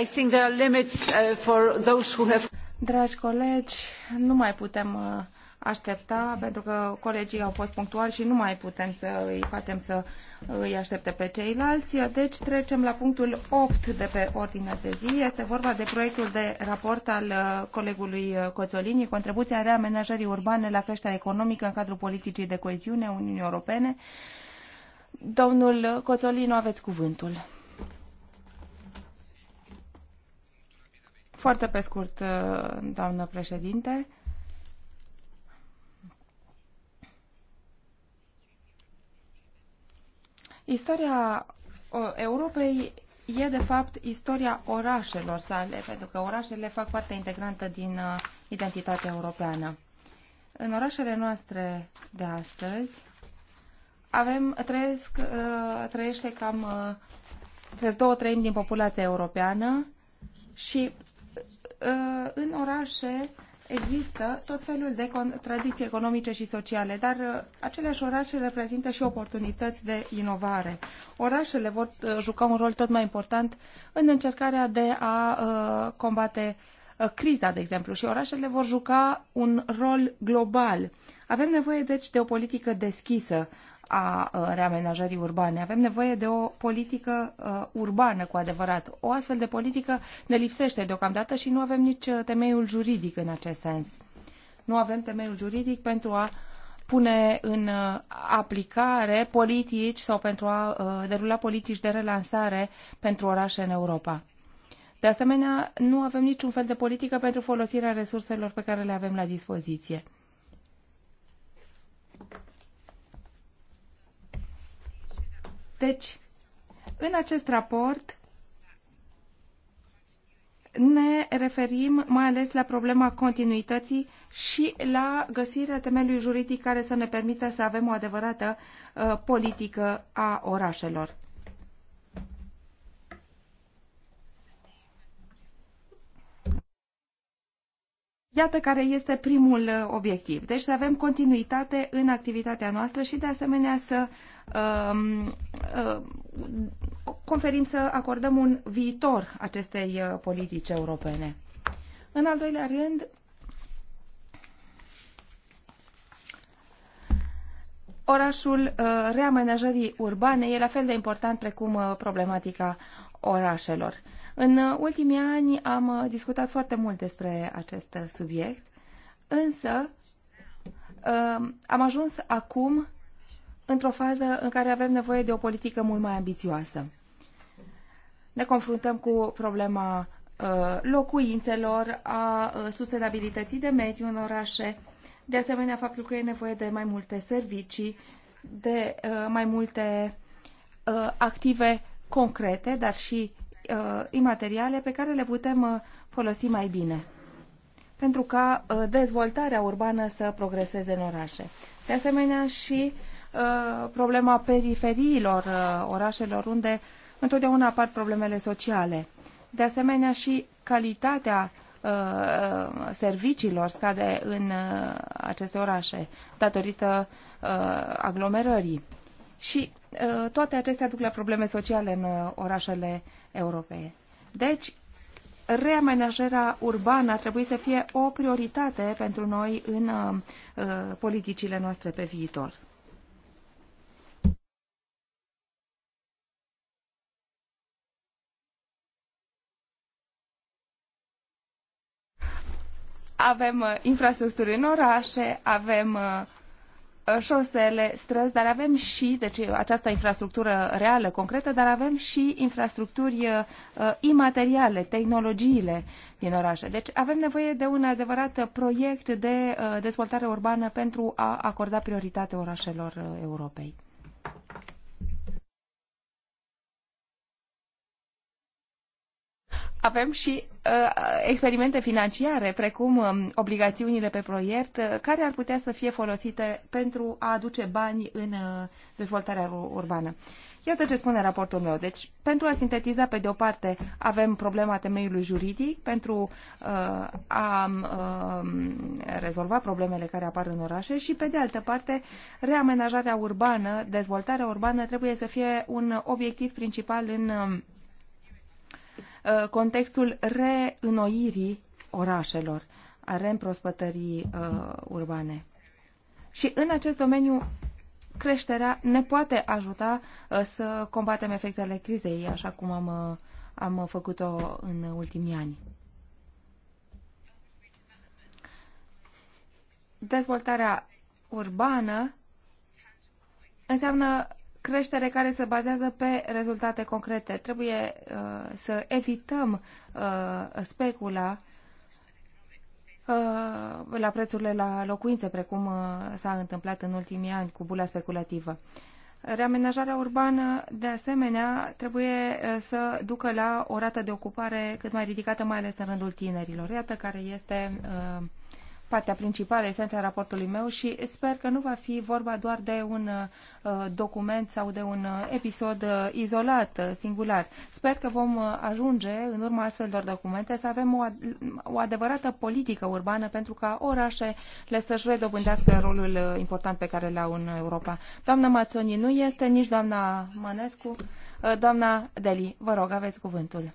I think there are limits uh, for those who have... Dragi colegi, nu mai putem uh, aștepta pentru că colegii au fost punctuali și nu mai putem să îi facem să îi aștepte pe ceilalți. Deci trecem la punctul 8 de pe ordinea de zi. Este vorba de proiectul de raport al uh, colegului Coțolini, contribuția reamenajării urbane la creșterea economică în cadrul politicii de coeziune a Uniunii Europene. Domnul Coțolino, aveți cuvântul. Foarte pe scurt, uh, doamnă președinte. Istoria Europei e, de fapt, istoria orașelor sale, pentru că orașele fac parte integrantă din uh, identitatea europeană. În orașele noastre de astăzi avem, trăiesc, uh, trăiește cam trăiesc două treimi din populația europeană și Uh, în orașe există tot felul de tradiții economice și sociale, dar uh, aceleași orașe reprezintă și oportunități de inovare. Orașele vor uh, juca un rol tot mai important în încercarea de a combate criza, de exemplu, și orașele vor juca un rol global. Avem nevoie, deci, de o politică deschisă a reamenajării urbane. Avem nevoie de o politică urbană cu adevărat. O astfel de politică ne lipsește deocamdată și nu avem nici uh, temeiul juridic în acest sens. Nu avem temeiul juridic pentru a pune în uh, aplicare politici sau pentru a uh, derula politici de relansare pentru orașe în Europa. De asemenea, nu avem niciun fel de politică pentru folosirea resurselor pe care le avem la dispoziție. Deci, în acest raport ne referim mai ales la problema continuității și la găsirea temeliului juridic care să ne permită să avem o adevărată uh, politică a orașelor. Iată care este primul uh, obiectiv. Deci să avem continuitate în activitatea noastră și de asemenea să Um, uh, conferim să acordăm un viitor acestei uh, politici europene. În al doilea rând, orașul uh, reamenajării urbane e la fel de important precum problematica orașelor. În ultimii ani am discutat foarte mult despre acest subiect, însă am ajuns acum într-o fază în care avem nevoie de o politică mult mai ambițioasă. Ne confruntăm cu problema uh, locuințelor, a uh, sustenabilității de mediu în orașe, de asemenea faptul că e nevoie de mai multe servicii, de uh, mai multe active concrete, dar și imateriale pe care le putem folosi mai bine pentru ca dezvoltarea urbană să progreseze în orașe. De asemenea și uh, Uh, problema periferiilor uh, orașelor unde întotdeauna apar problemele sociale. De asemenea și calitatea uh, serviciilor scade în aceste orașe datorită aglomerării. Și toate acestea duc la probleme sociale în orașele europene. Deci, reamenajarea urbană ar trebui să fie o prioritate pentru noi în politicile noastre pe viitor. Avem uh, infrastructuri în orașe, avem uh, uh, șosele, străzi, dar avem și, deci această infrastructură reală, concretă, dar avem și infrastructuri uh, imateriale, tehnologiile din orașe. Deci avem nevoie de un adevărat proiect de uh, dezvoltare urbană pentru a acorda prioritate orașelor uh, Europei. Avem și Uh, experimente financiare, precum um, obligațiunile pe proiect, uh, care ar putea să fie folosite pentru a aduce bani în uh, dezvoltarea urbană. Iată ce spune raportul meu. Deci, pentru a sintetiza, pe de o parte, avem problema temeiului juridic, pentru uh, a uh, rezolva problemele care apar în orașe și, pe de altă parte, reamenajarea urbană, dezvoltarea urbană trebuie să fie un obiectiv principal în uh, Uh, contextul reînnoirii orașelor, a reîmprospătării uh, urbane. Și în acest domeniu creșterea ne poate ajuta uh, să combatem efectele crizei, așa cum am, uh, am făcut-o în ultimii ani. Dezvoltarea urbană înseamnă creștere care se bazează pe rezultate concrete. Trebuie uh, să evităm uh, specula uh, la prețurile la locuințe, precum uh, s-a întâmplat în ultimii ani cu bula speculativă. Reamenajarea urbană, de asemenea, trebuie uh, să ducă la o rată de ocupare cât mai ridicată, mai ales în rândul tinerilor. Iată care este uh, partea principală, esența raportului meu și sper că nu va fi vorba doar de un uh, document sau de un uh, episod uh, izolat, singular. Sper că vom ajunge, în urma astfel de documente, să avem o, o adevărată politică urbană pentru ca orașele să-și redobândească rolul important pe care l-au în Europa. Doamna Mațoni nu este, nici doamna Mănescu, doamna Deli. Vă rog, aveți cuvântul.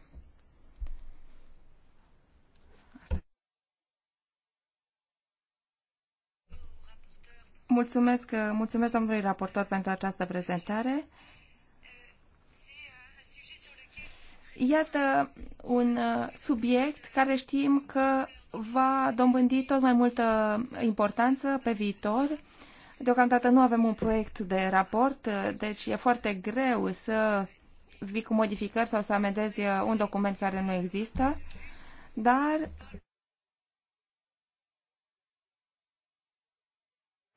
Mulțumesc, uh, mulțumesc domnului raportor pentru această prezentare. Iată un uh, subiect care știm că va dobândi tot mai multă importanță pe viitor. Deocamdată nu avem un proiect de raport, uh, deci e foarte greu să vii cu modificări sau să amendezi un document care nu există, dar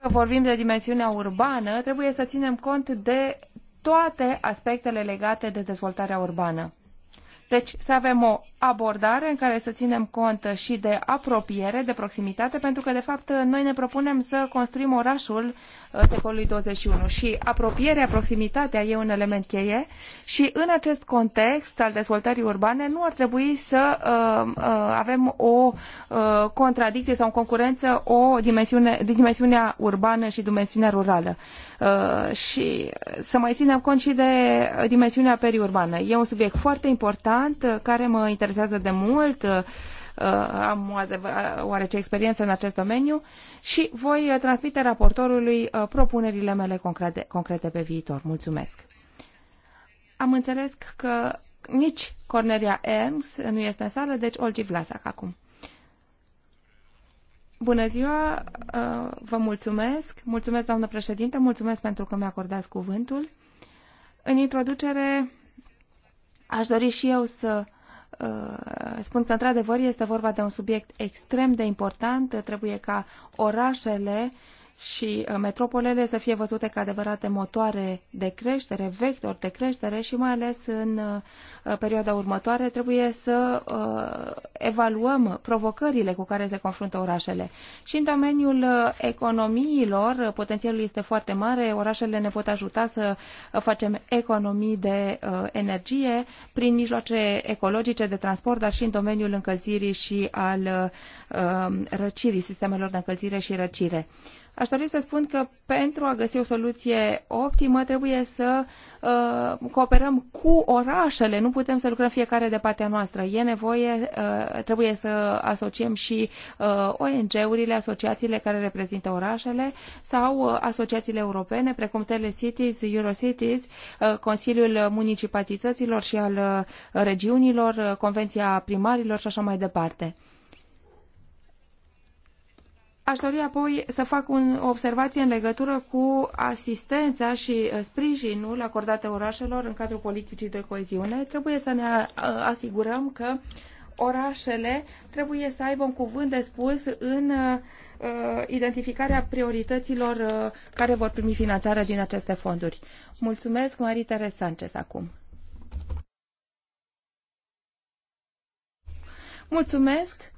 Că vorbim de dimensiunea urbană, trebuie să ținem cont de toate aspectele legate de dezvoltarea urbană. Deci să avem o abordare în care să ținem cont și de apropiere, de proximitate, pentru că, de fapt, noi ne propunem să construim orașul uh, secolului 21 și apropierea, proximitatea e un element cheie și în acest context al dezvoltării urbane nu ar trebui să uh, uh, avem o uh, contradicție sau în concurență o dimensiune, dimensiunea urbană și dimensiunea rurală. Uh, și să mai ținem cont și de dimensiunea periurbană. E un subiect foarte important uh, care mă interesează de mult uh, am oarece experiență în acest domeniu și voi transmite raportorului propunerile mele concrete, concrete pe viitor. Mulțumesc! Am înțeles că nici Cornelia Ernst nu este în sală, deci Olgi Vlasac acum. Bună ziua, uh, vă mulțumesc. Mulțumesc, doamnă președinte, mulțumesc pentru că mi-a acordat cuvântul. În introducere, aș dori și eu să uh, spun că, într-adevăr, este vorba de un subiect extrem de important. Trebuie ca orașele uh, și uh, metropolele să fie văzute ca adevărate motoare de creștere, vector de creștere și mai ales în uh, uh, perioada următoare trebuie să evaluăm provocările cu care se confruntă orașele. Și în domeniul economiilor, potențialul este foarte mare, orașele ne pot ajuta să facem economii de energie prin mijloace ecologice de transport, dar și în domeniul încălzirii și al răcirii, sistemelor de încălzire și răcire. Aș dori să spun că pentru a găsi o soluție optimă trebuie să uh, cooperăm cu orașele, nu putem să lucrăm fiecare de partea noastră. E nevoie, uh, trebuie să asociem și uh, ONG-urile, asociațiile care reprezintă orașele sau uh, asociațiile europene, precum Telecities, Eurocities, uh, Consiliul Municipalităților și al uh, regiunilor, uh, Convenția Primarilor și așa mai departe. Aș dori apoi să fac un, o observație în legătură cu asistența și uh, sprijinul acordate orașelor în cadrul politicii de coeziune. Trebuie să ne uh, asigurăm că orașele trebuie să aibă un cuvânt de spus în uh, identificarea priorităților care vor primi finanțare din aceste fonduri. Mulțumesc, Marie Sanchez, acum. Mulțumesc!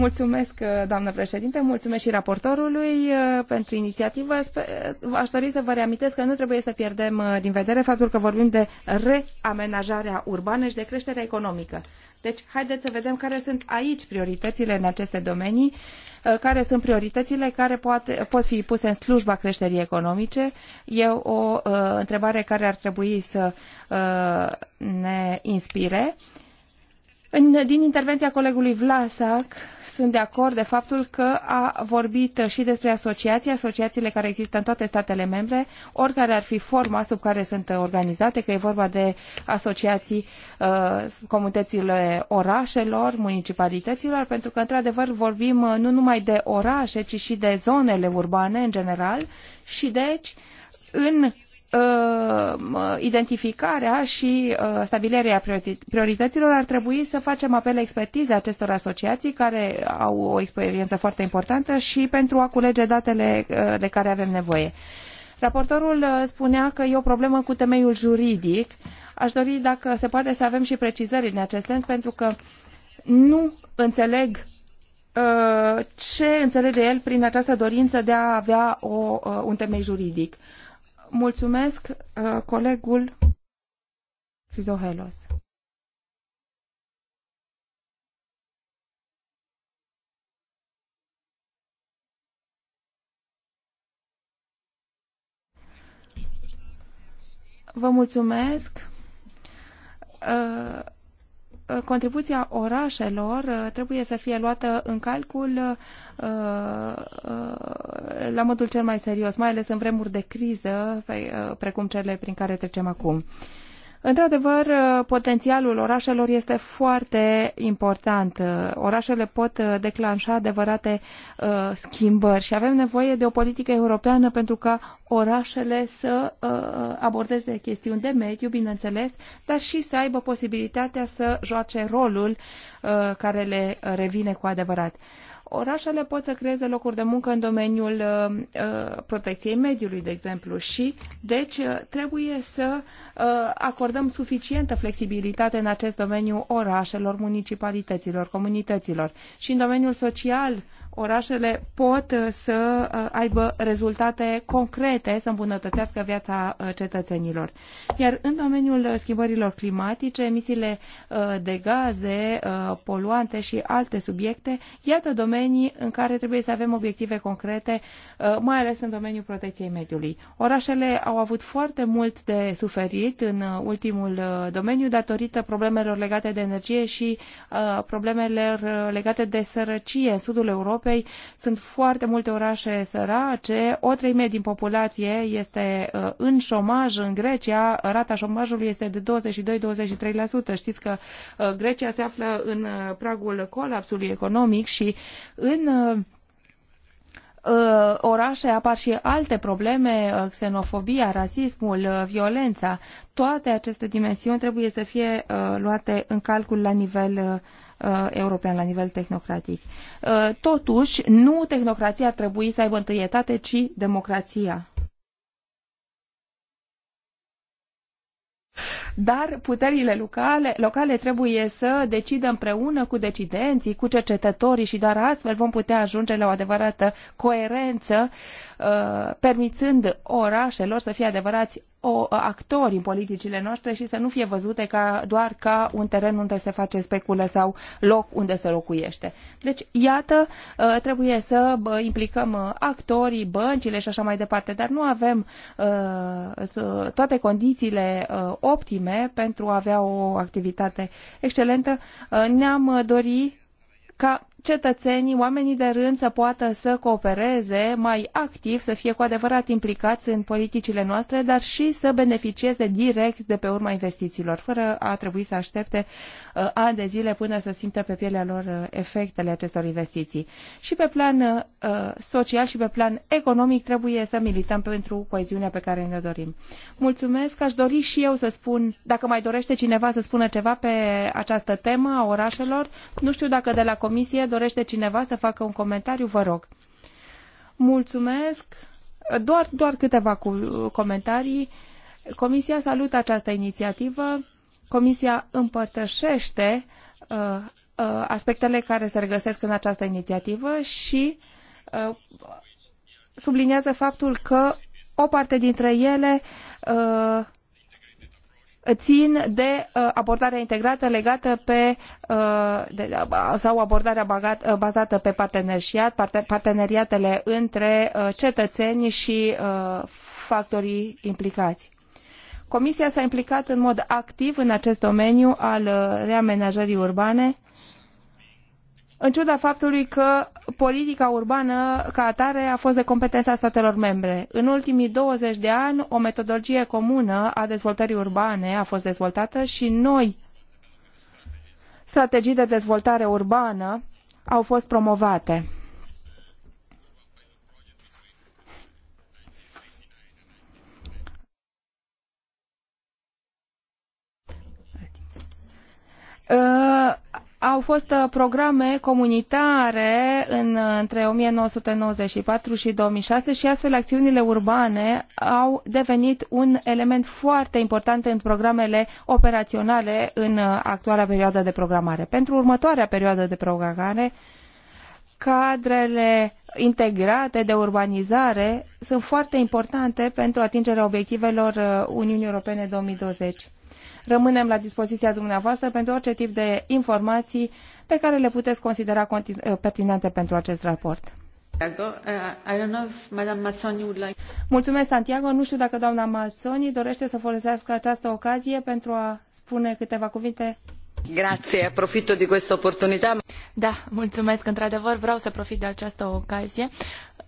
Mulțumesc, uh, doamnă președinte, mulțumesc și raportorului uh, pentru inițiativă. Uh, aș dori să vă reamintesc că nu trebuie să pierdem din vedere faptul că vorbim de reamenajarea urbană și de creșterea economică. Deci, haideți să vedem care sunt aici prioritățile în aceste domenii, care sunt prioritățile care poate, pot fi puse în slujba creșterii economice. E o uh, întrebare care ar trebui să uh, ne inspire. Uh, în, din intervenția colegului Vlasac, sunt de acord de faptul că a vorbit și despre asociații, asociațiile care există în toate statele membre, oricare ar fi forma sub care sunt organizate, că e vorba de asociații uh, comunitățile orașelor, municipalităților, pentru că, într-adevăr, vorbim uh, nu numai de orașe, ci și de zonele urbane în general și, deci, în Uh, identificarea și uh, stabilirea priorităților ar trebui să facem apel la expertiza acestor asociații care au o experiență foarte importantă și pentru a culege datele uh, de care avem nevoie. Raportorul spunea că e o problemă cu temeiul juridic. Aș dori dacă se poate să avem și precizări în acest sens pentru că nu înțeleg ce înțelege el prin această dorință de a avea o, un temei juridic. Uh, mulțumesc uh, colegul Crizohelos. Vă mulțumesc. Uh, contribuția orașelor uh, trebuie să fie luată în calcul uh, uh, la modul cel mai serios, mai ales în vremuri de criză, precum cele prin care trecem acum. Într-adevăr, uh, potențialul orașelor este foarte important. Uh, orașele pot uh, declanșa adevărate uh, schimbări și avem nevoie de o politică europeană pentru ca orașele să uh, abordeze chestiuni de mediu, bineînțeles, dar și să aibă posibilitatea să joace rolul uh, care le revine cu adevărat orașele pot să creeze locuri de muncă în domeniul uh, uh, protecției mediului, de exemplu, și deci uh, trebuie să acordăm suficientă flexibilitate în acest domeniu orașelor, municipalităților, comunităților. Și în domeniul social, orașele pot uh, să uh, aibă rezultate concrete, să îmbunătățească viața uh, cetățenilor. Iar în domeniul schimbărilor climatice, emisiile de gaze, poluante și alte subiecte, iată domenii în care trebuie să avem obiective concrete, mai ales în domeniul protecției mediului. Orașele au avut foarte mult de suferit în ultimul domeniu datorită problemelor legate de energie și problemelor legate de sărăcie în sudul Europei, Europei. Sunt foarte multe orașe sărace, o treime din populație este uh, în șomaj în Grecia, rata șomajului este de 22-23%. Știți că uh, Grecia se află în uh, pragul colapsului economic și în orașe apar și alte probleme, xenofobia, rasismul, violența. Toate aceste dimensiuni trebuie să fie luate în calcul la nivel Uh, european la nivel tehnocratic. Uh, totuși, nu tehnocrația ar trebui să aibă întâietate, ci democrația. Dar puterile locale, locale trebuie să decidă împreună cu decidenții, cu cercetătorii și doar astfel vom putea ajunge la o adevărată coerență, uh, permițând orașelor să fie adevărați o, actori în politicile noastre și să nu fie văzute ca, doar ca un teren unde se face speculă sau loc unde se locuiește. Deci, iată, ă, trebuie să implicăm ă, actorii, băncile și așa mai departe, dar nu avem ă, toate condițiile optime pentru a avea o activitate excelentă. Ne-am dorit ca cetățenii, oamenii de rând să poată să coopereze mai activ, să fie cu adevărat implicați în politicile noastre, dar și să beneficieze direct de pe urma investițiilor, fără a trebui să aștepte uh, ani de zile până să simtă pe pielea lor uh, efectele acestor investiții. Și pe plan uh, social și pe plan economic trebuie să milităm pentru coeziunea pe care ne dorim. Mulțumesc, aș dori și eu să spun, dacă mai dorește cineva să spună ceva pe această temă a orașelor, nu știu dacă de la Comisie, dorește cineva să facă un comentariu, vă rog. Mulțumesc. Doar, doar câteva cu, comentarii. Comisia salută această inițiativă. Comisia împărtășește uh, uh, aspectele care se regăsesc în această inițiativă și uh, subliniază faptul că o parte dintre ele uh, in de uh, abordarea integrată legată pe uh, uh, sau abordarea bazată pe parteneriat, parteneriatele între cetățeni și factorii implicați. Comisia s-a implicat în mod activ în acest domeniu al reamenajării urbane i în ciuda faptului că politica urbană ca atare a fost de competența statelor membre. În ultimii 20 de ani, o metodologie comună a dezvoltării urbane a fost dezvoltată și noi strategii de dezvoltare urbană au fost promovate. Uh, au fost uh, programe comunitare în, uh, între 1994 și 2006 și astfel acțiunile urbane au devenit un element foarte important în programele operaționale în uh, actuala perioadă de programare. Pentru următoarea perioadă de programare, cadrele integrate de urbanizare sunt foarte importante pentru atingerea obiectivelor Uniunii Europene 2020 Rămânem la dispoziția dumneavoastră pentru orice tip de informații pe care le puteți considera eh, pertinente pentru acest raport. Eh, mulțumesc, Santiago. Nu știu dacă doamna Mazzoni dorește să folosească această ocazie pentru a spune câteva cuvinte. Grazie, profito di questa opportunità. Da, mulțumesc. Într-adevăr, vreau să profit de această ocazie,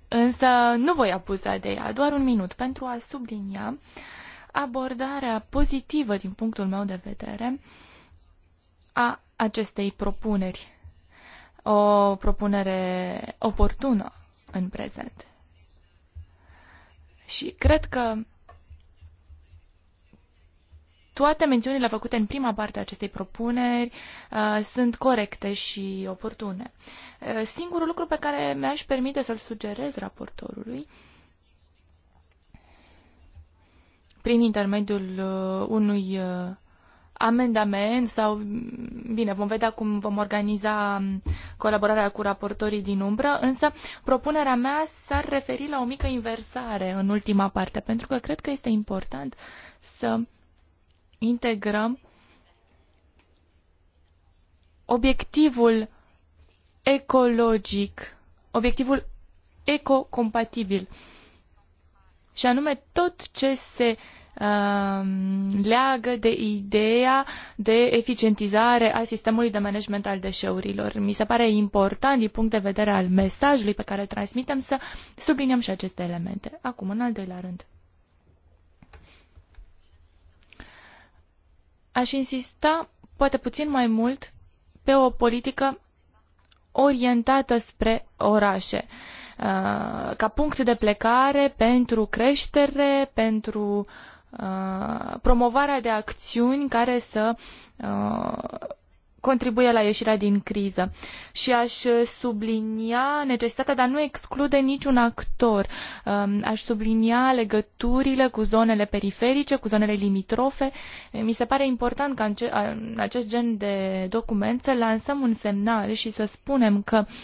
însă nu voi apuza de ea, doar un minut, pentru a sublinia uh, abordarea pozitivă, din punctul meu de vedere, a acestei propuneri. O propunere oportună în prezent. Și cred că toate mențiunile făcute în prima parte a acestei propuneri uh, sunt corecte și oportune. Uh, singurul lucru pe care mi-aș permite să-l sugerez raportorului uh, prin intermediul uh, unui uh, amendament sau, mm, bine, vom vedea cum vom organiza mm, colaborarea cu raportorii din umbră, însă propunerea mea s-ar referi la o mică inversare în ultima parte, pentru că cred că este important să integrăm obiectivul ecologic, obiectivul ecocompatibil. compatibil și anume tot ce se um, leagă de ideea de eficientizare a sistemului de management al deșeurilor. Mi se pare important din punct de vedere al mesajului pe care îl transmitem să subliniem și aceste elemente. Acum, în al doilea rând. Aș insista poate puțin mai mult pe o politică orientată spre orașe. Uh, Uh, ca punct de plecare pentru creștere, pentru uh, promovarea de acțiuni care să uh, contribuie la ieșirea din criză. Și aș sublinia necesitatea de a nu exclude niciun actor. Um, aș sublinia legăturile cu zonele periferice, cu zonele limitrofe. Mi se pare important ca în acest gen de document să lansăm un semnal și să spunem că uh,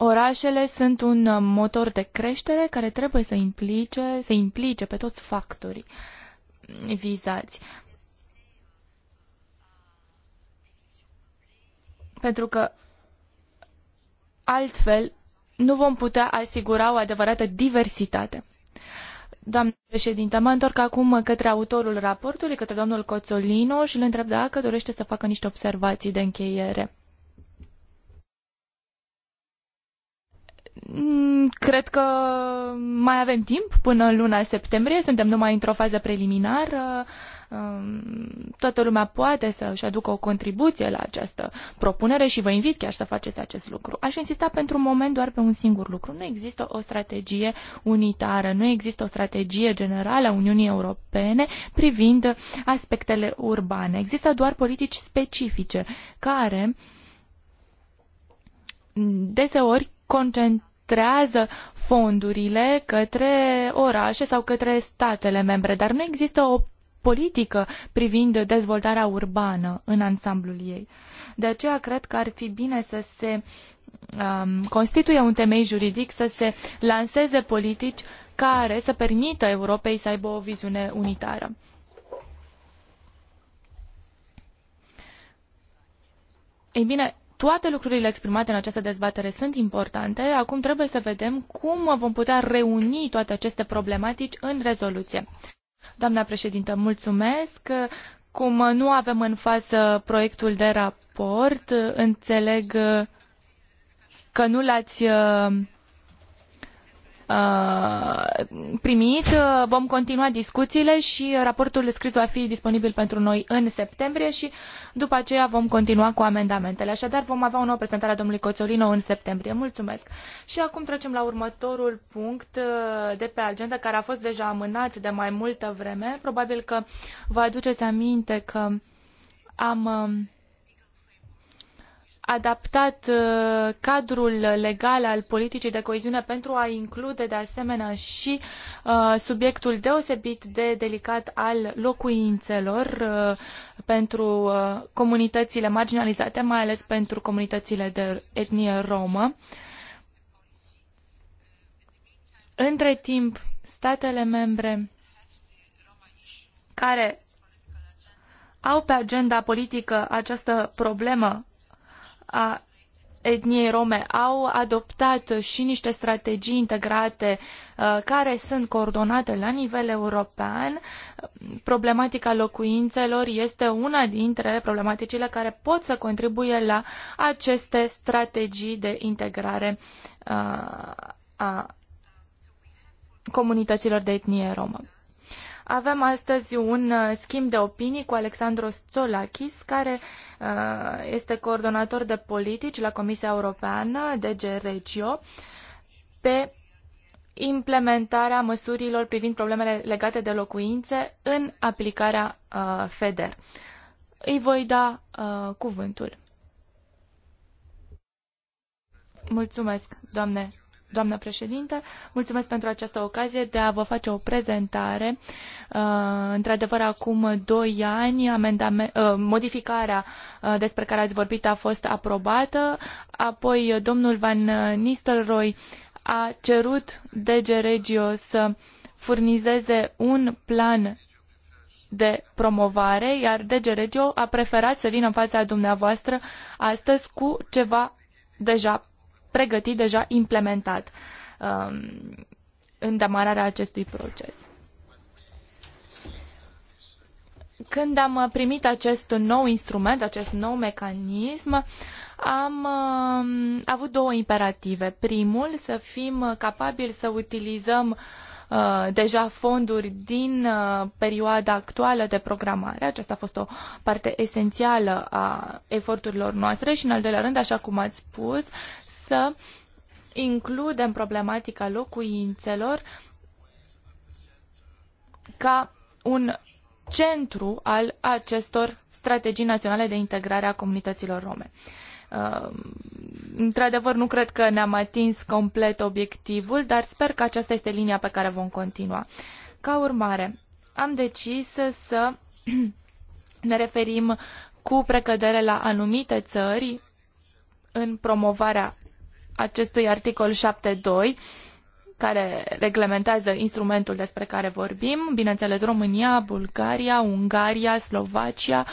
Orașele sunt un uh, motor de creștere care trebuie să implice, să implice pe toți factorii mm, vizați. Pentru că altfel nu vom putea asigura o adevărată diversitate. Doamna președintă, mă întorc acum către autorul raportului, către domnul Coțolino și îl întreb dacă dorește să facă niște observații de încheiere. Mm, cred că mai avem timp până luna septembrie, suntem numai într-o fază preliminară. Um, toată lumea poate să-și aducă o contribuție la această propunere și vă invit chiar să faceți acest lucru. Aș insista pentru un moment doar pe un singur lucru. Nu există o strategie unitară, nu există o strategie generală a Uniunii Europene privind aspectele urbane. Există doar politici specifice care deseori concentrează filtrează fondurile către orașe sau către statele membre, dar nu există o politică privind dezvoltarea urbană în ansamblul ei. De aceea cred că ar fi bine să se um, constituie un temei juridic, să se lanseze politici care să permită Europei să aibă o viziune unitară. Ei bine, toate lucrurile exprimate în această dezbatere sunt importante. Acum trebuie să vedem cum vom putea reuni toate aceste problematici în rezoluție. Doamna președintă, mulțumesc. Cum nu avem în față proiectul de raport, înțeleg că nu l-ați Uh, primit. Uh, vom continua discuțiile și raportul scris va fi disponibil pentru noi în septembrie și după aceea vom continua cu amendamentele. Așadar vom avea o nouă prezentare a domnului Coțolino în septembrie. Mulțumesc! Și acum trecem la următorul punct uh, de pe agenda care a fost deja amânat de mai multă vreme. Probabil că vă aduceți aminte că am um, adaptat uh, cadrul legal al politicii de coeziune pentru a include de asemenea și uh, subiectul deosebit de delicat al locuințelor uh, pentru comunitățile marginalizate, mai ales pentru comunitățile de etnie romă. Între timp, statele membre care au pe agenda politică această problemă a etniei rome au adoptat și niște strategii integrate uh, care sunt coordonate la nivel european. Problematica locuințelor este una dintre problematicile care pot să contribuie la aceste strategii de integrare uh, a comunităților de etnie romă. Avem astăzi un uh, schimb de opinii cu Alexandros Tsolakis, care uh, este coordonator de politici la Comisia Europeană, DG Regio, pe implementarea măsurilor privind problemele legate de locuințe în aplicarea uh, FEDER. Îi voi da cuvântul. Mulțumesc, doamne Doamnă președinte, mulțumesc pentru această ocazie de a vă face o prezentare. Uh, într-adevăr, acum doi ani, uh, modificarea uh, despre care ați vorbit a fost aprobată, apoi domnul Van Nistelrooy a cerut DG Regio să furnizeze un plan de promovare, iar DG Regio a preferat să vină în fața dumneavoastră astăzi cu ceva deja pregătit, deja implementat um, în demararea acestui proces. Când am uh, primit acest nou instrument, acest nou mecanism, am um, avut două imperative. Primul, să fim capabili să utilizăm uh, deja fonduri din uh, perioada actuală de programare. Aceasta a fost o parte esențială a eforturilor noastre și, în al doilea rând, așa cum ați spus, să includem problematica locuințelor ca un centru al acestor strategii naționale de integrare a comunităților rome. Uh, într-adevăr, nu cred că ne-am atins complet obiectivul, dar sper că aceasta este linia pe care vom continua. Ca urmare, am decis să ne referim cu precădere la anumite țări în promovarea acestui articol 7.2 care reglementează instrumentul despre care vorbim, bineînțeles România, Bulgaria, Ungaria, Slovacia,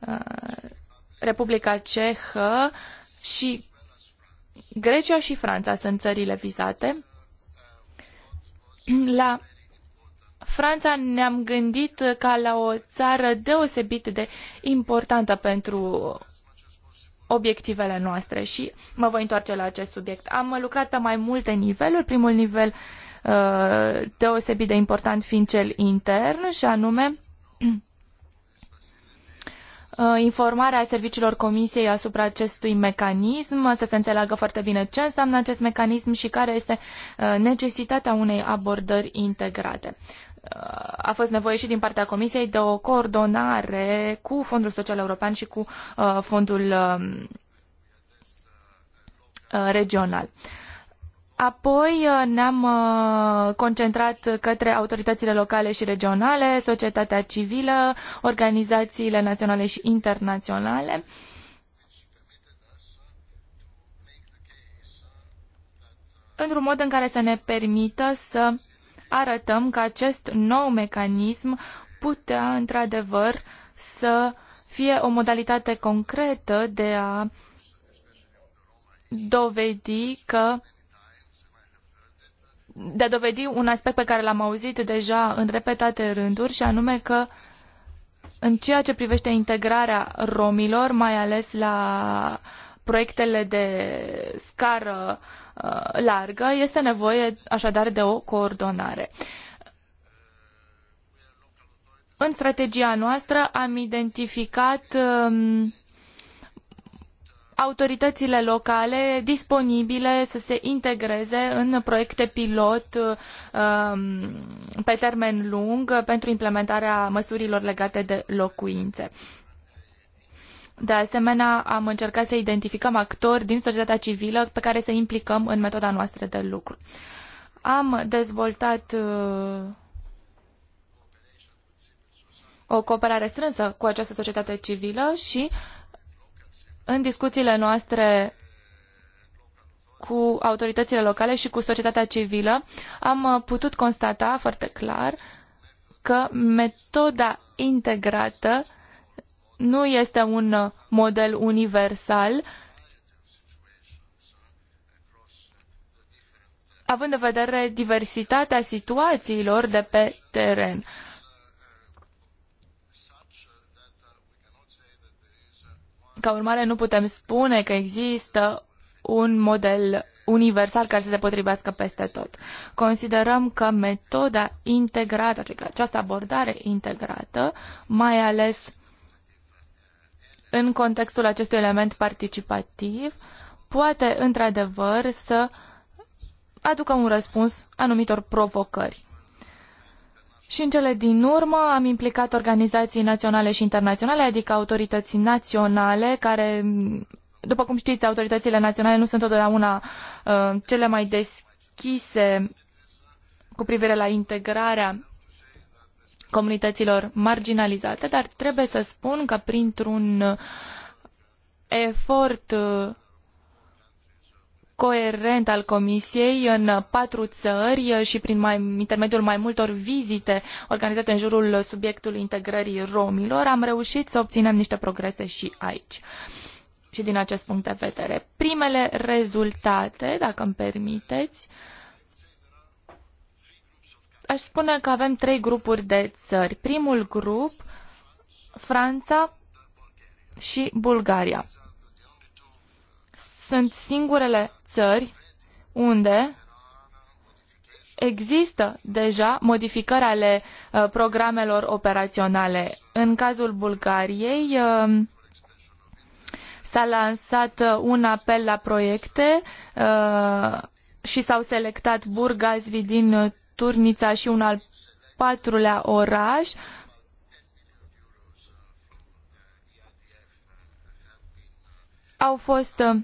uh, Republica Cehă și Grecia și Franța sunt țările vizate. La Franța ne-am gândit ca la o țară deosebit de importantă pentru obiectivele noastre și mă voi întoarce la acest subiect. Am lucrat pe mai multe niveluri. Primul nivel uh, deosebit de important fiind cel intern și anume uh, informarea serviciilor Comisiei asupra acestui mecanism, să se înțeleagă foarte bine ce înseamnă acest mecanism și care este uh, necesitatea unei abordări integrate a fost nevoie și din partea Comisiei de o coordonare cu Fondul Social European și cu uh, Fondul um, uh, Regional. Apoi uh, ne-am concentrat către autoritățile locale și regionale, societatea civilă, organizațiile naționale și internaționale. într-un mod în care să ne permită să arătăm că acest nou mecanism putea, într-adevăr, să fie o modalitate concretă de a dovedi că de a dovedi un aspect pe care l-am auzit deja în repetate rânduri și anume că în ceea ce privește integrarea romilor, mai ales la proiectele de scară uh, Uh, largă, este nevoie așadar de o coordonare. În strategia noastră am identificat um, autoritățile locale disponibile să se integreze în proiecte pilot um, pe termen lung pentru implementarea măsurilor legate de locuințe. De asemenea, am încercat să identificăm actori din societatea civilă pe care să implicăm în metoda noastră de lucru. Am dezvoltat uh, o cooperare strânsă cu această societate civilă și în discuțiile noastre cu autoritățile locale și cu societatea civilă am uh, putut constata foarte clar că metoda integrată nu este un uh, model universal, având în vedere diversitatea situațiilor de pe teren. Ca urmare, nu putem spune că există un model universal care să se potrivească peste tot. Considerăm că metoda integrată, această abordare integrată, mai ales în contextul acestui element participativ poate, într-adevăr, să aducă un răspuns anumitor provocări. Și în cele din urmă am implicat organizații naționale și internaționale, adică autorități naționale care, după cum știți, autoritățile naționale nu sunt totdeauna uh, cele mai deschise cu privire la integrarea comunităților marginalizate, dar trebuie să spun că printr-un uh, efort uh, coerent al Comisiei în patru țări uh, și prin mai, intermediul mai multor vizite organizate în jurul subiectului integrării romilor, am reușit să obținem niște progrese și aici. Și din acest punct de vedere, primele rezultate, dacă îmi permiteți, uh, Aș spune că avem trei grupuri de țări. Primul grup, Franța și Bulgaria. Sunt singurele țări unde există deja modificări ale uh, programelor operaționale. În cazul Bulgariei uh, s-a lansat uh, un apel la proiecte și s-au selectat burgazii din Turnița și un al patrulea oraș. Au fost uh,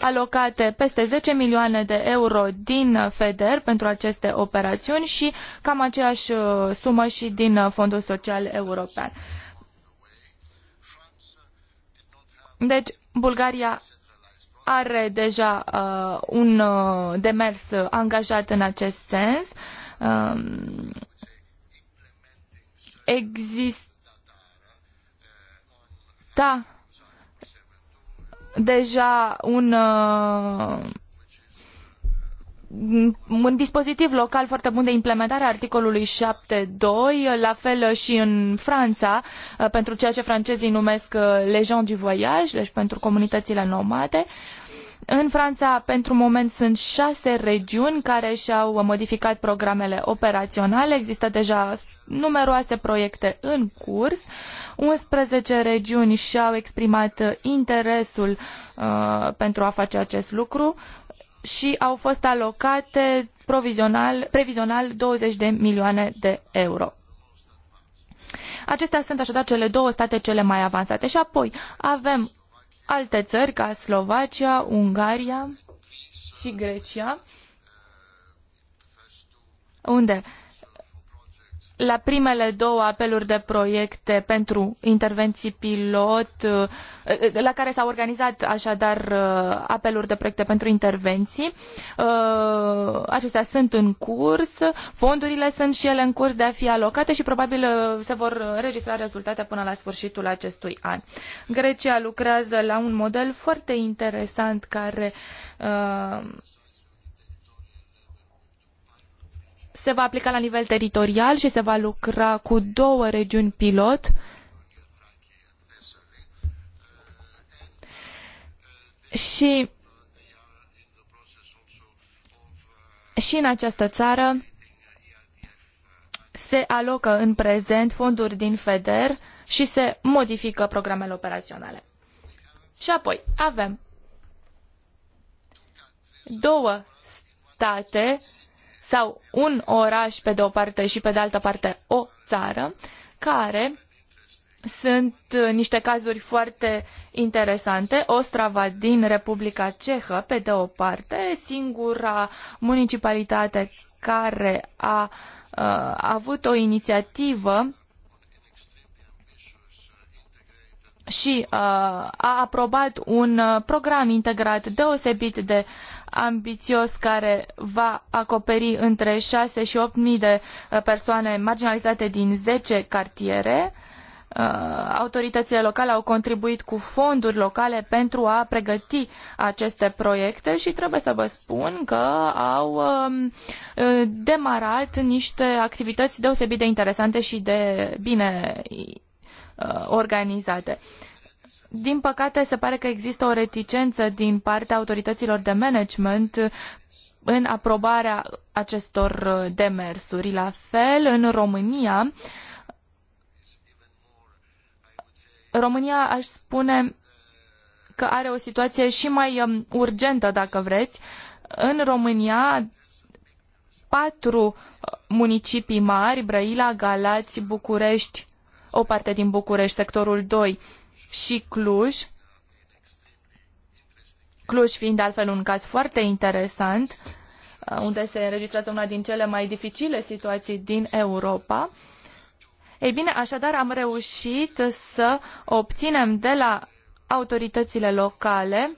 alocate peste 10 milioane de euro din FEDER pentru aceste operațiuni și cam aceeași uh, sumă și din uh, Fondul Social European. Deci, Bulgaria are deja uh, un uh, demers angajat în acest sens. Uh, Um, exista deja un uh, un dispozitiv local foarte bun de implementare a articolului 7.2, la fel și în Franța, uh, pentru ceea ce francezii numesc uh, les gens du voyage, deci pentru comunitățile nomade. Uh, în Franța, pentru moment, sunt șase regiuni care și-au modificat programele operaționale. Există deja numeroase proiecte în curs. Unsprezece regiuni și-au exprimat interesul uh, pentru a face acest lucru și au fost alocate provizional, previzional 20 de milioane de euro. Acestea sunt așadar cele două state cele mai avansate și apoi avem alte țări ca Slovacia, Ungaria și Grecia, unde la primele două apeluri de proiecte pentru intervenții pilot, uh, la care s-au organizat așadar uh, apeluri de proiecte pentru intervenții. Uh, acestea sunt în curs, fondurile sunt și ele în curs de a fi alocate și probabil se vor înregistra rezultate până la sfârșitul acestui an. Grecia lucrează la un model foarte interesant care se va aplica la nivel teritorial și se va lucra cu două regiuni pilot. Și, și în această țară se alocă în prezent fonduri din FEDER și se modifică programele operaționale. Și apoi avem două state sau un oraș pe de o parte și pe de altă parte o țară, care sunt uh, niște cazuri foarte interesante. Ostrava din Republica Cehă, pe de o parte, singura municipalitate care a, uh, a avut o inițiativă și uh, a aprobat un uh, program integrat deosebit de ambițios care va acoperi între 6 și 8 mii de uh, persoane marginalizate din zece cartiere. Autoritățile locale au contribuit cu fonduri locale pentru a pregăti aceste proiecte și trebuie să vă spun că au um, demarat niște activități deosebit de interesante și de bine Uh, organizate. Din păcate, se pare că există o reticență din partea autorităților de management în aprobarea acestor uh, demersuri. La fel, în România, România, aș spune că are o situație și mai um, urgentă, dacă vreți. În România, patru uh, municipii mari, Brăila, Galați, București o parte din București, sectorul 2 și Cluj, Cluj fiind altfel un caz foarte interesant, uh, unde se înregistrează una din cele mai dificile situații din Europa. Ei bine, așadar am reușit să obținem de la autoritățile locale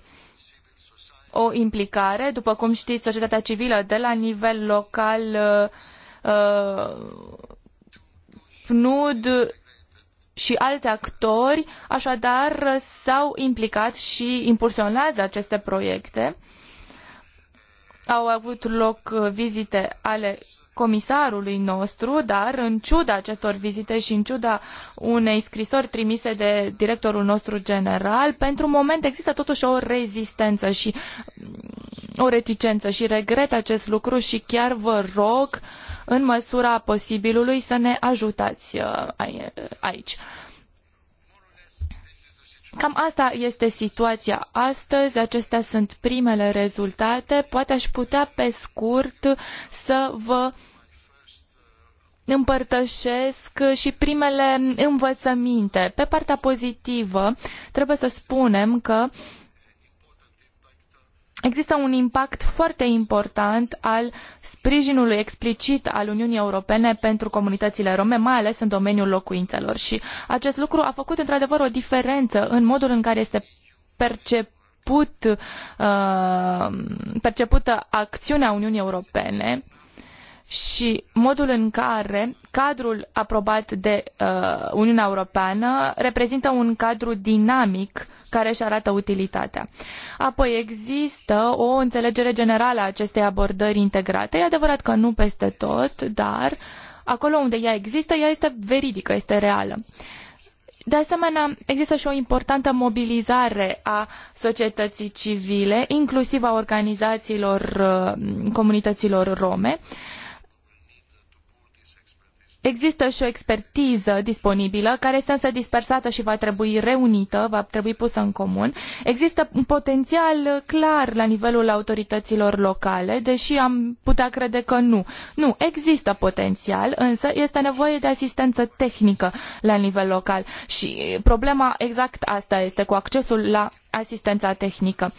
o implicare. După cum știți, societatea civilă de la nivel local, uh, uh PNUD și alți actori, așadar, s-au implicat și impulsionează aceste proiecte. Au avut loc vizite ale comisarului nostru, dar în ciuda acestor vizite și în ciuda unei scrisori trimise de directorul nostru general, pentru moment există totuși o rezistență și mm, o reticență și regret acest lucru și chiar vă rog uh, în măsura posibilului să ne ajutați uh, uh, aici. Cam asta este situația astăzi, acestea sunt primele rezultate. Poate aș putea pe scurt să vă împărtășesc și primele învățăminte. Pe partea pozitivă, trebuie să spunem că uh, Există un impact foarte important al sprijinului explicit al Uniunii Europene pentru comunitățile rome, mai ales în domeniul locuințelor. Și acest lucru a făcut într-adevăr o diferență în modul în care este uh, percepută acțiunea Uniunii Europene și modul în care cadrul aprobat de uh, Uniunea Europeană reprezintă un cadru dinamic care își arată utilitatea. Apoi există o înțelegere generală a acestei abordări integrate. E adevărat că nu peste tot, dar acolo unde ea există, ea este veridică, este reală. De asemenea, există și o importantă mobilizare a societății civile, inclusiv a organizațiilor uh, comunităților rome, Există și o expertiză disponibilă, care este însă dispersată și va trebui reunită, va trebui pusă în comun. Există un potențial clar la nivelul autorităților locale, deși am putea crede că nu. Nu, există potențial, însă este nevoie de asistență tehnică la nivel local. Și problema exact asta este cu accesul la asistența tehnică.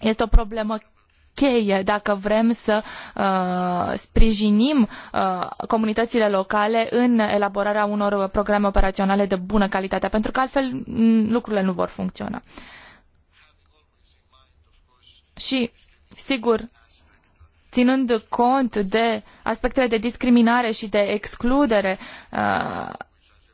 Este o problemă cheie dacă vrem să uh, sprijinim uh, comunitățile locale în elaborarea unor programe operaționale de bună calitate, pentru că altfel mm, lucrurile nu vor funcționa. Și, sigur, ținând cont de aspectele de discriminare și de excludere uh,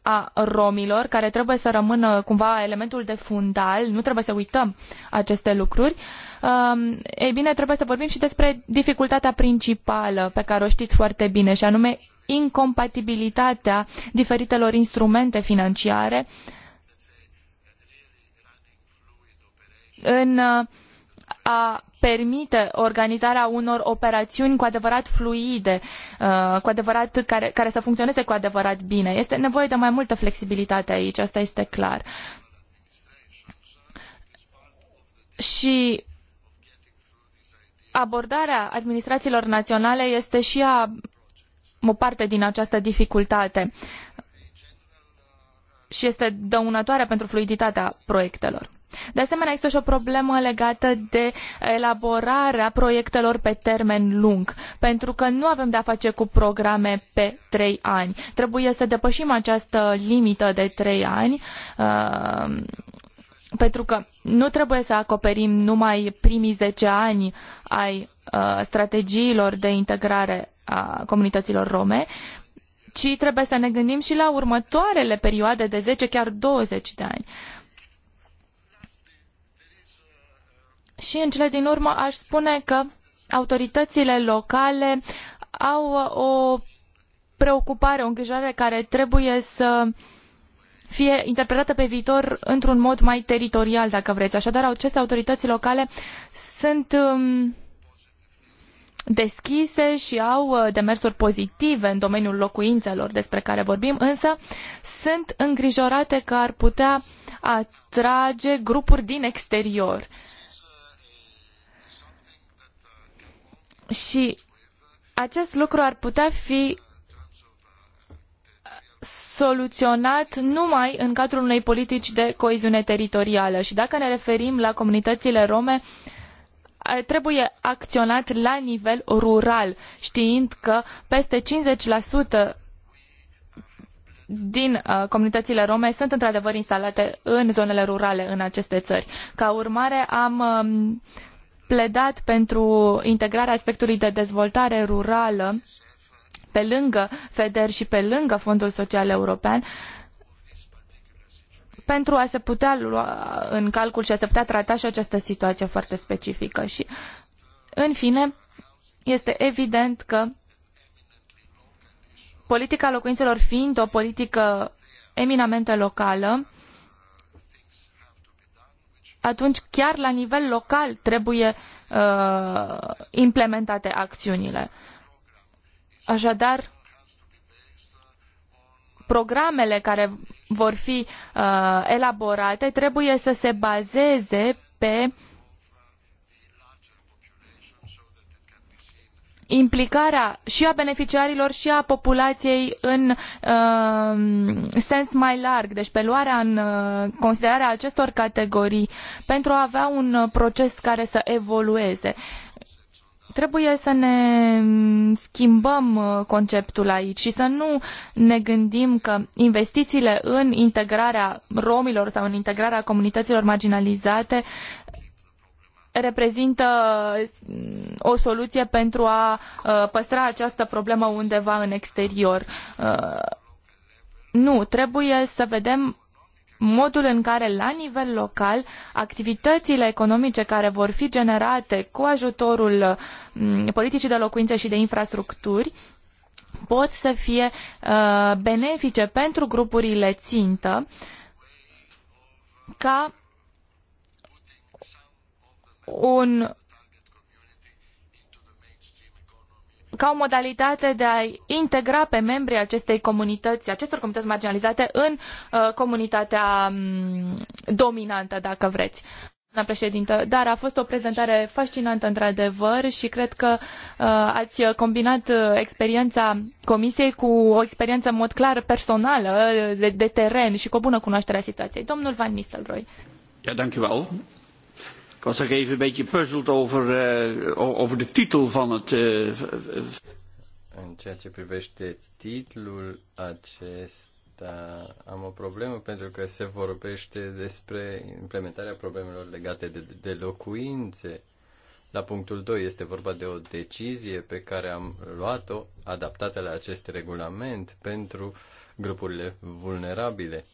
a romilor, care trebuie să rămână cumva elementul de fundal, nu trebuie să uităm aceste lucruri, uh, Um, ei bine, trebuie să vorbim și despre dificultatea principală pe care o știți foarte bine, și anume incompatibilitatea diferitelor instrumente financiare în uh, a permite organizarea unor operațiuni cu adevărat fluide, uh, cu adevărat, care, care să funcționeze cu adevărat bine. Este nevoie de mai multă flexibilitate aici, asta este clar. Și abordarea administrațiilor naționale este și ea o parte din această dificultate și este dăunătoare pentru fluiditatea proiectelor. De asemenea, există și o problemă legată de elaborarea proiectelor pe termen lung, pentru că nu avem de-a face cu programe pe trei ani. Trebuie să depășim această limită de trei ani uh, pentru că nu trebuie să acoperim numai primii zece ani ai uh, strategiilor de integrare a comunităților rome, ci trebuie să ne gândim și la următoarele perioade de zece chiar 20 de ani. Și în cele din urmă aș spune că autoritățile locale au uh, o preocupare, o îngrijorare care trebuie să uh, fie interpretată pe viitor într-un mod mai teritorial, dacă vreți. Așadar, aceste autorități locale sunt um, deschise și au uh, demersuri pozitive în domeniul locuințelor despre care vorbim, însă sunt îngrijorate că ar putea atrage grupuri din exterior. Și acest lucru ar putea fi soluționat numai în cadrul unei politici de coeziune teritorială. Și dacă ne referim la comunitățile rome, trebuie acționat la nivel rural, știind că peste 50% din uh, comunitățile rome sunt într-adevăr instalate în zonele rurale în aceste țări. Ca urmare, am pledat pentru integrarea aspectului de dezvoltare rurală uh, pe lângă FEDER și pe lângă Fondul Social European, pentru a se putea lua în calcul și a se putea trata și această situație foarte specifică. Și, în fine, este evident că politica locuințelor fiind o politică eminamente locală, atunci chiar la nivel local trebuie uh, implementate acțiunile. Uh, Așadar, programele care vor fi uh, elaborate trebuie să se bazeze pe implicarea și a beneficiarilor și a populației în uh, sens mai larg, deci pe luarea în uh, considerare a acestor categorii pentru a avea un uh, proces care să evolueze. Trebuie să ne schimbăm uh, conceptul aici și să nu ne gândim că investițiile în integrarea romilor sau în integrarea comunităților marginalizate reprezintă uh, o soluție pentru a uh, păstra această problemă undeva în exterior. Nu, trebuie să vedem modul în care la nivel local activitățile economice care vor fi generate cu ajutorul mm, politicii de locuințe și de infrastructuri pot să fie uh, benefice pentru grupurile țintă ca un ca o modalitate de a integra pe membrii acestei comunități, acestor comunități marginalizate în uh, comunitatea um, dominantă, dacă vreți. Doamna președintă, dar a fost o prezentare fascinantă într-adevăr și cred că uh, ați combinat uh, experiența comisiei cu o experiență în mod clar personală uh, de, de teren și cu o bună cunoaștere a situației. Domnul Van Nistelrooy. Ja, dank u wel. Ik was ook even een beetje puzzeld over, uh, over de titel van het. Uh, În ceea ce privește titlul acesta, am o problemă pentru că se vorbește despre implementarea problemelor legate de, de locuințe. La punctul 2 este vorba de o decizie pe care am luat-o adaptată la acest regulament pentru grupurile vulnerabile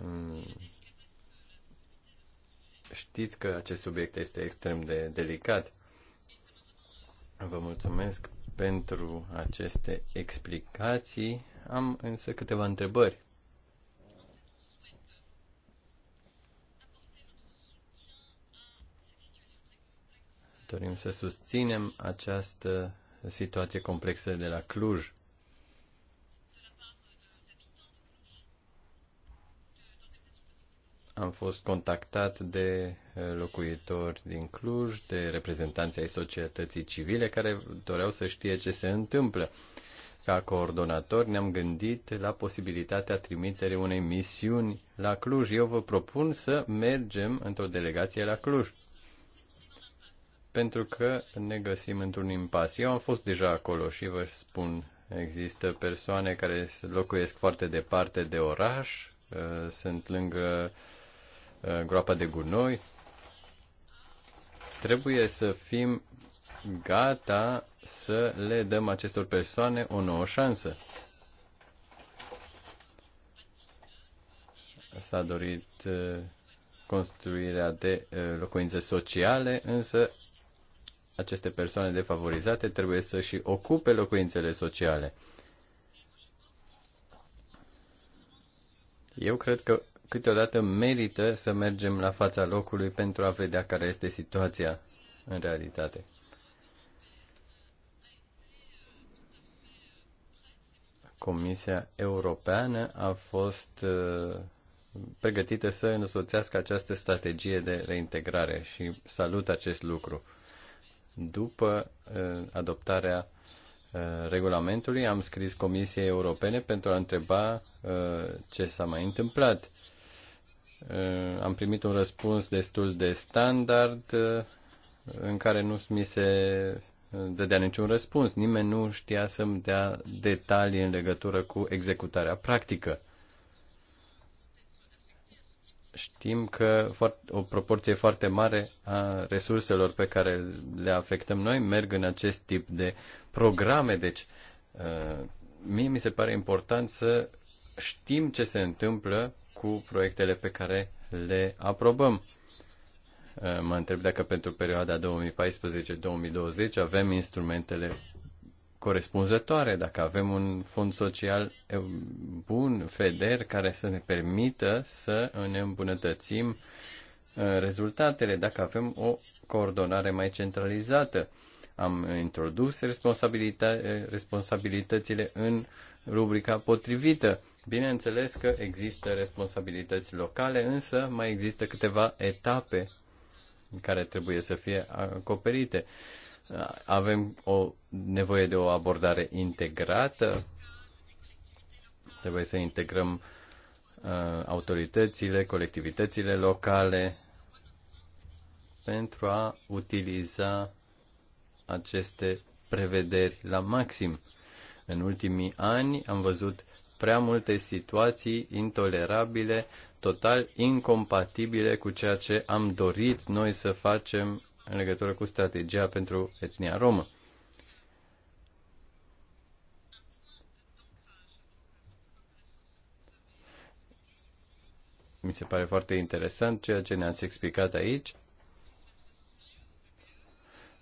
hmm. Știți că acest subiect este extrem de delicat. Vă mulțumesc pentru aceste explicații. Am însă câteva întrebări. Dorim să susținem această situație complexă de la Cluj. am fost contactat de eh, locuitori din Cluj, de reprezentanții ai societății civile care doreau să știe ce se întâmplă. Ca coordonator ne-am gândit la posibilitatea trimiterii unei misiuni la Cluj. Eu vă propun să mergem într-o delegație la Cluj. Pentru că ne găsim într-un impas. Eu am fost deja acolo și vă spun, există persoane care locuiesc foarte departe de oraș, eh, sunt lângă uh, groapa de gunoi, trebuie să fim gata să le dăm acestor persoane o nouă șansă. S-a dorit uh, construirea de uh, locuințe sociale, însă aceste persoane defavorizate trebuie să și ocupe locuințele sociale. Eu cred că câteodată merită să mergem la fața locului pentru a vedea care este situația în realitate. Comisia Europeană a fost uh, pregătită să însoțească această strategie de reintegrare și salut acest lucru. După uh, adoptarea uh, regulamentului am scris Comisiei Europene pentru a întreba ce s-a mai întâmplat Eh, am primit un răspuns destul de standard eh, în care nu mi se eh, dădea niciun răspuns. Nimeni nu știa să-mi dea detalii în legătură cu executarea practică. Știm că o proporție foarte mare a resurselor pe care le afectăm noi merg în acest tip de programe. Deci, mie mi se pare important să știm ce se întâmplă cu proiectele pe care le aprobăm. Uh, mă întreb dacă pentru perioada 2014-2020 avem instrumentele corespunzătoare, dacă avem un fond social bun, FEDER, care să ne permită să ne îmbunătățim uh, rezultatele, dacă avem o coordonare mai centralizată. Am introdus uh, responsabilitățile în rubrica potrivită. Bineînțeles că există responsabilități locale, însă mai există câteva etape care trebuie să fie acoperite. Avem o nevoie de o abordare integrată. Trebuie să integrăm uh, autoritățile, colectivitățile locale pentru a utiliza aceste prevederi la maxim în ultimii ani am văzut prea multe situații intolerabile, total incompatibile cu ceea ce am dorit noi să facem în legătură cu strategia pentru etnia romă. Mi se pare foarte interesant ceea ce ne-ați explicat aici.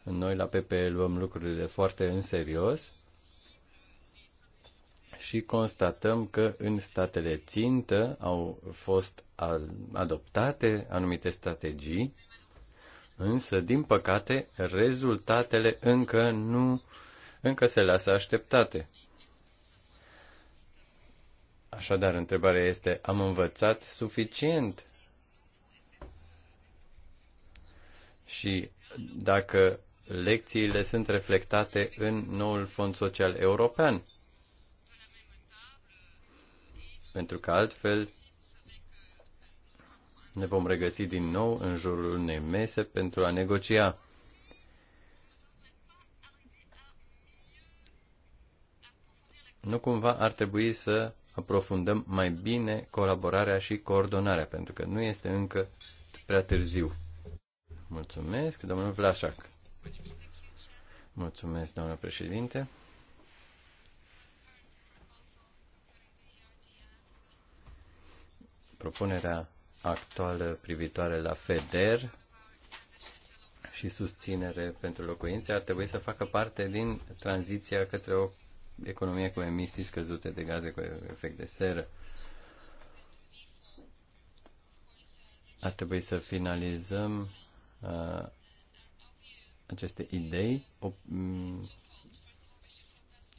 Noi la PPL luăm lucrurile foarte în serios și constatăm că în statele țintă au fost adoptate anumite strategii, însă, din păcate, rezultatele încă nu încă se lasă așteptate. Așadar, întrebarea este, am învățat suficient? Și dacă lecțiile sunt reflectate în noul Fond Social European? pentru că altfel ne vom regăsi din nou în jurul unei mese pentru a negocia. Nu cumva ar trebui să aprofundăm mai bine colaborarea și coordonarea, pentru că nu este încă prea târziu. Mulțumesc, domnul Vlașac. Mulțumesc, domnule președinte. propunerea actuală privitoare la FEDER și susținere pentru locuințe ar trebui să facă parte din tranziția către o economie cu emisii scăzute de gaze cu efect de seră. Ar trebui să finalizăm uh, aceste idei. Op-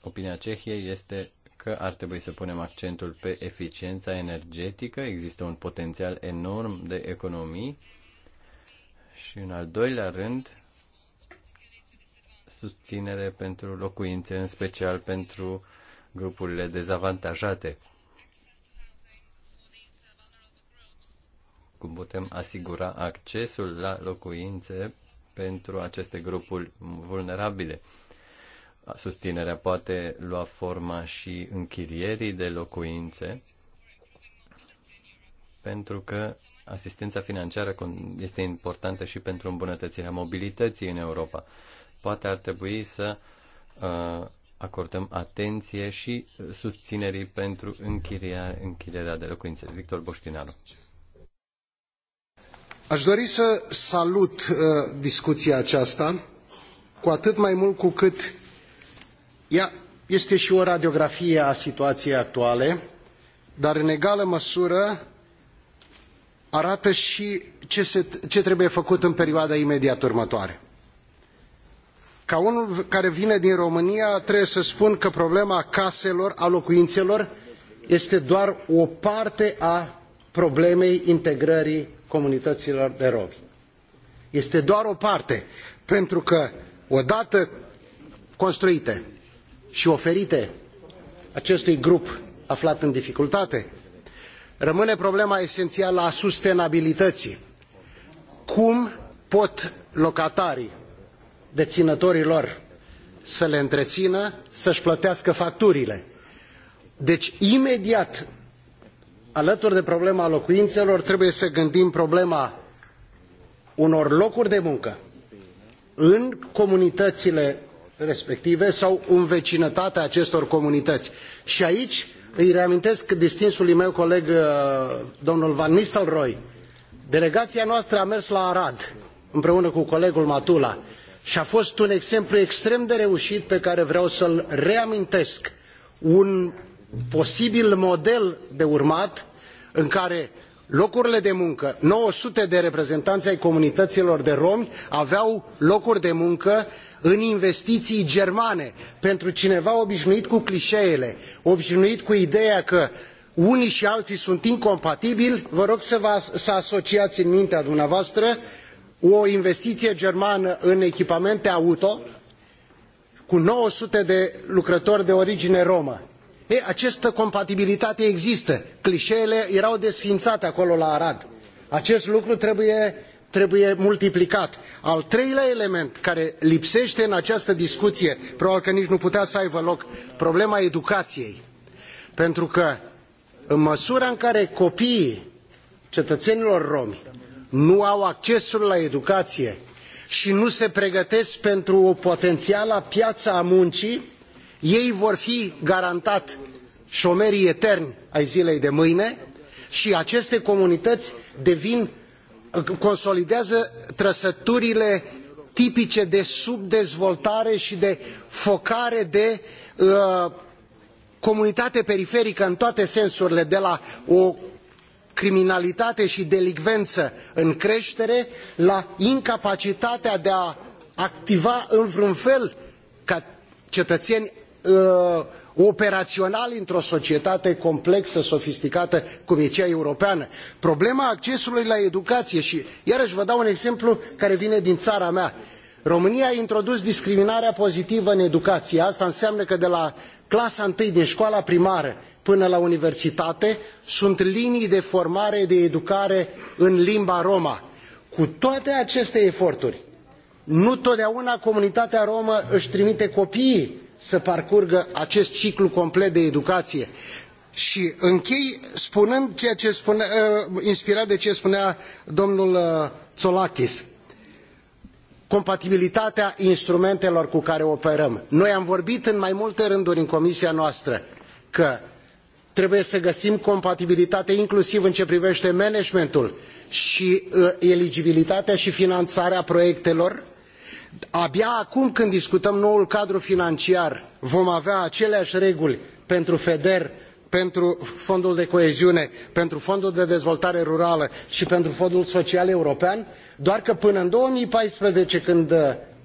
opinia Cehiei este că ar trebui să punem accentul pe eficiența energetică. Există un potențial enorm de economii. Și în al doilea rând, susținere pentru locuințe, în special pentru grupurile dezavantajate. Cum putem asigura accesul la locuințe pentru aceste grupuri vulnerabile? Susținerea poate lua forma și închirierii de locuințe, pentru că asistența financiară este importantă și pentru îmbunătățirea mobilității în Europa. Poate ar trebui să uh, acordăm atenție și susținerii pentru închirier, închirierea de locuințe. Victor Boștinaru. Aș dori să salut uh, discuția aceasta, cu atât mai mult cu cât ea este și o radiografie a situației actuale, dar în egală măsură arată și ce, se, ce trebuie făcut în perioada imediat următoare. Ca unul care vine din România, trebuie să spun că problema caselor, a locuințelor, este doar o parte a problemei integrării comunităților de romi. Este doar o parte, pentru că odată construite și oferite acestui grup aflat în dificultate rămâne problema esențială a sustenabilității cum pot locatarii deținătorii lor să le întrețină să și plătească facturile deci imediat alături de problema locuinelor trebuie să gândim problema unor locuri de muncă în comunitățile respective sau în vecinătatea acestor comunități. Și aici îi reamintesc distinsului meu coleg uh, domnul Van Nistelrooy. Delegația noastră a mers la Arad împreună cu colegul Matula și a fost un exemplu extrem de reușit pe care vreau să-l reamintesc. Un posibil model de urmat în care locurile de muncă 900 de reprezentanți ai comunităților de romi aveau locuri de muncă în investiții germane. Pentru cineva obișnuit cu clișeele, obișnuit cu ideea că unii și alții sunt incompatibili, vă rog să, vă, să asociați în mintea dumneavoastră o investiție germană în echipamente auto cu 900 de lucrători de origine romă. E, această compatibilitate există. Clișeele erau desfințate acolo la Arad. Acest lucru trebuie trebuie multiplicat. al treilea element care lipsete în această discuie probabil că nici nu putea să aibă loc problema educaiei pentru că în măsura în care copiii cetăenilor romi nu au accesul la educaie i nu se pregătesc pentru o potenială piaă a muncii ei vor fi garantat omerii eterni ai zilei de mâine i aceste comunităi devin consolidează trăsăturile tipice de subdezvoltare și de focare de uh, comunitate periferică în toate sensurile de la o criminalitate și delicvență în creștere la incapacitatea de a activa în vreun fel ca cetățeni uh, operaional într o societate complexă sofisticată cum e cea europeană problema accesului la educație și iarăși vă dau un exemplu care vine din țara mea românia a introdus discriminarea pozitivă în educație asta înseamnă că de la clasa întâi din școala primară până la universitate sunt linii de formare de educare în limba romă. cu toate aceste eforturi nu totdeauna comunitatea romă își trimite copiii să parcurgă acest ciclu complet de educație. Și închei spunând ceea ce spune, ă, inspirat de ce spunea domnul ă, Tsolakis compatibilitatea instrumentelor cu care operăm. Noi am vorbit în mai multe rânduri în comisia noastră că trebuie să găsim compatibilitate inclusiv în ce privește managementul și ă, eligibilitatea și finanțarea proiectelor abia acum când discutăm noul cadru financiar vom avea aceleași reguli pentru feder pentru fondul de coeziune pentru fondul de dezvoltare rurală i pentru fondul social european doar că până în două mii paisprezece când uh,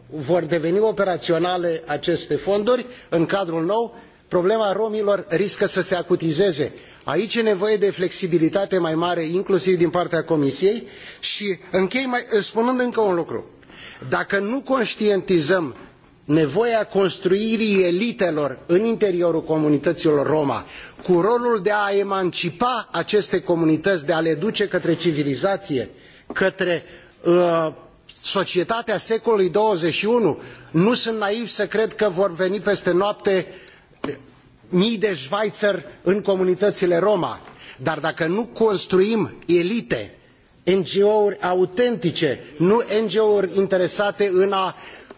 vor deveni operaionale aceste fonduri în cadrul nou problema romilor riscă să se acutizeze. aici e nevoie de flexibilitate mai mare inclusiv din partea comisiei i închei spunând încă un lucru dacă nu conștientizăm nevoia construirii elitelor în interiorul comunităților Roma, cu rolul de a emancipa aceste comunități, de a le duce către civilizație, către uh, societatea secolului 21, nu sunt naiv să cred că vor veni peste noapte mii de șvaițări în comunitățile Roma. Dar dacă nu construim elite NGO-uri autentice, nu NGO-uri interesate în a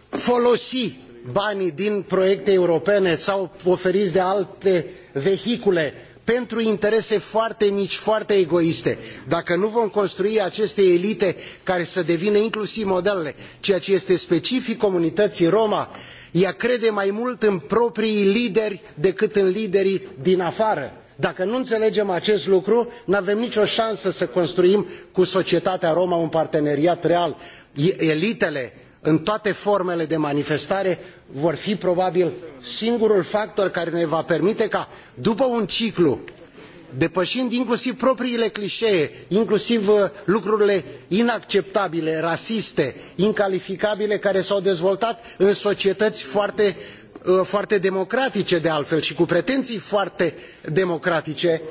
folosi banii din proiecte europene sau oferiți de alte vehicule pentru interese foarte mici, foarte egoiste. Dacă nu vom construi aceste elite care să devină inclusiv modelele, ceea ce este specific comunității Roma, ea crede mai mult în proprii lideri decât în liderii din afară dacă nu înțelegem acest lucru, nu avem nicio șansă să construim cu societatea Roma un parteneriat real. Elitele, în toate formele de manifestare, vor fi probabil singurul factor care ne va permite ca, după un ciclu, depăind inclusiv propriile clichee, inclusiv uh, lucrurile inacceptabile rasiste incalificabile care s au dezvoltat în societăi foarte Uh, foarte democratice de altfel i cu pretenii foarte democratice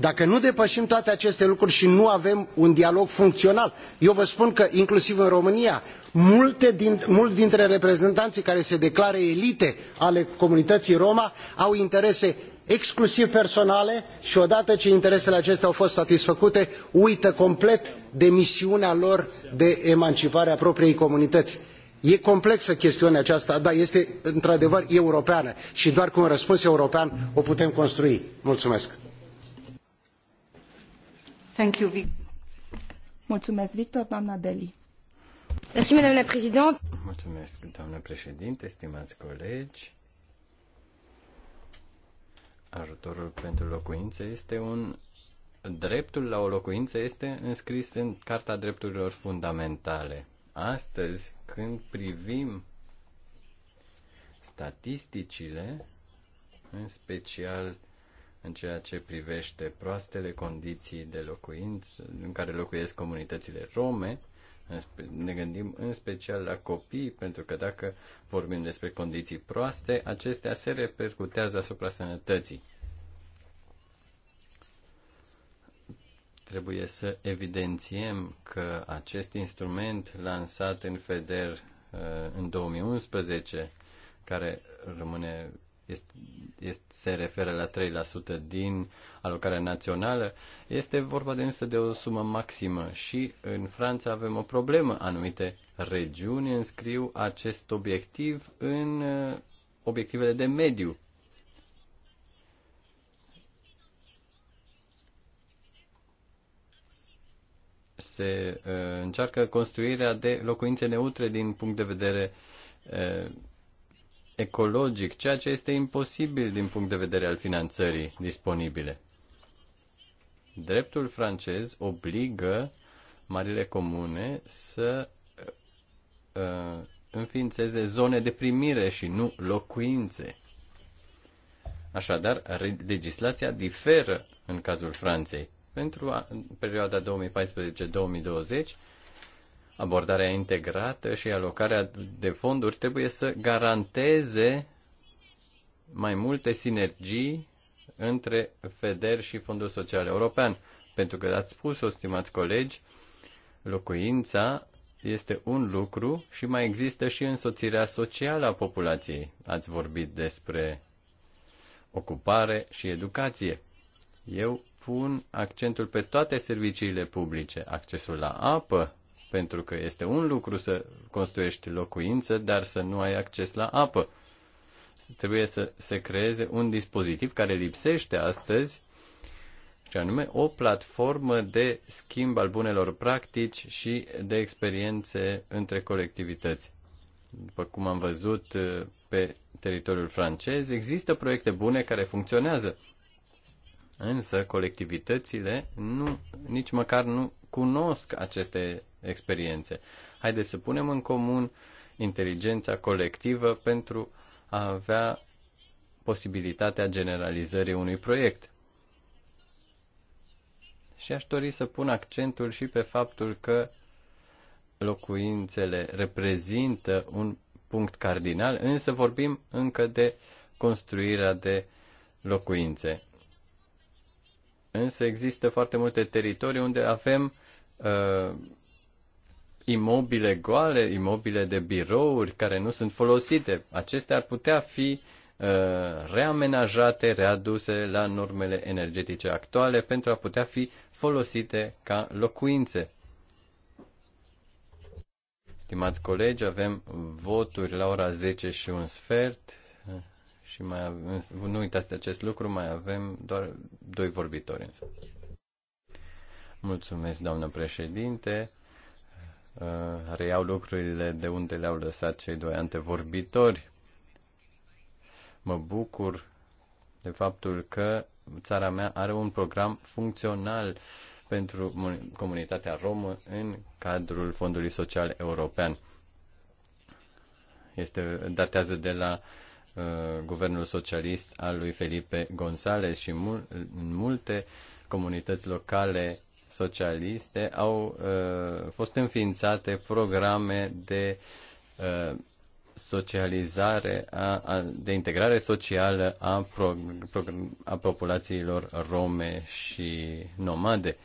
dacă nu depăim toate aceste lucruri i nu avem un dialog funcional eu vă spun că inclusiv în românia muli dintre reprezentanii care se declară elite ale comunităii roma au interese exclusiv personale i odată ce interesele acestea au fost satisfăcute uită complet de misiunea lor de emancipare a propriei comunităi. E complexă chestiunea aceasta, dar este într-adevăr europeană și doar cu un răspuns european o putem construi. Mulțumesc! Thank you, Vic. Mulțumesc, Victor, doamna Deli. Mulțumesc, doamnă președinte, stimați colegi. Ajutorul pentru locuințe este un dreptul la o locuință este înscris în Carta Drepturilor Fundamentale. Astăzi, când privim statisticile, în special în ceea ce privește proastele condiții de locuință în care locuiesc comunitățile rome, ne gândim în special la copii, pentru că dacă vorbim despre condiții proaste, acestea se repercutează asupra sănătății. Trebuie să evidențiem că acest instrument lansat în FEDER uh, în 2011, care rămâne este, este, se referă la 3% din alocarea națională, este vorba de însă de o sumă maximă și în Franța avem o problemă. Anumite regiuni înscriu acest obiectiv în uh, obiectivele de mediu se uh, încearcă construirea de locuințe neutre din punct de vedere uh, ecologic, ceea ce este imposibil din punct de vedere al finanțării disponibile. Dreptul francez obligă marile comune să uh, uh înființeze zone de primire și nu locuințe. Așadar, legislația diferă în cazul Franței. Pentru a, perioada 2014-2020, abordarea integrată și alocarea de fonduri trebuie să garanteze mai multe sinergii între FEDER și Fondul Social European. Pentru că ați spus-o, stimați colegi, locuința este un lucru și mai există și însoțirea socială a populației. Ați vorbit despre ocupare și educație. Eu pun accentul pe toate serviciile publice, accesul la apă, pentru că este un lucru să construiești locuință, dar să nu ai acces la apă. Trebuie să se creeze un dispozitiv care lipsește astăzi, și anume o platformă de schimb al bunelor practici și de experiențe între colectivități. După cum am văzut eh, pe teritoriul francez, există proiecte bune care funcționează, Însă colectivitățile nu, nici măcar nu cunosc aceste experiențe. Haideți să punem în comun inteligența colectivă pentru a avea posibilitatea generalizării unui proiect. Și aș dori să pun accentul și pe faptul că locuințele reprezintă un punct cardinal, însă vorbim încă de construirea de locuințe. Însă există foarte multe teritorii unde avem uh, imobile goale, imobile de birouri care nu sunt folosite. Acestea ar putea fi uh, reamenajate, readuse la normele energetice actuale pentru a putea fi folosite ca locuințe. Stimați colegi, avem voturi la ora 10 și un sfert și mai avem, nu uitați de acest lucru, mai avem doar doi vorbitori însă. Mulțumesc, doamnă președinte. Uh, reiau lucrurile de unde le-au lăsat cei doi antevorbitori. Mă bucur de faptul că țara mea are un program funcțional pentru comunitatea romă în cadrul Fondului Social European. Este datează de la uh, Uh, guvernul socialist al lui Felipe González și mul- în multe comunități locale socialiste au uh, fost înființate programe de uh, socializare, a, a, de integrare socială a, pro, pro, a populațiilor rome și nomade.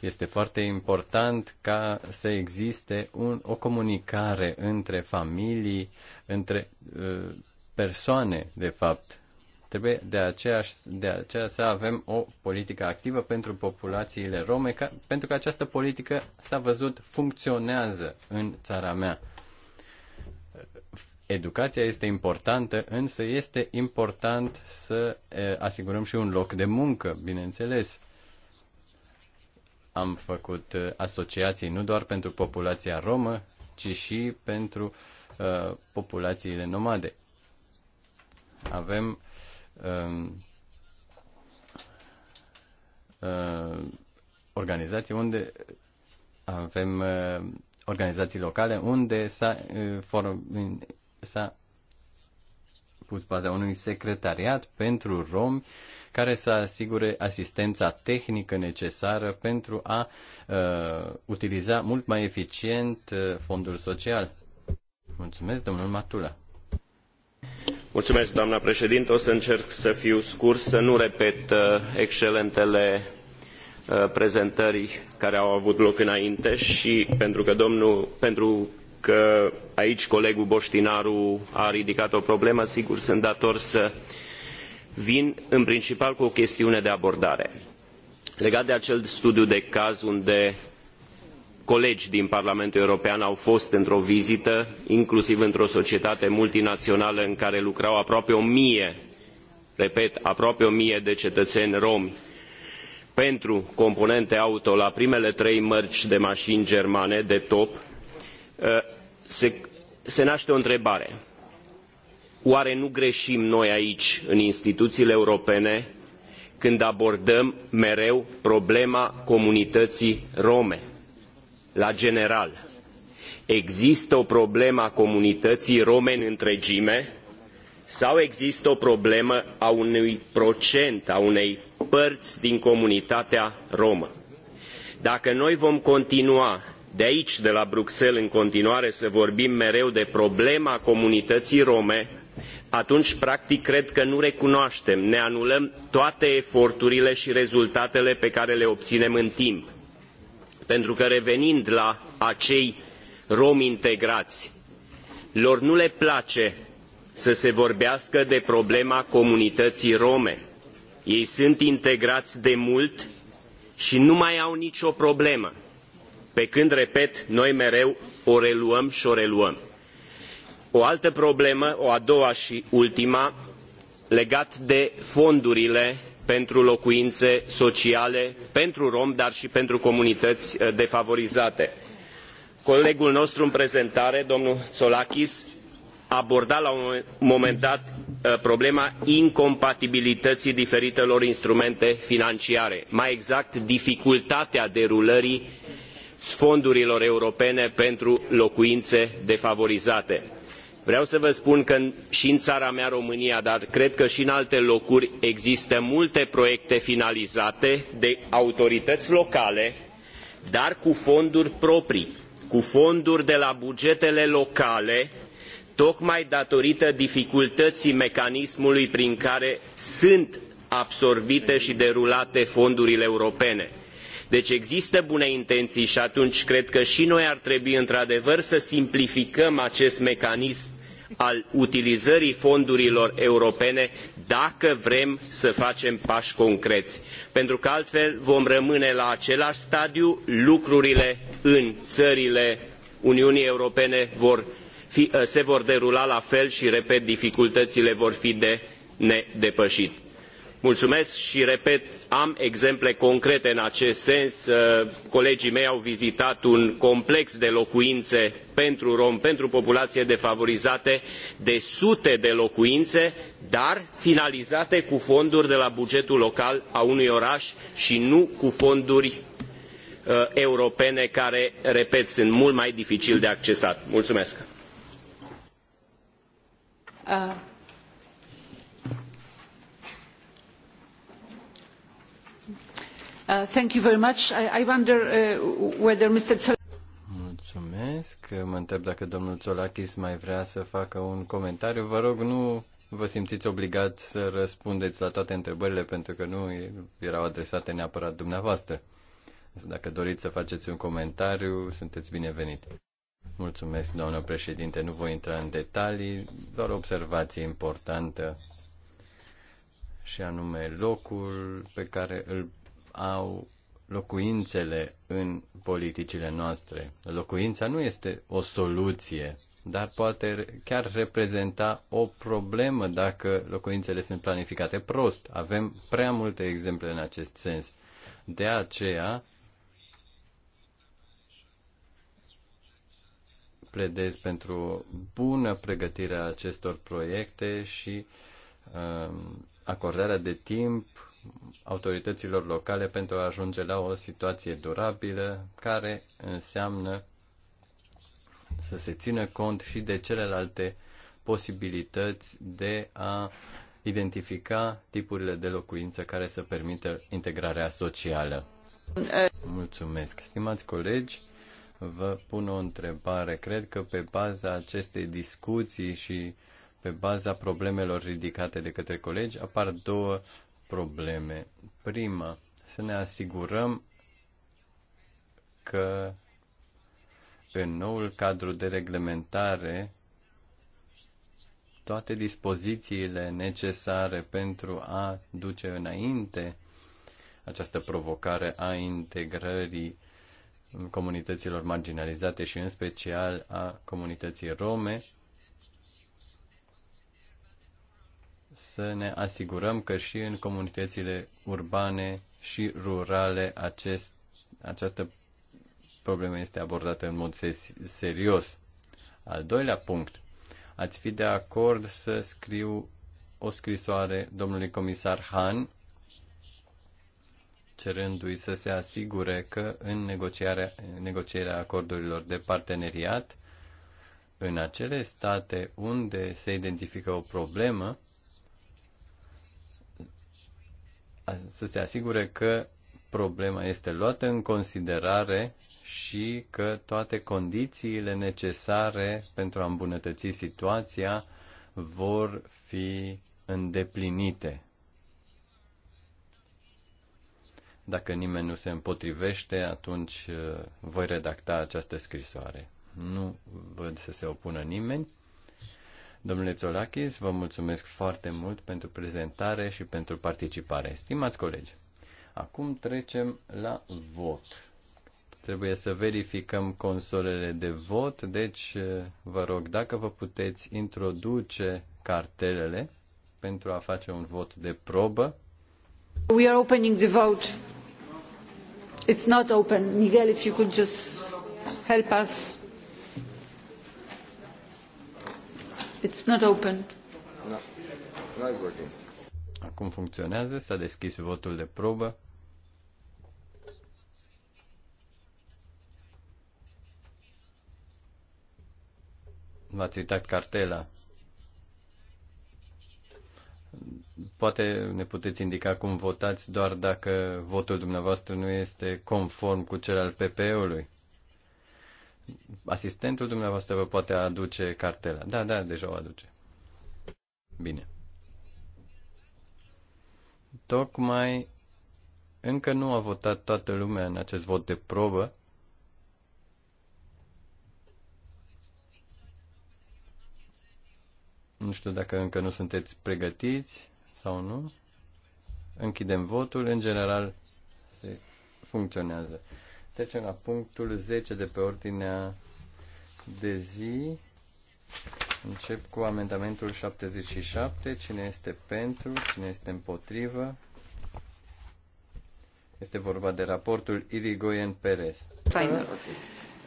Este foarte important ca să existe un, o comunicare între familii, între uh, persoane, de fapt. Trebuie de aceea, de aceea să avem o politică activă pentru populațiile rome, ca, pentru că această politică s-a văzut funcționează în țara mea. Educația este importantă, însă este important să e, asigurăm și un loc de muncă, bineînțeles. Am făcut asociații nu doar pentru populația romă, ci și pentru uh, populațiile nomade. Avem uh, organizații unde avem uh, organizații locale unde s-a, uh, s-a pus baza unui secretariat pentru romi care să asigure asistența tehnică necesară pentru a uh, utiliza mult mai eficient uh, fondul social. Mulțumesc, domnul Matula o să încerc să fiu scurt să nu repet uh, excelentele uh, prezentări care au avut loc înainte i pentru că, domnul, pentru că aici colegul botinaru a ridicat o problemă sigur sunt dator să vin în principal cu o chestiune de abordare legat de acel studiu de caz unde colegi din Parlamentul European au fost într-o vizită, inclusiv într-o societate multinaională în care lucrau aproape o mie, repet, aproape o mie de cetățeni romi pentru componente auto la primele trei mărci de mașini germane de top, eh, se, se naște o întrebare. Oare nu greșim noi aici, în instituțiile europene, când abordăm mereu problema comunității rome? la general există o problemă a comunității rome în întregime sau există o problemă a unui procent, a unei părți din comunitatea romă. Dacă noi vom continua de aici, de la Bruxelles, în continuare să vorbim mereu de problema comunității rome, atunci practic cred că nu recunoaștem, ne anulăm toate eforturile și rezultatele pe care le obținem în timp pentru că revenind la acei romi integrați, lor nu le place să se vorbească de problema comunității rome. Ei sunt integrați de mult și nu mai au nicio problemă, pe când, repet, noi mereu o reluăm și o reluăm. O altă problemă, o a doua și ultima, legat de fondurile pentru locuine sociale pentru romi dar i pentru comunităi eh, defavorizate. colegul nostru în prezentare domnul tsolakis aborda la un moment dat eh, problema incompatibilităii diferitelor instrumente financiare mai exact dificultatea derulării fondurilor europene pentru locuine defavorizate Vreau să vă spun că și în țara mea, România, dar cred că și în alte locuri există multe proiecte finalizate de autorități locale, dar cu fonduri proprii, cu fonduri de la bugetele locale, tocmai datorită dificultății mecanismului prin care sunt absorbite și derulate fondurile europene. Deci există bune intenții și atunci cred că și noi ar trebui într-adevăr să simplificăm acest mecanism al utilizării fondurilor europene dacă vrem să facem pași concreți. Pentru că altfel vom rămâne la același stadiu, lucrurile în țările Uniunii Europene vor fi, se vor derula la fel și, repet, dificultățile vor fi de nedepășit mulumesc i repet am exemple concrete în acest sens uh, colegii mei au vizitat un complex de locuine pentru romi pentru populaie defavorizată de sute de locuine dar finalizate cu fonduri de la bugetul local al unui ora i nu cu fonduri uh, europene care repet sunt mult mai dificil de accesat. Mulțumesc. Uh, Mulțumesc. Mă întreb dacă domnul Tsolakis mai vrea să facă un comentariu. Vă rog, nu vă simțiți obligat să răspundeți la toate întrebările, pentru că nu erau adresate neapărat dumneavoastră. Dacă doriți să faceți un comentariu, sunteți binevenit. Mulțumesc, doamnă președinte. Nu voi intra în detalii, doar o observație importantă și anume locul pe care îl au locuințele în politicile noastre. Locuința nu este o soluție, dar poate chiar reprezenta o problemă dacă locuințele sunt planificate prost. Avem prea multe exemple în acest sens. De aceea, pledez pentru bună pregătire a acestor proiecte și um, acordarea de timp autorităților locale pentru a ajunge la o situație durabilă care înseamnă să se țină cont și de celelalte posibilități de a identifica tipurile de locuință care să permită integrarea socială. Mulțumesc. Stimați colegi, vă pun o întrebare. Cred că pe baza acestei discuții și pe baza problemelor ridicate de către colegi apar două probleme. Prima, să ne asigurăm că în noul cadru de reglementare toate dispozițiile necesare pentru a duce înainte această provocare a integrării comunităților marginalizate și în special a comunității rome să ne asigurăm că și în comunitățile urbane și rurale acest, această problemă este abordată în mod serios. Al doilea punct. Ați fi de acord să scriu o scrisoare domnului comisar Han cerându-i să se asigure că în negocierea, negocierea acordurilor de parteneriat, în acele state unde se identifică o problemă, să se asigure că problema este luată în considerare și că toate condițiile necesare pentru a îmbunătăți situația vor fi îndeplinite. Dacă nimeni nu se împotrivește, atunci uh, voi redacta această scrisoare. Nu văd să se opună nimeni. Domnule Zolakis, vă mulțumesc foarte mult pentru prezentare și pentru participare. Stimați colegi, acum trecem la vot. Trebuie să verificăm consolele de vot, deci eh, vă rog dacă vă puteți introduce cartelele pentru a face un vot de probă. We are opening the vote. It's not open. Miguel, if you could just help us It's not opened. No. working. Acum funcționează, s-a deschis votul de probă. V-ați uitat cartela. Poate ne puteți indica cum votați doar dacă votul dumneavoastră nu este conform cu cel al PP-ului. Asistentul dumneavoastră vă poate aduce cartela. Da, da, deja o aduce. Bine. Tocmai încă nu a votat toată lumea în acest vot de probă. Nu știu dacă încă nu sunteți pregătiți sau nu. Închidem votul. În general, se funcționează. Trecem la punctul 10 de pe ordinea de zi. Încep cu amendamentul 77. Cine este pentru? Cine este împotrivă? Este vorba de raportul Irigoyen Perez.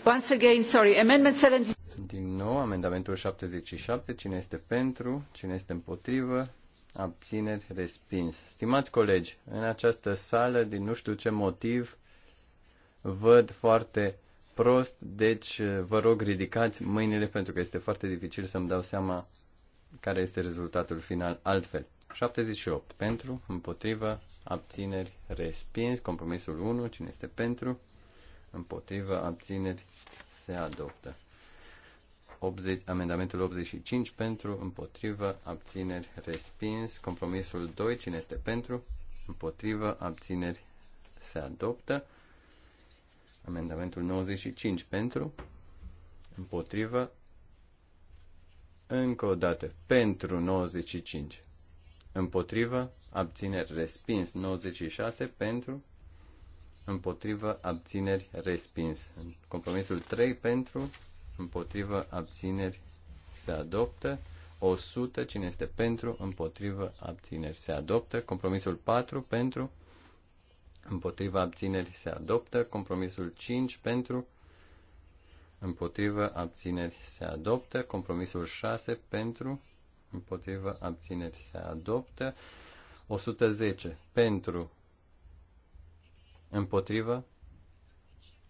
Once again, sorry, amendment 70. Din nou, amendamentul 77. Cine este pentru? Cine este împotrivă? Abțineri, respins. Stimați colegi, în această sală, din nu știu ce motiv, văd foarte prost, deci uh, vă rog ridicați mâinile pentru că este foarte dificil să-mi dau seama care este rezultatul final altfel. 78 pentru, împotrivă, abțineri, respins, compromisul 1, cine este pentru, împotrivă, abțineri, se adoptă. 80, amendamentul 85 pentru, împotrivă, abțineri, respins, compromisul 2, cine este pentru, împotrivă, abțineri, se adoptă. Amendamentul 95 pentru, împotrivă, încă o dată, pentru 95, împotrivă, abțineri, respins, 96 pentru, împotrivă, abțineri, respins. Compromisul 3 pentru, împotrivă, abțineri, se adoptă. 100, cine este pentru, împotrivă, abțineri, se adoptă. Compromisul 4 pentru, împotriva abținerii se adoptă, compromisul 5 pentru, împotriva abțineri se adoptă, compromisul 6 pentru, împotriva abțineri se adoptă, 110 pentru, împotriva,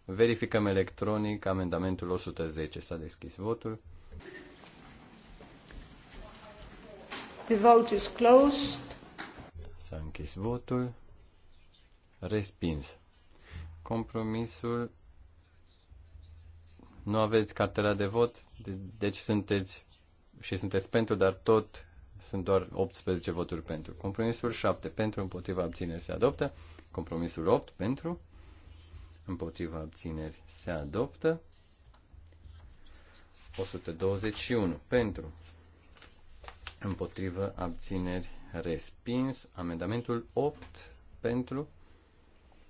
verificăm electronic amendamentul 110, s-a deschis votul. The vote is closed. S-a închis votul. Respins. Compromisul. Nu aveți cartela de vot, deci sunteți și sunteți pentru, dar tot sunt doar 18 voturi pentru. Compromisul 7 pentru, împotriva abțineri se adoptă. Compromisul 8 pentru, împotriva abțineri se adoptă. 121 pentru, împotriva abțineri respins. Amendamentul 8 pentru,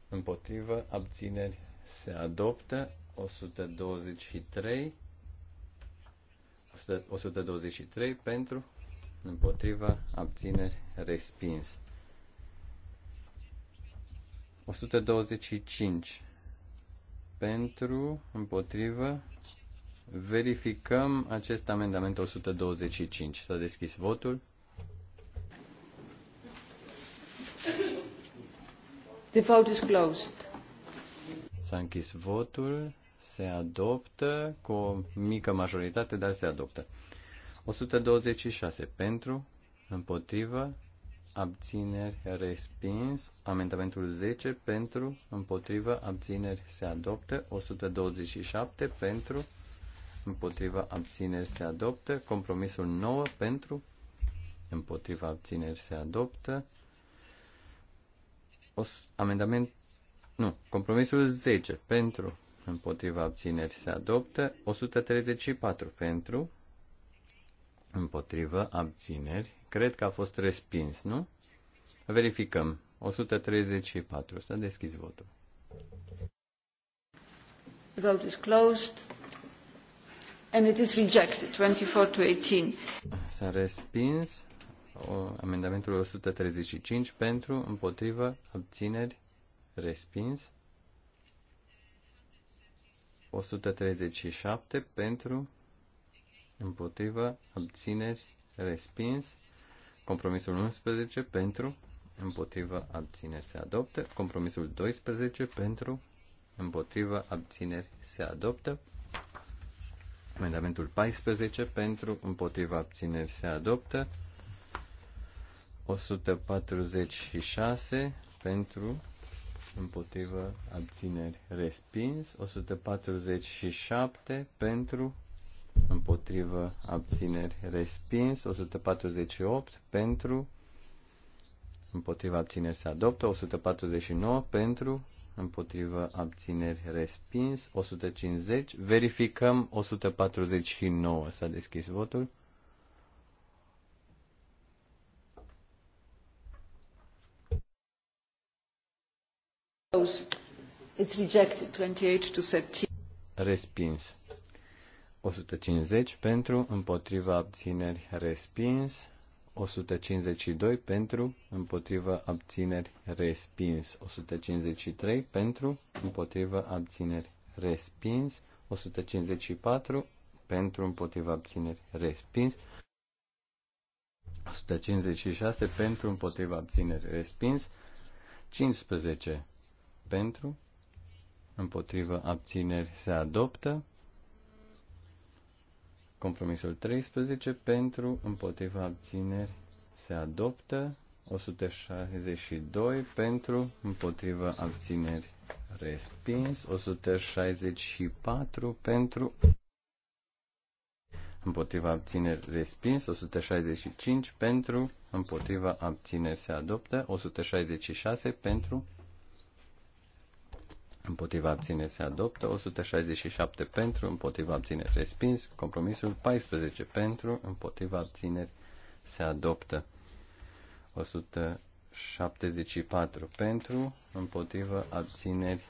împotrivă, abțineri se adoptă, 123, 123 pentru, împotriva, abțineri, respins. 125 pentru, împotrivă, verificăm acest amendament 125. S-a deschis votul. The vote is closed. S-a închis votul, se adoptă cu o mică majoritate, dar se adoptă. 126 pentru, împotrivă, abțineri, respins. Amendamentul 10 pentru, împotrivă, abțineri, se adoptă. 127 pentru, împotrivă, abțineri se adoptă, compromisul 9 pentru, împotrivă, abțineri se adoptă, o, amendament, nu, compromisul 10 pentru, împotriva abțineri se adoptă, 134 pentru, împotriva abțineri, cred că a fost respins, nu? Verificăm, 134, să a deschis votul. The vote is closed and it is rejected, 24 to 18. S-a respins, amendamentul 135 pentru, împotrivă, abțineri, respins. 137 pentru, împotrivă, abțineri, respins. Compromisul 11 pentru, împotrivă, abțineri, se adoptă. Compromisul 12 pentru, împotrivă, abțineri, se adoptă. Amendamentul 14 pentru, împotriva abțineri se adoptă. 146 pentru, împotrivă, abțineri, respins. 147 pentru, împotrivă, abțineri, respins. 148 pentru, împotrivă abțineri se adoptă. 149 pentru, împotrivă, abțineri, respins. 150, verificăm 149, s-a deschis votul. It's rejected 28 to 13. Respins. 150 pentru, împotriva abțineri, respins. 152 pentru, împotriva abțineri, respins. 153 pentru, împotriva abțineri, respins. 154 pentru, împotriva abțineri, respins. 156 pentru, împotriva abțineri, respins. 15 pentru, împotrivă, abțineri se adoptă. Compromisul 13 pentru, împotrivă, abțineri se adoptă. 162 pentru, împotrivă, abțineri respins. 164 pentru, împotriva abțineri respins, 165 pentru, împotriva abțineri se adoptă, 166 pentru, împotriva abține se adoptă, 167 pentru, împotriva abține respins, compromisul 14 pentru, împotriva abțineri se adoptă, 174 pentru, împotriva abțineri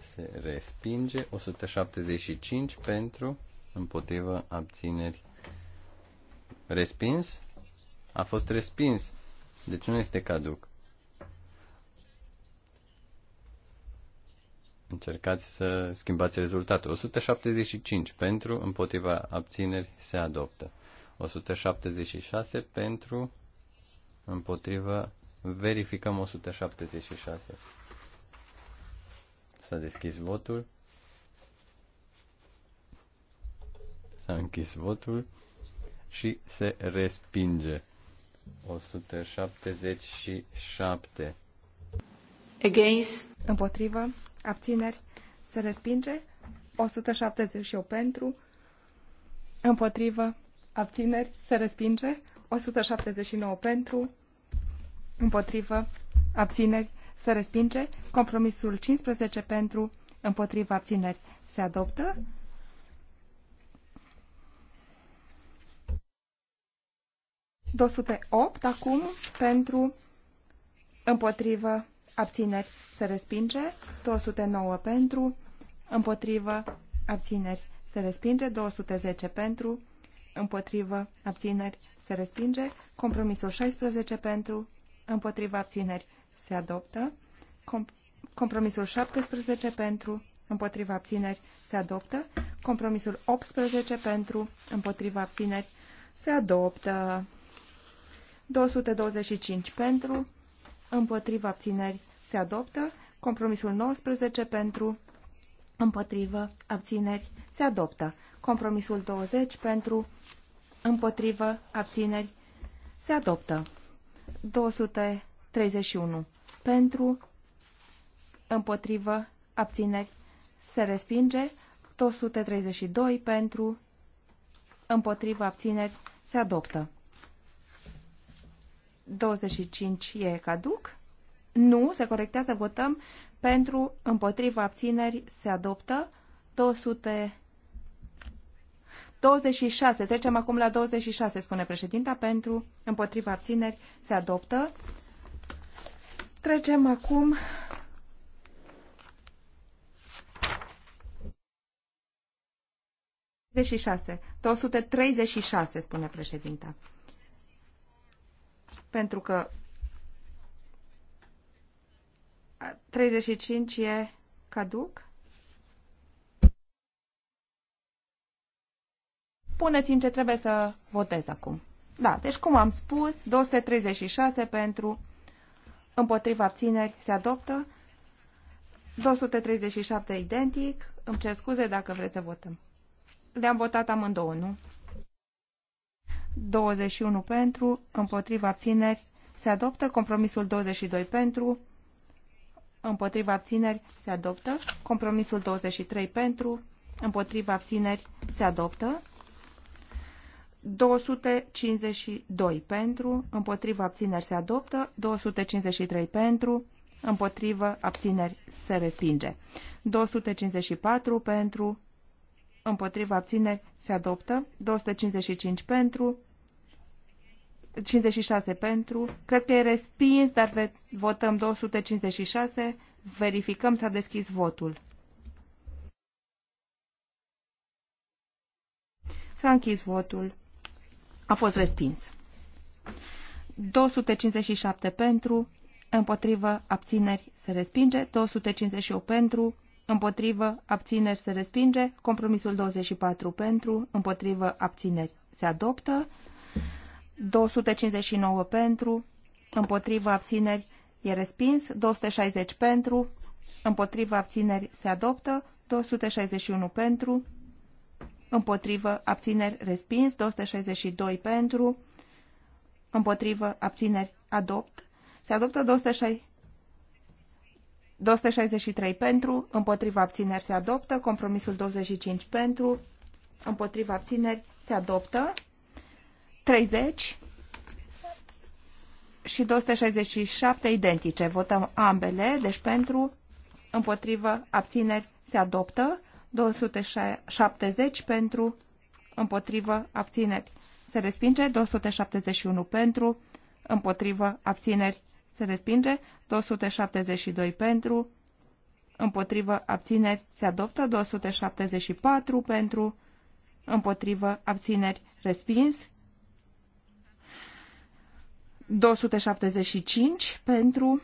se respinge, 175 pentru, împotriva abțineri respins, a fost respins, deci nu este caduc. Încercați să schimbați rezultatul. 175 pentru, împotriva abțineri se adoptă. 176 pentru, împotriva, verificăm 176. S-a deschis votul. S-a închis votul și se respinge. 177. Against. împotriva abțineri, se respinge. 178 pentru, împotrivă, abțineri, se respinge. 179 pentru, împotrivă, abțineri, se respinge. Compromisul 15 pentru, împotrivă, abțineri, se adoptă. opt acum pentru împotrivă abțineri se respinge, 209 pentru, împotrivă, abțineri se respinge, 210 pentru, împotrivă, abțineri se respinge, compromisul 16 pentru, împotrivă, abțineri se adoptă, Com compromisul 17 pentru, împotriva abțineri se adoptă, compromisul 18 pentru, împotriva abțineri se adoptă, 225 pentru, împotriva abțineri se adoptă. Compromisul 19 pentru, împotrivă, abțineri, se adoptă. Compromisul 20 pentru, împotrivă, abțineri, se adoptă. 231 pentru, împotrivă, abțineri, se respinge. 232 pentru, împotrivă, abțineri, se adoptă. 25 e caduc. Nu, se corectează, votăm pentru, împotriva, abțineri, se adoptă. 200... 26. Trecem acum la 26, spune președinta, pentru, împotriva, abțineri, se adoptă. Trecem acum și 236, spune președinta. Pentru că 35 e caduc. Puneți-mi ce trebuie să votez acum. Da, deci cum am spus, 236 pentru împotriva abțineri se adoptă, 237 identic, îmi cer scuze dacă vreți să votăm. Le-am votat amândouă, nu? 21 pentru, împotriva abțineri se adoptă, compromisul 22 pentru, împotriva abțineri se adoptă. Compromisul 23 pentru, împotriva abțineri se adoptă. 252 pentru, împotriva abțineri se adoptă, 253 pentru, împotrivă abțineri se respinge. 254 pentru, împotriva abțineri se adoptă, 255 pentru, 56 pentru. Cred că e respins, dar votăm 256. Verificăm, s-a deschis votul. S-a închis votul. A fost respins. 257 pentru, împotrivă, abțineri, se respinge. 258 pentru, împotrivă, abțineri, se respinge. Compromisul 24 pentru, împotrivă, abțineri, se adoptă. 259 pentru, împotriva abțineri e respins, 260 pentru, împotriva abțineri se adoptă, 261 pentru, împotrivă abțineri respins, 262 pentru, împotrivă abțineri adopt, se adoptă 260 263 pentru, împotriva abțineri se adoptă, compromisul 25 pentru, împotriva abțineri se adoptă, 30 și 267 identice. Votăm ambele, deci pentru, împotrivă, abțineri se adoptă. 270 pentru, împotrivă, abțineri se respinge. 271 pentru, împotrivă, abțineri se respinge. 272 pentru, împotrivă, abțineri se adoptă. 274 pentru, împotrivă, abțineri respins. 275 pentru,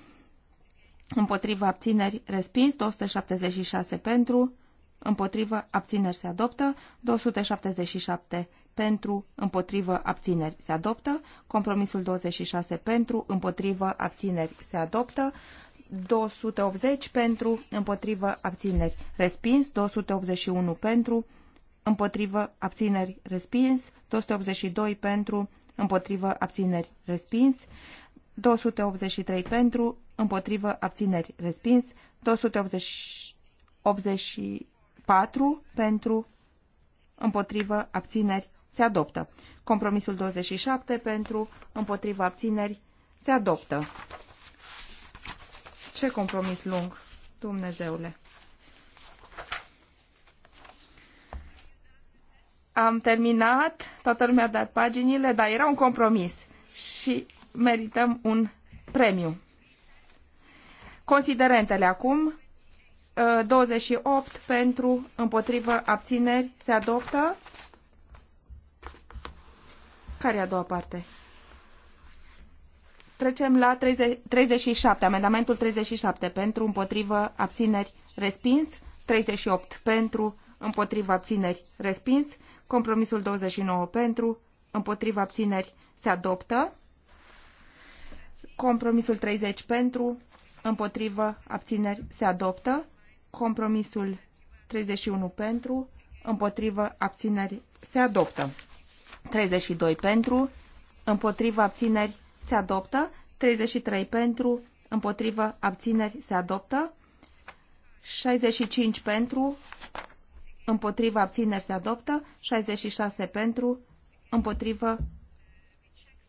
împotriva abțineri respins, 276 pentru, împotrivă abțineri se adoptă, 277 pentru, împotrivă abțineri se adoptă, compromisul 26 pentru, împotrivă abțineri se adoptă, 280 pentru, împotrivă abțineri respins, 281 pentru, împotrivă abțineri respins, 282 pentru, împotrivă, abțineri, respins. 283 pentru, împotrivă, abțineri, respins. 284 pentru, împotrivă, abțineri, se adoptă. Compromisul 27 pentru, împotrivă, abțineri, se adoptă. Ce compromis lung, Dumnezeule! Am terminat, toată lumea a dat paginile, dar era un compromis și merităm un premiu. Considerentele acum, 28 uh, pentru, împotrivă, abțineri, se adoptă. Care e a doua parte? Trecem la 30, 37, amendamentul 37 pentru, împotrivă, abțineri, respins, 38 pentru, împotrivă, abțineri, respins, Compromisul 29 pentru, împotriva abțineri se adoptă. Compromisul 30 pentru, împotriva abțineri se adoptă. Compromisul 31 pentru, împotriva abțineri se adoptă. 32 pentru, împotriva abțineri se adoptă. 33 pentru, împotriva abțineri se adoptă. 65 pentru, Împotriva abțineri se adoptă, 66 pentru, împotrivă,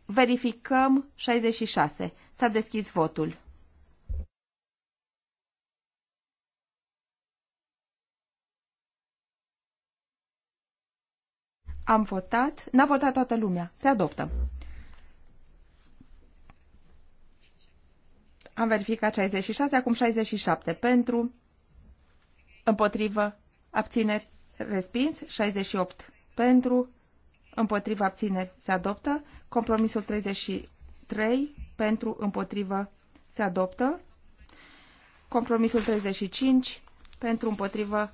verificăm 66. S-a deschis votul. Am votat, n-a votat toată lumea, se adoptă. Am verificat 66, acum 67 pentru, împotrivă, abțineri, respins, 68 pentru, împotriva abțineri, se adoptă, compromisul 33 pentru, împotriva, se adoptă, compromisul 35 pentru, împotriva,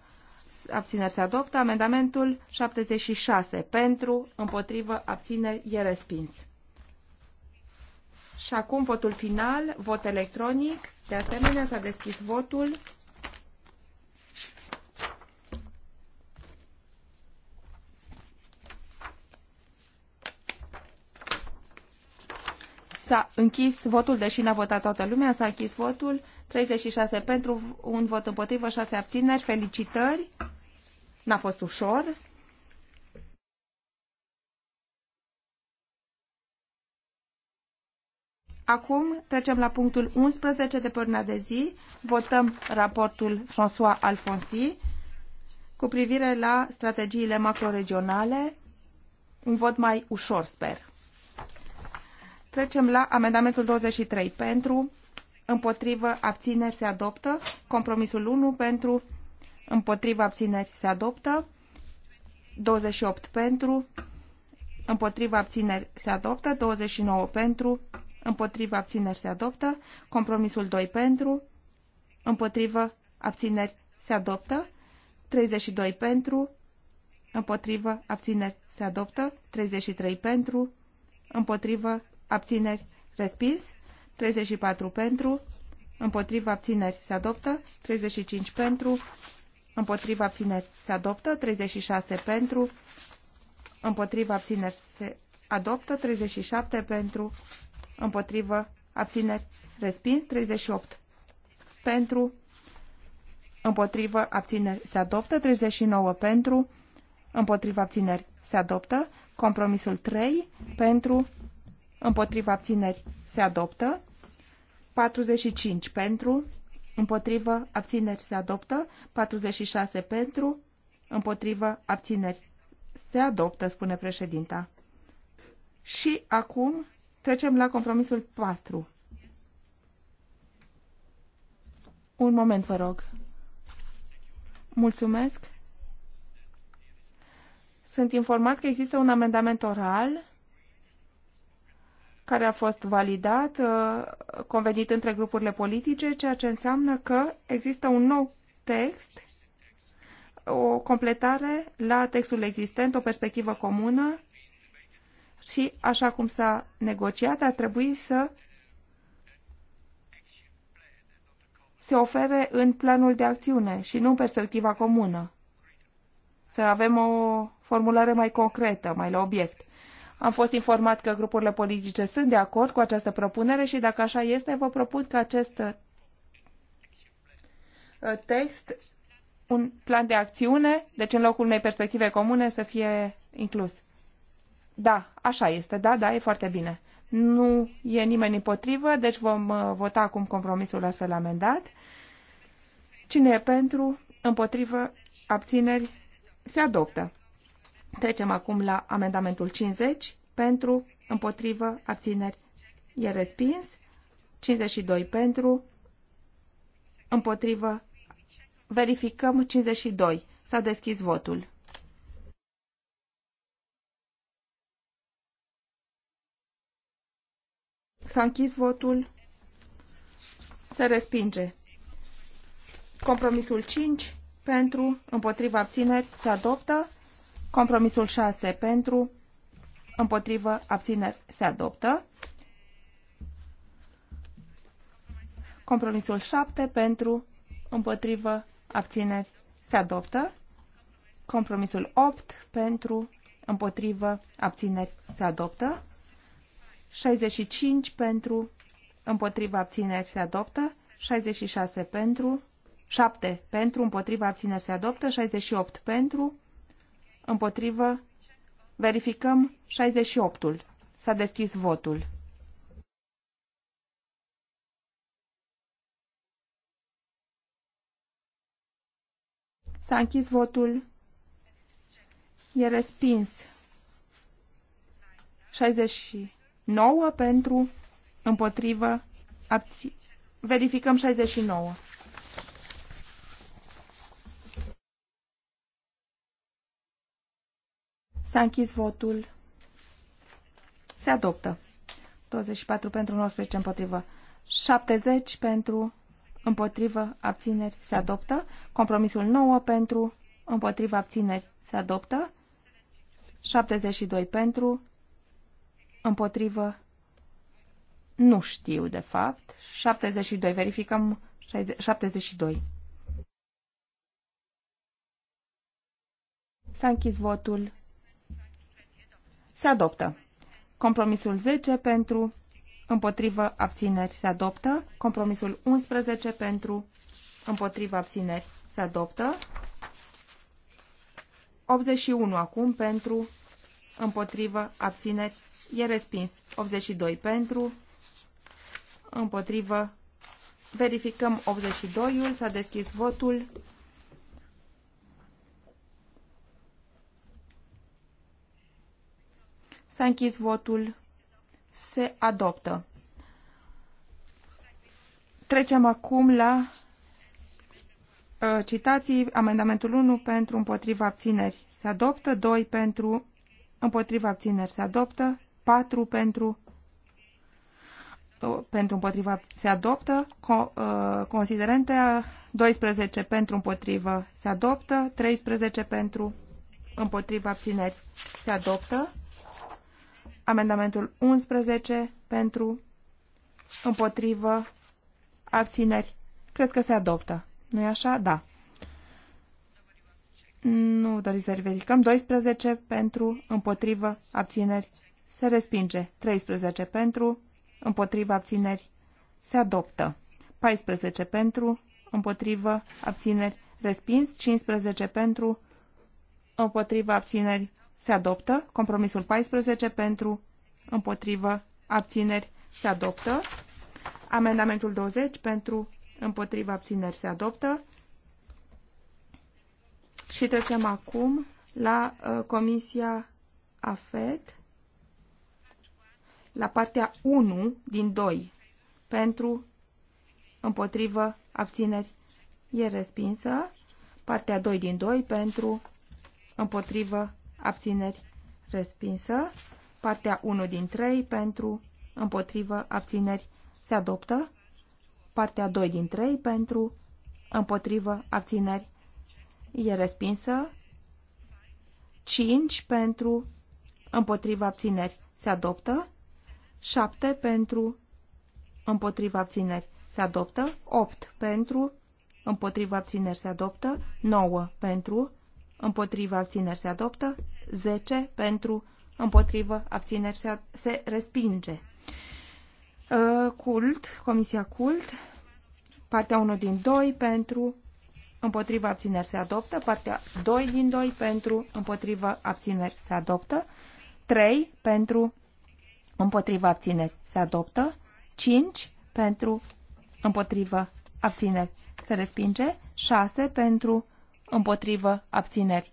abțineri, se adoptă, amendamentul 76 pentru, împotriva, abțineri, e respins. Și acum votul final, vot electronic. De asemenea, s-a deschis votul. S-a închis votul, deși n-a votat toată lumea, s-a închis votul. 36 pentru, un vot împotrivă, 6 abțineri. Felicitări! N-a fost ușor. Acum trecem la punctul 11 de până de zi. Votăm raportul François Alfonsi cu privire la strategiile macroregionale. Un vot mai ușor, sper. Trecem la amendamentul 23. Pentru, împotrivă, abțineri se adoptă. Compromisul 1 pentru, împotrivă, abțineri se adoptă. 28 pentru, împotrivă, abțineri se adoptă. 29 pentru, împotrivă, abțineri se adoptă. Compromisul 2 pentru, împotrivă, abțineri se adoptă. 32 pentru, împotrivă, abțineri se adoptă. 33 pentru, împotrivă, abțineri, respins, 34 pentru, împotriva abțineri, se adoptă, 35 pentru, împotriva abțineri, se adoptă, 36 pentru, împotriva abțineri, se adoptă, 37 pentru, împotriva abțineri, respins, 38 pentru, împotrivă, abțineri, se adoptă, 39 pentru, împotrivă, abțineri, se adoptă, compromisul 3 pentru, împotriva abțineri se adoptă, 45 pentru, împotrivă abțineri se adoptă, 46 pentru, împotrivă abțineri se adoptă, spune președinta. Și acum trecem la compromisul 4. Un moment, vă rog. Mulțumesc. Sunt informat că există un amendament oral care a fost validat, uh, convenit între grupurile politice, ceea ce înseamnă că există un nou text, o completare la textul existent, o perspectivă comună și, așa cum s-a negociat, ar trebui să se ofere în planul de acțiune și nu în perspectiva comună. Să avem o formulare mai concretă, mai la obiect. Am fost informat că grupurile politice sunt de acord cu această propunere și dacă așa este, vă propun că acest uh, text, un plan de acțiune, deci în locul unei perspective comune să fie inclus. Da, așa este, da, da, e foarte bine. Nu e nimeni împotrivă, deci vom uh, vota acum compromisul astfel amendat. Cine e pentru, împotrivă, abțineri, se adoptă. Trecem acum la amendamentul 50 pentru, împotrivă, abțineri. E respins. 52 pentru, împotrivă. Verificăm 52. S-a deschis votul. S-a închis votul. Se respinge. Compromisul 5 pentru, împotriva abțineri, se adoptă. Compromisul 6 pentru, împotrivă, abțineri se adoptă. Compromisul 7 pentru, împotrivă, abțineri se adoptă. Compromisul 8 pentru, împotrivă, abțineri se adoptă. 65 pentru, împotriva abțineri se adoptă, 66 pentru, 7 pentru, împotriva abțineri se adoptă, 68 pentru, împotrivă, verificăm 68-ul. S-a deschis votul. S-a închis votul. E respins. 69 pentru, împotrivă, abții. Verificăm 69. S-a închis votul. Se adoptă. 24 pentru 19 împotrivă. 70 pentru împotrivă abțineri se adoptă. Compromisul 9 pentru împotrivă abțineri se adoptă. 72 pentru împotrivă nu știu de fapt. 72 verificăm 60, 72. S-a închis votul. Se adoptă. Compromisul 10 pentru, împotrivă, abțineri. Se adoptă. Compromisul 11 pentru, împotrivă, abțineri. Se adoptă. 81 acum pentru, împotrivă, abțineri. E respins. 82 pentru, împotrivă, verificăm 82-ul, s-a deschis votul. S-a închis votul. Se adoptă. Trecem acum la uh, citații. Amendamentul 1 pentru împotriva abțineri se adoptă, 2 pentru împotriva abțineri se adoptă, 4 pentru uh, pentru împotriva se adoptă, uh, considerente 12 pentru împotrivă se adoptă, 13 pentru împotriva abțineri se adoptă, Amendamentul 11 pentru, împotrivă, abțineri. Cred că se adoptă. nu e așa? Da. Nu doriți să verificăm. 12 pentru, împotrivă, abțineri. Se respinge. 13 pentru, împotrivă, abțineri. Se adoptă. 14 pentru, împotrivă, abțineri. Respins. 15 pentru, împotrivă, abțineri se adoptă. Compromisul 14 pentru, împotrivă, abțineri, se adoptă. Amendamentul 20 pentru, împotrivă, abțineri, se adoptă. Și trecem acum la uh, Comisia AFET, la partea 1 din 2, pentru, împotrivă, abțineri, e respinsă. Partea 2 din 2 pentru, împotrivă, abțineri, respinsă. Partea 1 din 3 pentru, împotrivă, abțineri, se adoptă. Partea 2 din 3 pentru, împotrivă, abțineri, e respinsă. 5 pentru, împotrivă, abțineri, se adoptă. 7 pentru, împotrivă, abțineri, se adoptă. 8 pentru, împotrivă, abțineri se adoptă, 9 pentru, împotrivă, abțineri se adoptă, 10 pentru, împotrivă, abțineri se, se respinge. Uh, cult, Comisia Cult, partea 1 din 2 pentru, împotriva abțineri se adoptă, partea 2 din 2 pentru, împotriva abțineri se adoptă, 3 pentru, împotriva abțineri se adoptă, 5 pentru, împotriva abțineri se respinge, 6 pentru, împotriva abțineri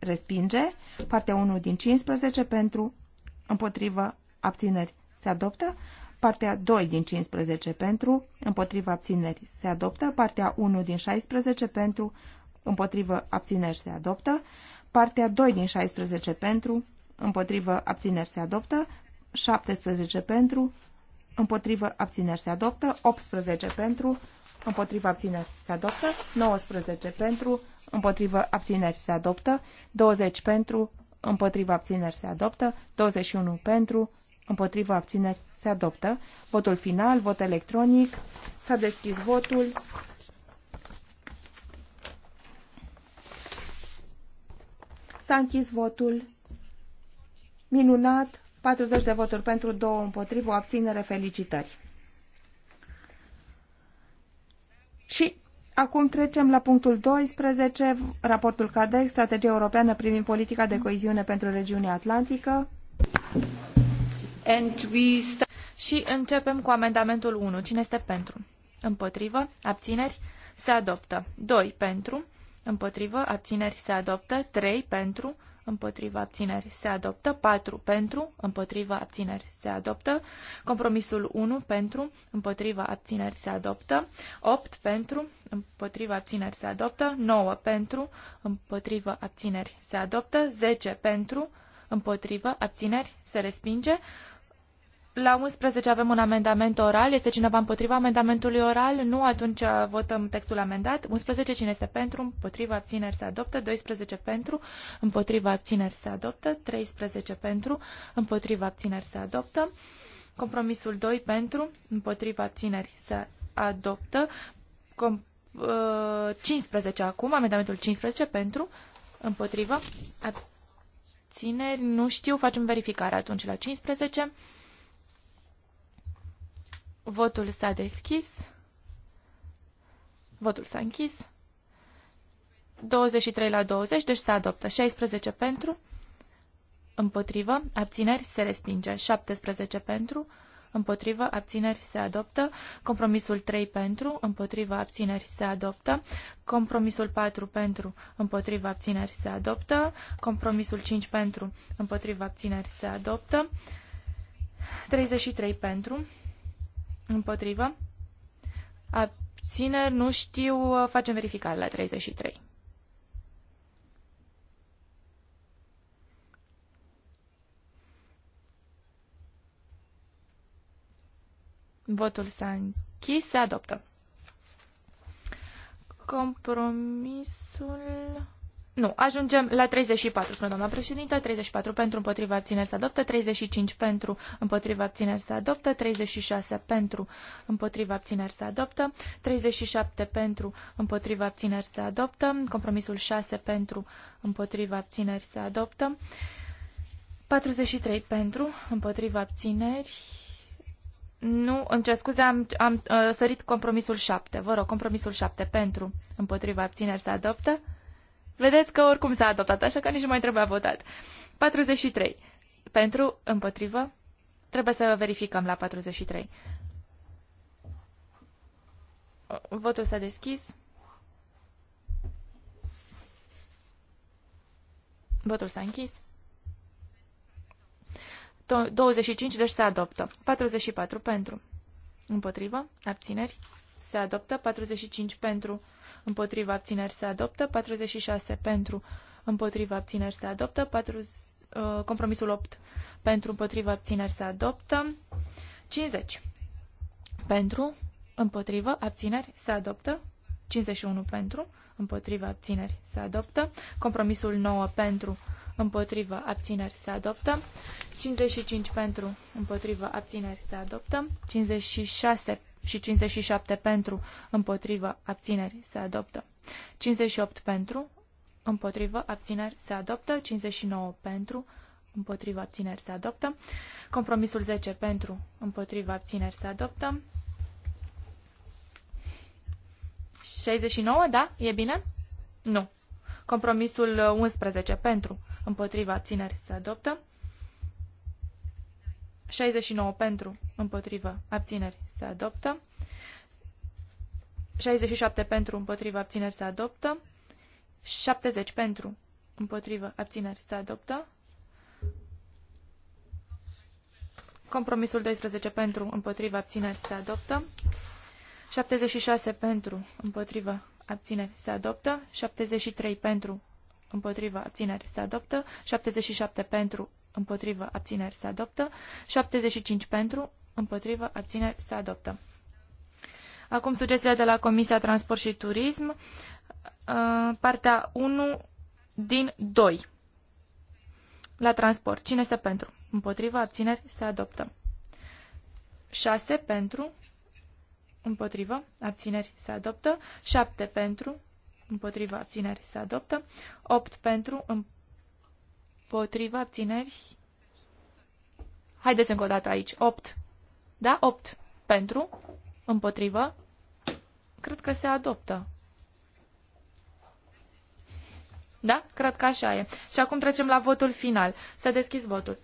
respinge. Partea 1 din 15 pentru, împotrivă, abțineri se adoptă. Partea 2 din 15 pentru, împotrivă, abțineri se adoptă. Partea 1 din 16 pentru, împotrivă, abțineri se adoptă. Partea 2 din 16 pentru, împotrivă, abțineri se adoptă. 17 pentru, împotrivă, abțineri se adoptă. 18 pentru, împotrivă, abțineri se adoptă. 19 pentru, împotrivă abțineri se adoptă, 20 pentru, împotrivă abțineri se adoptă, 21 pentru, împotrivă abțineri se adoptă. Votul final, vot electronic, s-a deschis votul. S-a închis votul. Minunat, 40 de voturi pentru, 2 împotrivă, abținere, felicitări. Și Acum trecem la punctul 12, raportul Cadex, strategia europeană privind politica de coeziune pentru regiunea atlantică. And we și începem cu amendamentul 1. Cine este pentru? Împotrivă? Abțineri? Se adoptă. 2. Pentru? Împotrivă? Abțineri? Se adoptă. 3. Pentru? împotriva abțineri se adoptă, 4 pentru, împotriva abțineri se adoptă, compromisul 1 pentru, împotriva abțineri se adoptă, 8 pentru, împotriva abțineri se adoptă, 9 pentru, împotriva abțineri se adoptă, 10 pentru, împotriva abțineri se respinge, la 11 avem un amendament oral. Este cineva împotriva amendamentului oral? Nu, atunci votăm textul amendat. 11. Cine este pentru? Împotriva abțineri se adoptă. 12 pentru. Împotriva abțineri se adoptă. 13 pentru. Împotriva abțineri se adoptă. Compromisul 2 pentru. Împotriva abțineri se adoptă. Com- 15 uh, acum. Amendamentul 15 pentru. Împotriva abțineri. Nu știu. Facem verificare atunci la 15. Votul s-a deschis. Votul s-a închis. 23 la 20, deci se adoptă. 16 pentru, împotrivă, abțineri, se respinge. 17 pentru, împotrivă, abțineri, se adoptă. Compromisul 3 pentru, împotrivă, abțineri, se adoptă. Compromisul 4 pentru, împotrivă, abțineri, se adoptă. Compromisul 5 pentru, împotrivă, abțineri, se adoptă. 33 pentru, Împotrivă. Abțineri, nu știu, facem verificare la 33. Votul s-a închis, se adoptă. Compromisul nu, ajungem la 34, spune doamna președintă, 34 pentru împotriva abțineri se adoptă, 35 pentru împotriva abțineri se adoptă, 36 pentru împotriva abțineri se adoptă, 37 pentru împotriva abțineri se adoptă, compromisul 6 pentru împotriva abțineri se adoptă, 43 pentru împotriva abțineri. Nu, îmi cer scuze, am, am uh, sărit compromisul 7. Vă rog, compromisul 7 pentru împotriva abțineri se adoptă. Vedeți că oricum s-a adoptat, așa că nici nu mai trebuia votat. 43. Pentru, împotrivă, trebuie să verificăm la 43. Votul s-a deschis. Votul s-a închis. 25, deci se adoptă. 44 pentru. Împotrivă, abțineri, se adoptă, 45 pentru, împotriva abțineri se adoptă, 46 pentru, împotriva abțineri se adoptă, 4, uh, compromisul 8 pentru, împotriva abțineri se adoptă, 50 pentru, împotriva abțineri se adoptă, 51 pentru, împotriva abțineri se adoptă, compromisul 9 pentru, împotriva abțineri se adoptă, 55 pentru, împotriva abțineri se adoptă, 56 și 57 pentru, împotrivă, abțineri, se adoptă. 58 pentru, împotrivă, abțineri, se adoptă. 59 pentru, împotrivă, abțineri, se adoptă. Compromisul 10 pentru, împotrivă, abțineri, se adoptă. 69, da? E bine? Nu. Compromisul 11 pentru, împotriva abțineri se adoptă. 69 pentru, împotrivă, abțineri se adoptă. 67 pentru, împotrivă, abțineri se adoptă. 70 pentru, împotrivă, abțineri se adoptă. Compromisul 12 pentru, împotrivă, abțineri se adoptă. 76 pentru, împotrivă, abțineri se adoptă. 73 pentru, împotrivă, abțineri se adoptă. 77 pentru, împotrivă, abțineri se adoptă, 75 pentru, împotrivă, abțineri se adoptă. Acum sugestia de la Comisia Transport și Turism, uh, partea 1 din 2. La transport, cine este pentru? Împotrivă, abțineri se adoptă. 6 pentru, împotrivă, abțineri se adoptă, 7 pentru, împotrivă, abțineri se adoptă, 8 pentru, împotrivă, Împotriva abțineri. Haideți încă o dată aici. 8. Da? 8. Pentru. Împotrivă. Cred că se adoptă. Da? Cred că așa e. Și acum trecem la votul final. S-a deschis votul.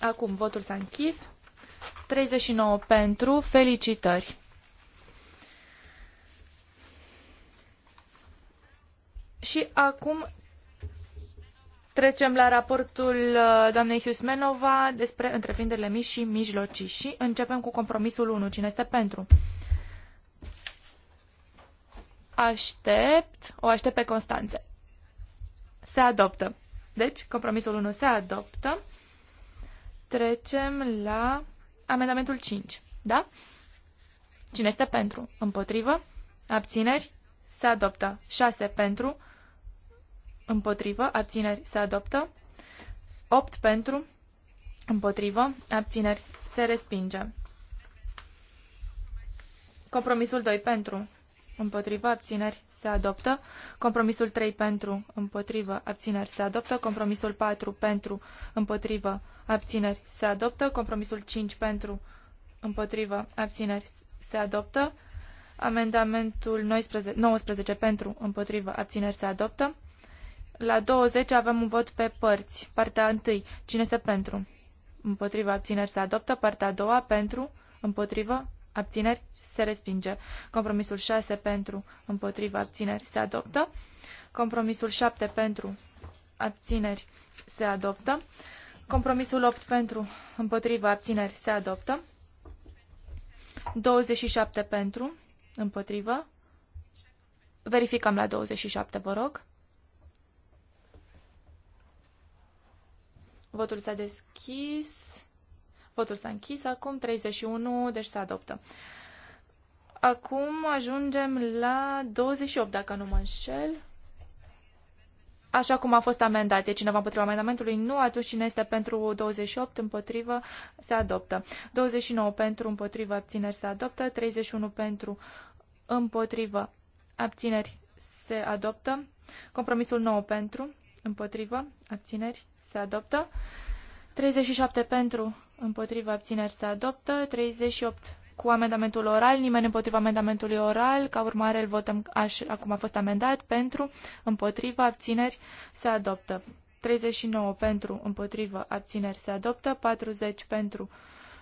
Acum votul s-a închis. 39 pentru. Felicitări! Și acum trecem la raportul uh, doamnei Husmenova despre întreprinderile mici și mijlocii și începem cu compromisul 1. Cine este pentru? Aștept, o aștept pe Constanțe. Se adoptă. Deci, compromisul 1 se adoptă. Trecem la amendamentul 5. Da? Cine este pentru? Împotrivă? Abțineri? Se adoptă. 6 pentru împotrivă, abțineri se adoptă. 8 pentru, împotrivă, abțineri se respinge. Compromisul 2 pentru, împotrivă, abțineri se adoptă. Compromisul 3 pentru, împotrivă, abțineri se adoptă. Compromisul 4 pentru, împotrivă, abțineri se adoptă. Compromisul 5 pentru, împotrivă, abțineri se adoptă. Amendamentul 19, 19 pentru, împotrivă, abțineri se adoptă. La 20 avem un vot pe părți. Partea 1. Cine este pentru? Împotriva abțineri se adoptă. Partea a doua pentru. Împotrivă. Abțineri se respinge. Compromisul 6 pentru. Împotriva abțineri se adoptă. Compromisul 7 pentru. Abțineri se adoptă. Compromisul 8 pentru. Împotriva abțineri se adoptă. 27 pentru. Împotrivă. Verificăm la 27, vă rog. Votul s-a deschis. Votul s-a închis. Acum 31, deci se adoptă. Acum ajungem la 28, dacă nu mă înșel. Așa cum a fost amendat. E cineva împotriva amendamentului? Nu. Atunci cine este pentru 28 împotrivă? Se adoptă. 29 pentru împotrivă abțineri se adoptă. 31 pentru împotrivă abțineri se adoptă. Compromisul 9 pentru împotrivă abțineri se adoptă. 37 pentru, împotriva abțineri se adoptă. 38 cu amendamentul oral, nimeni împotriva amendamentului oral, ca urmare îl votăm aș, acum a fost amendat, pentru, împotriva, abțineri, se adoptă. 39 pentru, împotriva, abțineri, se adoptă. 40 pentru,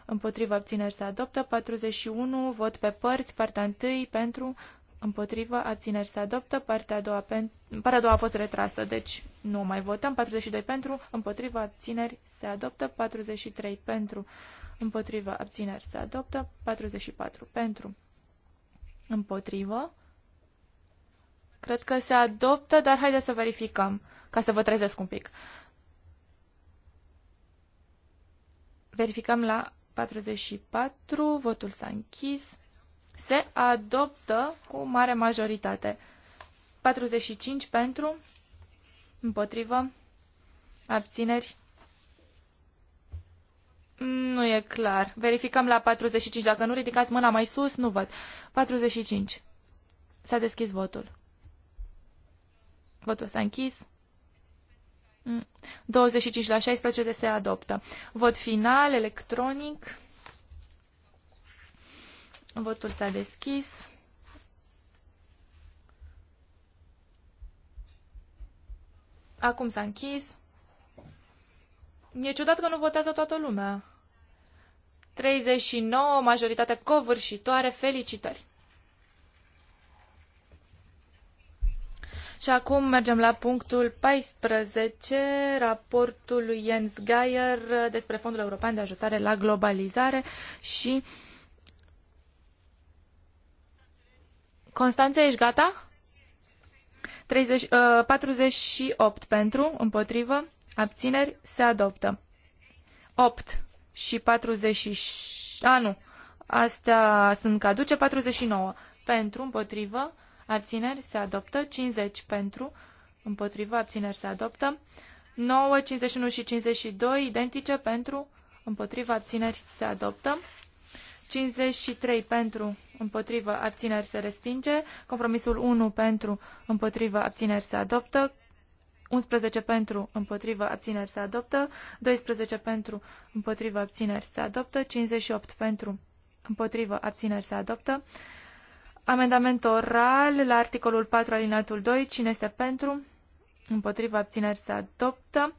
împotriva, abțineri, se adoptă. 41, vot pe părți, partea 1, pentru, Împotrivă, abțineri se adoptă, partea a doua, pen, partea a doua a fost retrasă, deci nu mai votăm. 42 pentru, împotrivă, abțineri se adoptă, 43 pentru, împotrivă, abțineri se adoptă, 44 pentru, împotrivă. Cred că se adoptă, dar haideți să verificăm, ca să vă trezesc un pic. Verificăm la 44, votul s-a închis se adoptă cu mare majoritate. 45 pentru, împotrivă, abțineri. Nu e clar. Verificăm la 45. Dacă nu ridicați mâna mai sus, nu văd. 45. S-a deschis votul. Votul s-a închis. 25 mm. la 16 se adoptă. Vot final, electronic. Votul s-a deschis. Acum s-a închis. E ciudat că nu votează toată lumea. 39, majoritate covârșitoare, felicitări! Și acum mergem la punctul 14, raportul lui Jens Geier despre Fondul European de Ajustare la Globalizare și uh, Constanța, ești gata? 30, uh, 48 pentru, împotrivă, abțineri, se adoptă. 8 și 40, a nu, astea sunt caduce, 49 pentru, împotrivă, abțineri, se adoptă, 50 pentru, împotrivă, abțineri, se adoptă, 9, 51 și 52 identice pentru, împotrivă, abțineri, se adoptă, 53 pentru, împotrivă, abțineri se respinge. Compromisul 1 pentru, împotrivă, abțineri se adoptă. 11 pentru, împotrivă, abțineri se adoptă. 12 pentru, împotrivă, abțineri se adoptă. 58 pentru, împotrivă, abțineri se adoptă. Amendament oral la articolul 4 alineatul 2. Cine este pentru? Împotrivă, abțineri se adoptă.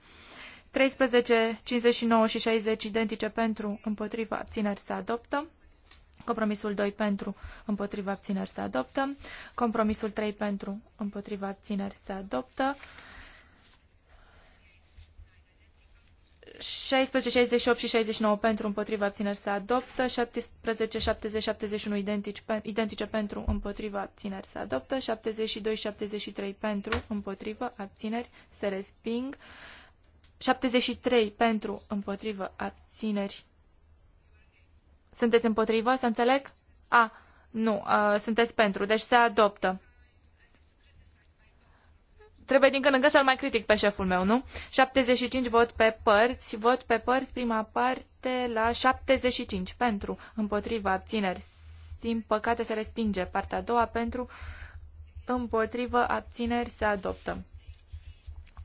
13, 59 și 60 identice pentru, împotrivă, abțineri se adoptă. Compromisul 2 pentru, împotriva abțineri se adoptă. Compromisul 3 pentru, împotriva abțineri se adoptă. 16, 68 și 69 pentru, împotriva abțineri se adoptă. 17, 70, 71 identici, identice pentru, împotriva abțineri se adoptă. 72, 73 pentru, împotriva abțineri se resping. 73 pentru, împotriva abțineri sunteți împotrivă, să înțeleg? A, nu, uh, sunteți pentru, deci se adoptă. Trebuie din când în când să-l mai critic pe șeful meu, nu? 75 vot pe părți, vot pe părți, prima parte la 75, pentru, împotriva, abțineri. Din păcate se respinge partea a doua pentru, împotrivă, abțineri, se adoptă.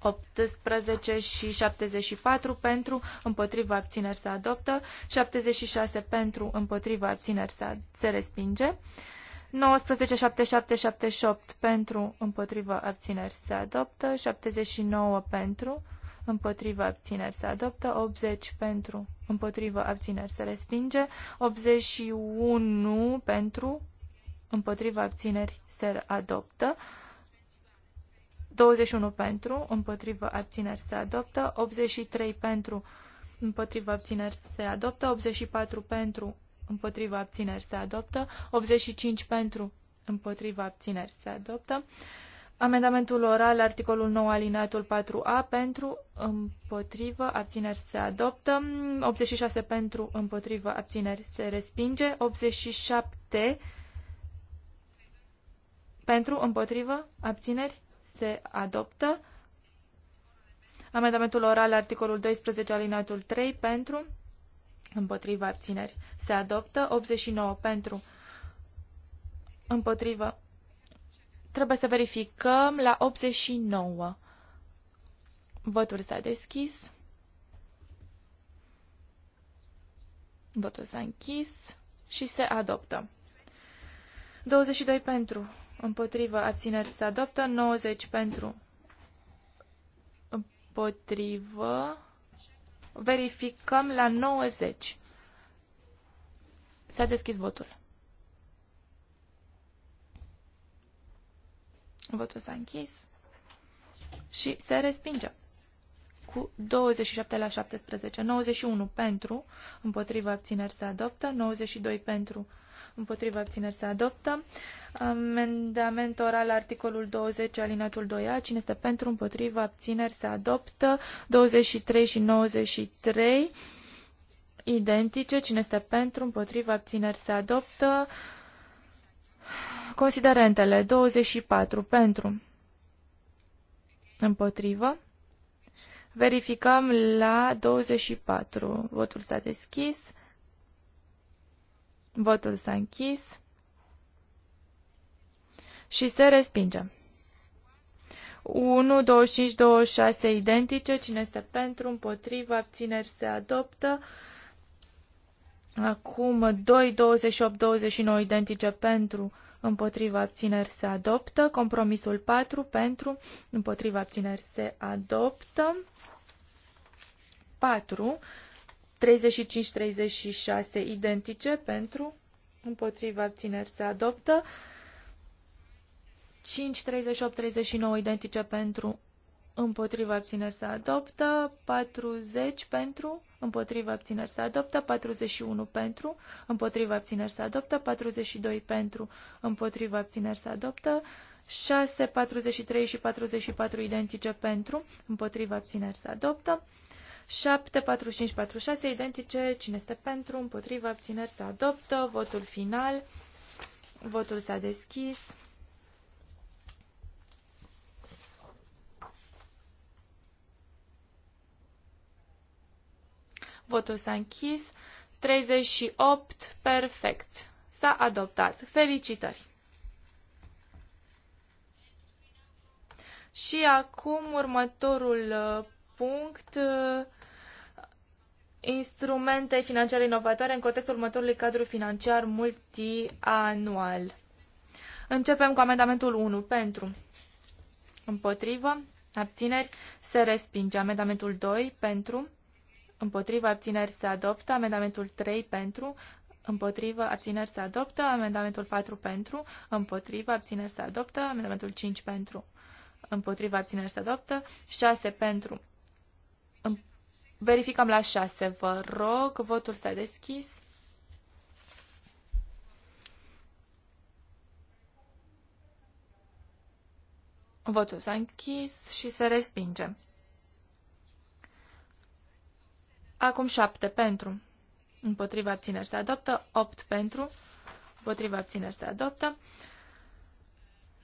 18 și 74 pentru, împotriva abțineri se adoptă, 76 pentru, împotriva abțineri se, se respinge, 19, 77, 78 pentru, împotriva abțineri se adoptă, 79 pentru, împotriva abțineri se adoptă, 80 pentru, împotriva abțineri se respinge, 81 pentru, împotriva abțineri se adoptă, 21 pentru, împotrivă abțineri se adoptă, 83 pentru, împotrivă abțineri se adoptă, 84 pentru, împotrivă abțineri se adoptă, 85 pentru, împotrivă abțineri se adoptă. Amendamentul oral, articolul 9, alineatul 4A, pentru, împotrivă, abțineri se adoptă, 86 pentru, împotrivă, abțineri se respinge, 87 pentru, împotrivă, abțineri se adoptă. Amendamentul oral, articolul 12, alineatul 3, pentru, împotriva abțineri, se adoptă. 89 pentru, împotrivă. Trebuie să verificăm la 89. Votul s-a deschis. Votul s-a închis și se adoptă. 22 pentru, împotrivă, abțineri se adoptă, 90 pentru, împotrivă, verificăm la 90. S-a deschis votul. Votul s-a închis și se respinge cu 27 la 17. 91 pentru, Împotrivă. abțineri se adoptă, 92 pentru, împotriva abțineri se adoptă. Amendament oral articolul 20 alinatul 2a. Cine este pentru împotriva abțineri se adoptă. 23 și 93 identice. Cine este pentru împotriva abțineri se adoptă. Considerentele 24 pentru împotrivă. Verificăm la 24. Votul s-a deschis. Votul s-a închis și se respinge. 1, 25, 26 identice. Cine este pentru, împotriva, abțineri se adoptă. Acum 2, 28, 29 identice pentru, împotriva, abțineri se adoptă. Compromisul 4 pentru, împotriva, abțineri se adoptă. 4 35-36 identice pentru, împotriva abțineri se adoptă. 5, 38, 39 identice pentru, împotriva abțineri se adoptă, 40 pentru, împotriva abțineri se adoptă, 41 pentru, împotriva abțineri se adoptă, 42 pentru, împotriva abțineri se adoptă, 6, 43 și 44 identice pentru, împotriva abțineri se adoptă, 7, 4, 5, 4, 6, identice, cine este pentru, împotriva, abțineri se adoptă, votul final, votul s-a deschis. Votul s-a închis. 38. Perfect. S-a adoptat. Felicitări! Și acum următorul uh, punct uh, instrumente financiare inovatoare în contextul următorului cadru financiar multianual. Începem cu amendamentul 1 pentru împotrivă, abțineri, se respinge. Amendamentul 2 pentru împotrivă, abțineri, se adoptă. Amendamentul 3 pentru Împotrivă, abțineri se adoptă. Amendamentul 4 pentru. Împotrivă, abțineri se adoptă. Amendamentul 5 pentru. Împotrivă, abțineri se adoptă. 6 pentru. Verificăm la 6, vă rog. Votul s-a deschis. Votul s-a închis și se respinge. Acum 7 pentru. Împotriva abțineri se adoptă. 8 pentru. Împotriva abțineri se adoptă.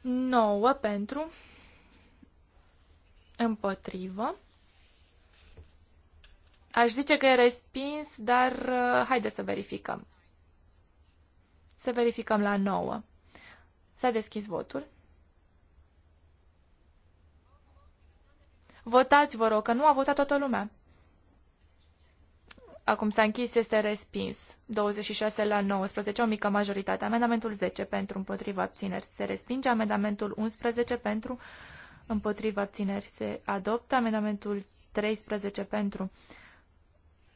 9 pentru. Împotrivă. Aș zice că e respins, dar uh, haide să verificăm. Să verificăm la 9. S-a deschis votul. Votați, vă rog, că nu a votat toată lumea. Acum s-a închis, este respins. 26 la 19, o mică majoritate. Amendamentul 10 pentru împotriva abțineri se respinge. Amendamentul 11 pentru împotriva abțineri se adoptă. Amendamentul 13 pentru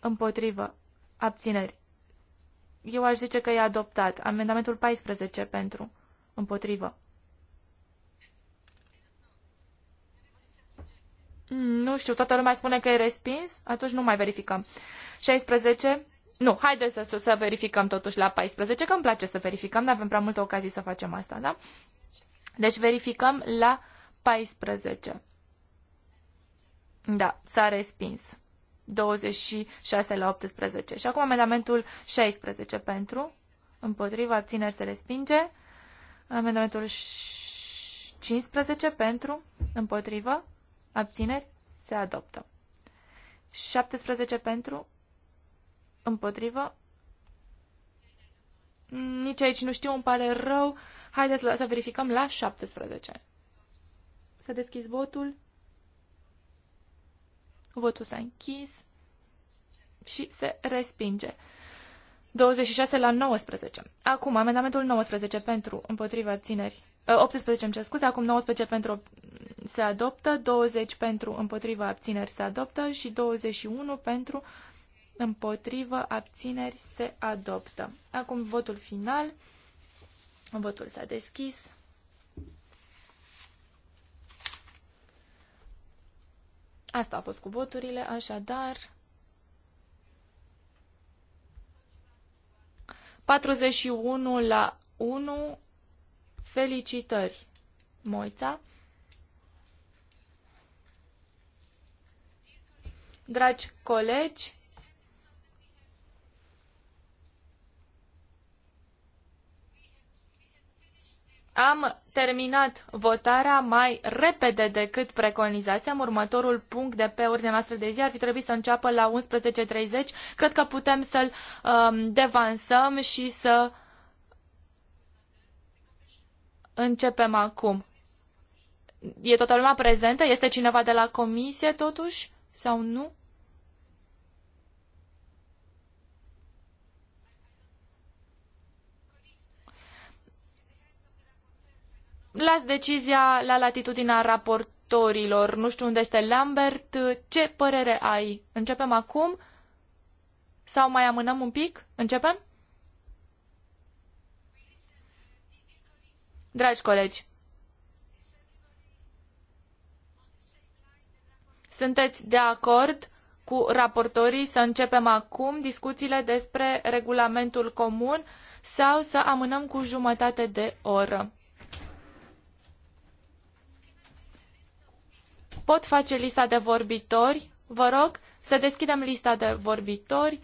împotrivă, abțineri. Eu aș zice că e adoptat. Amendamentul 14 pentru, împotrivă. Nu știu, toată lumea spune că e respins, atunci nu mai verificăm. 16, nu, haideți să, să, să verificăm totuși la 14, că îmi place să verificăm, dar avem prea multe ocazii să facem asta, da? Deci verificăm la 14. Da, s-a respins. 26 la 18. Și acum amendamentul 16 pentru, împotriva, abțineri se respinge. Amendamentul 15 pentru, împotrivă, abțineri se adoptă. 17 pentru, împotrivă. Nici aici nu știu, îmi pare rău. Haideți să verificăm la 17. Să deschizi votul. Votul s-a închis și se respinge. 26 la 19. Acum, amendamentul 19 pentru împotriva abțineri. 18, ă, îmi cer scuze, acum 19 pentru mm, se adoptă, 20 pentru împotriva abțineri se adoptă și 21 pentru împotriva abțineri se adoptă. Acum votul final. Votul s-a deschis. Asta a fost cu voturile, așadar... 41 la 1, felicitări, Moița. Dragi colegi, Am terminat votarea mai repede decât preconizasem. Următorul punct de pe ordinea noastră de zi ar fi trebuit să înceapă la 11.30. Cred că putem să-l um, devansăm și să începem acum. E toată lumea prezentă? Este cineva de la comisie totuși sau nu? las decizia la latitudinea raportorilor. Nu știu unde este Lambert. Ce părere ai? Începem acum? Sau mai amânăm un pic? Începem? Dragi colegi, sunteți de acord cu raportorii să începem acum discuțiile despre regulamentul comun sau să amânăm cu jumătate de oră? pot face lista de vorbitori. Vă rog să deschidem lista de vorbitori.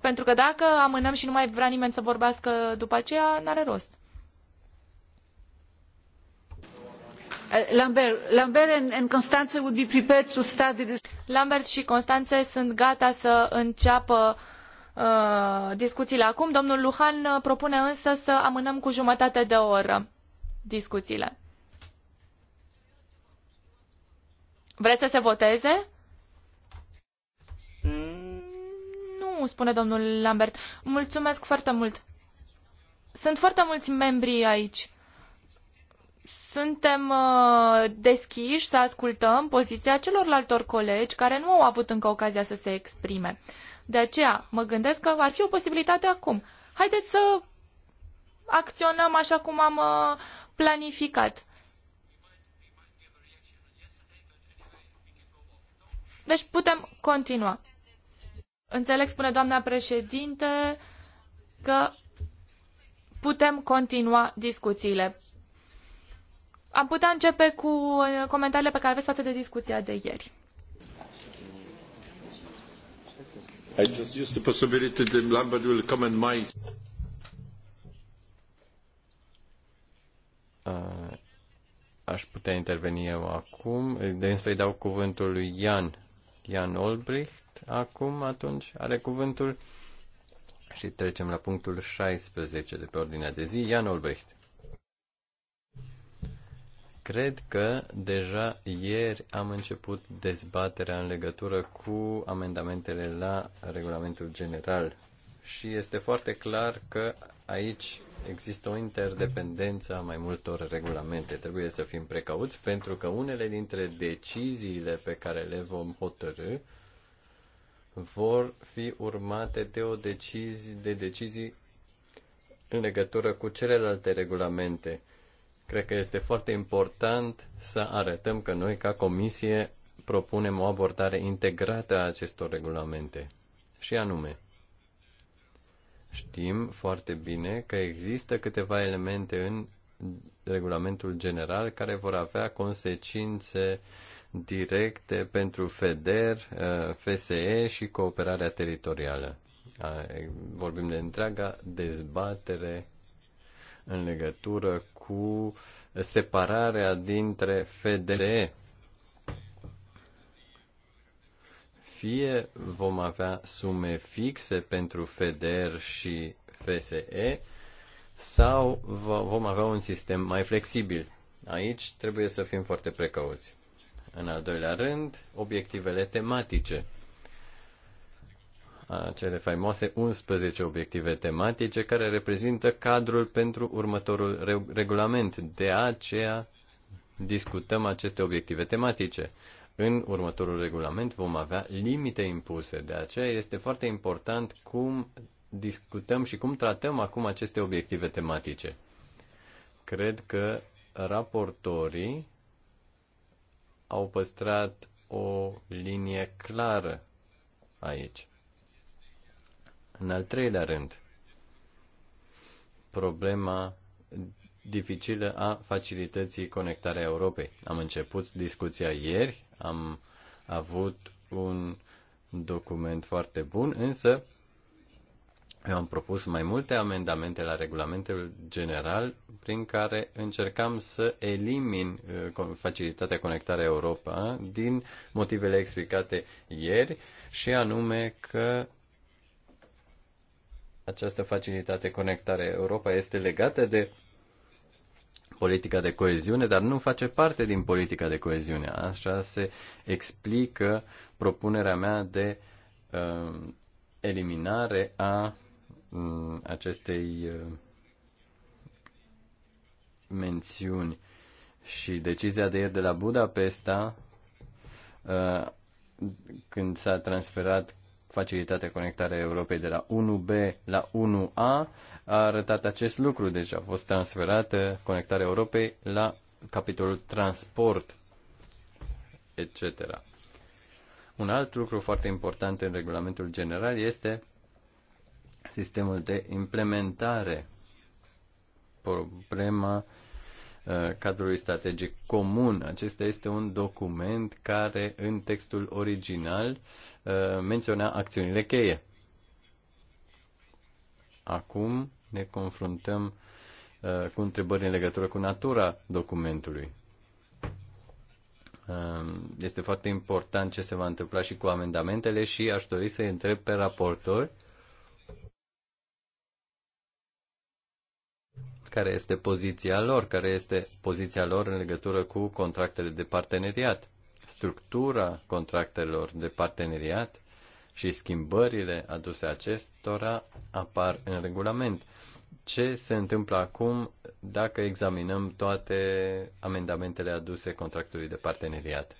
Pentru că dacă amânăm și nu mai vrea nimeni să vorbească după aceea, n-are rost. Lambert, Lambert and, and Constanze would be prepared to Lambert și Constanze sunt gata să înceapă uh, discuțiile acum. Domnul Luhan uh, propune însă să amânăm cu jumătate de oră discuțiile. Vreți să se voteze? Mm, nu, spune domnul Lambert. Mulțumesc foarte mult. Sunt foarte mulți membri aici. Suntem uh, deschiși să ascultăm poziția celorlaltor colegi care nu au avut încă ocazia să se exprime. De aceea mă gândesc că ar fi o posibilitate acum. Haideți să acționăm așa cum am uh, planificat. Deci putem continua. Înțeleg, spune doamna președinte, că putem continua discuțiile. Am putea începe cu uh, comentariile pe care aveți față de discuția de ieri. I just used the possibility that Lambert will my aș putea interveni eu acum, de însă îi dau cuvântul lui Ian, Ian Olbricht acum, atunci are cuvântul și trecem la punctul 16 de pe ordinea de zi, Ian Olbricht. Cred că deja ieri am început dezbaterea în legătură cu amendamentele la regulamentul general și este foarte clar că aici există o interdependență a mai multor regulamente. Trebuie să fim precauți pentru că unele dintre deciziile pe care le vom hotărâ vor fi urmate de, o decizi, de decizii în legătură cu celelalte regulamente. Cred că este foarte important să arătăm că noi, ca Comisie, propunem o abordare integrată a acestor regulamente. Și anume, Știm foarte bine că există câteva elemente în regulamentul general care vor avea consecințe directe pentru FEDER, uh, FSE și cooperarea teritorială. Vorbim de întreaga dezbatere în legătură cu separarea dintre FDE fie vom avea sume fixe pentru FEDER și FSE, sau vom avea un sistem mai flexibil. Aici trebuie să fim foarte precauți. În al doilea rând, obiectivele tematice. Cele faimoase 11 obiective tematice care reprezintă cadrul pentru următorul regulament. De aceea discutăm aceste obiective tematice. În următorul regulament vom avea limite impuse, de aceea este foarte important cum discutăm și cum tratăm acum aceste obiective tematice. Cred că raportorii au păstrat o linie clară aici. În al treilea rând, problema dificilă a facilității conectarea Europei. Am început discuția ieri, am avut un document foarte bun, însă eu am propus mai multe amendamente la regulamentul general prin care încercam să elimin uh, facilitatea conectarea Europa din motivele explicate ieri și anume că această facilitate conectare Europa este legată de politica de coeziune, dar nu face parte din politica de coeziune. Așa se explică propunerea mea de uh, eliminare a uh, acestei uh, mențiuni. Și decizia de ieri de la Budapesta, uh, când s-a transferat Facilitatea Conectarea Europei de la 1B la 1A a arătat acest lucru. Deci a fost transferată Conectarea Europei la capitolul transport, etc. Un alt lucru foarte important în regulamentul general este sistemul de implementare. Problema Uh, cadrului strategic comun. Acesta este un document care în textul original uh, menționa acțiunile cheie. Acum ne confruntăm uh, cu întrebări în legătură cu natura documentului. Este foarte important ce se va întâmpla și cu amendamentele și aș dori să întreb pe raportori care este poziția lor, care este poziția lor în legătură cu contractele de parteneriat. Structura contractelor de parteneriat și schimbările aduse acestora apar în regulament. Ce se întâmplă acum dacă examinăm toate amendamentele aduse contractului de parteneriat?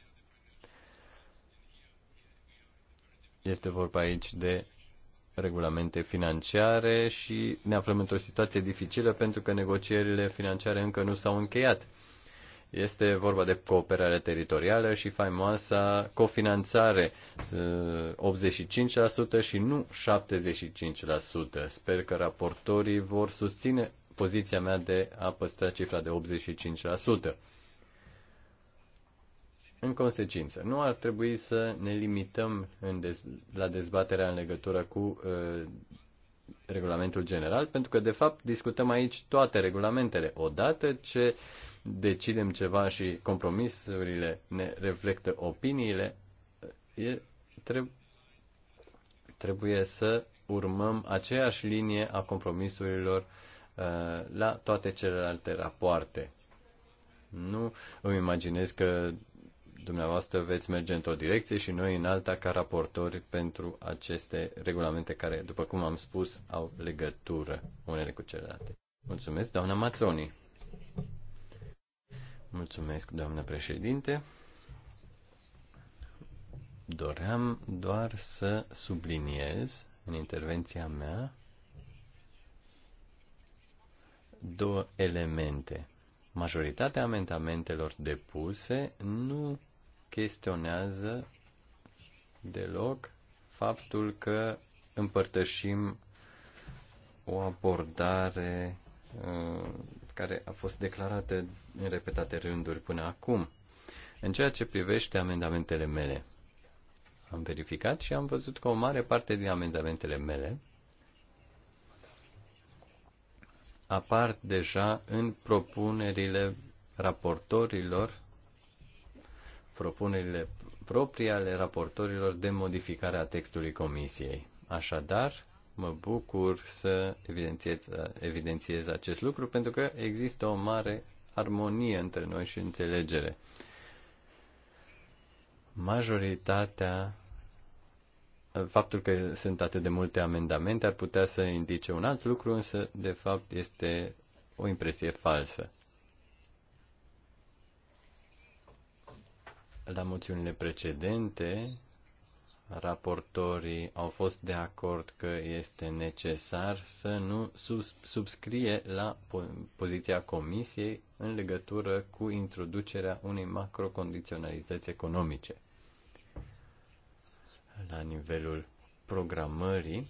Este vorba aici de regulamente financiare și ne aflăm într-o situație dificilă pentru că negocierile financiare încă nu s-au încheiat. Este vorba de cooperare teritorială și faimoasa cofinanțare 85% și nu 75%. Sper că raportorii vor susține poziția mea de a păstra cifra de 85%. În consecință, nu ar trebui să ne limităm în dez- la dezbaterea în legătură cu uh, regulamentul general, pentru că, de fapt, discutăm aici toate regulamentele. Odată ce decidem ceva și compromisurile ne reflectă opiniile, e, treb- trebuie să urmăm aceeași linie a compromisurilor uh, la toate celelalte rapoarte. Nu îmi imaginez că dumneavoastră veți merge într-o direcție și noi în alta ca raportori pentru aceste regulamente care, după cum am spus, au legătură unele cu celelalte. Mulțumesc, doamna Mazzoni. Mulțumesc, doamna președinte. Doream doar să subliniez în intervenția mea două elemente majoritatea amendamentelor depuse nu chestionează deloc faptul că împărtășim o abordare uh, care a fost declarată în repetate rânduri până acum. În ceea ce privește amendamentele mele, am verificat și am văzut că o mare parte din amendamentele mele apar deja în propunerile raportorilor propunerile proprii ale raportorilor de modificare a textului comisiei. Așadar, mă bucur să evidențiez, evidențiez acest lucru pentru că există o mare armonie între noi și înțelegere. Majoritatea faptul că sunt atât de multe amendamente ar putea să indice un alt lucru, însă de fapt este o impresie falsă. la moțiunile precedente, raportorii au fost de acord că este necesar să nu sus- subscrie la po- poziția Comisiei în legătură cu introducerea unei macrocondiționalități economice. La nivelul programării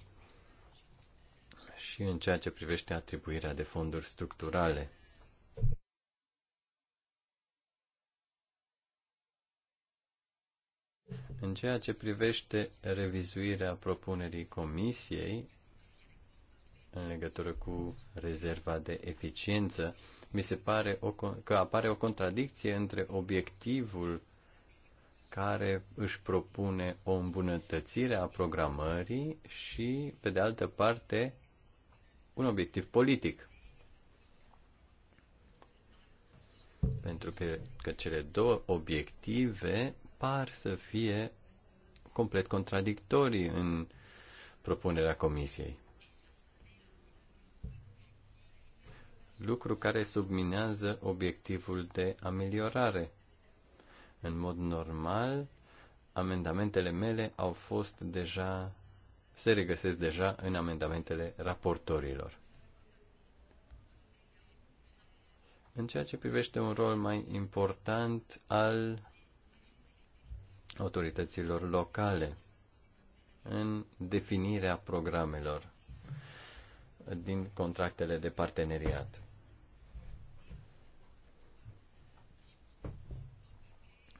și în ceea ce privește atribuirea de fonduri structurale În ceea ce privește revizuirea propunerii Comisiei în legătură cu rezerva de eficiență, mi se pare o, că apare o contradicție între obiectivul care își propune o îmbunătățire a programării și, pe de altă parte, un obiectiv politic. Pentru că, că cele două obiective par să fie complet contradictorii în propunerea comisiei. Lucru care subminează obiectivul de ameliorare. În mod normal, amendamentele mele au fost deja, se regăsesc deja în amendamentele raportorilor. În ceea ce privește un rol mai important al autorităților locale în definirea programelor din contractele de parteneriat.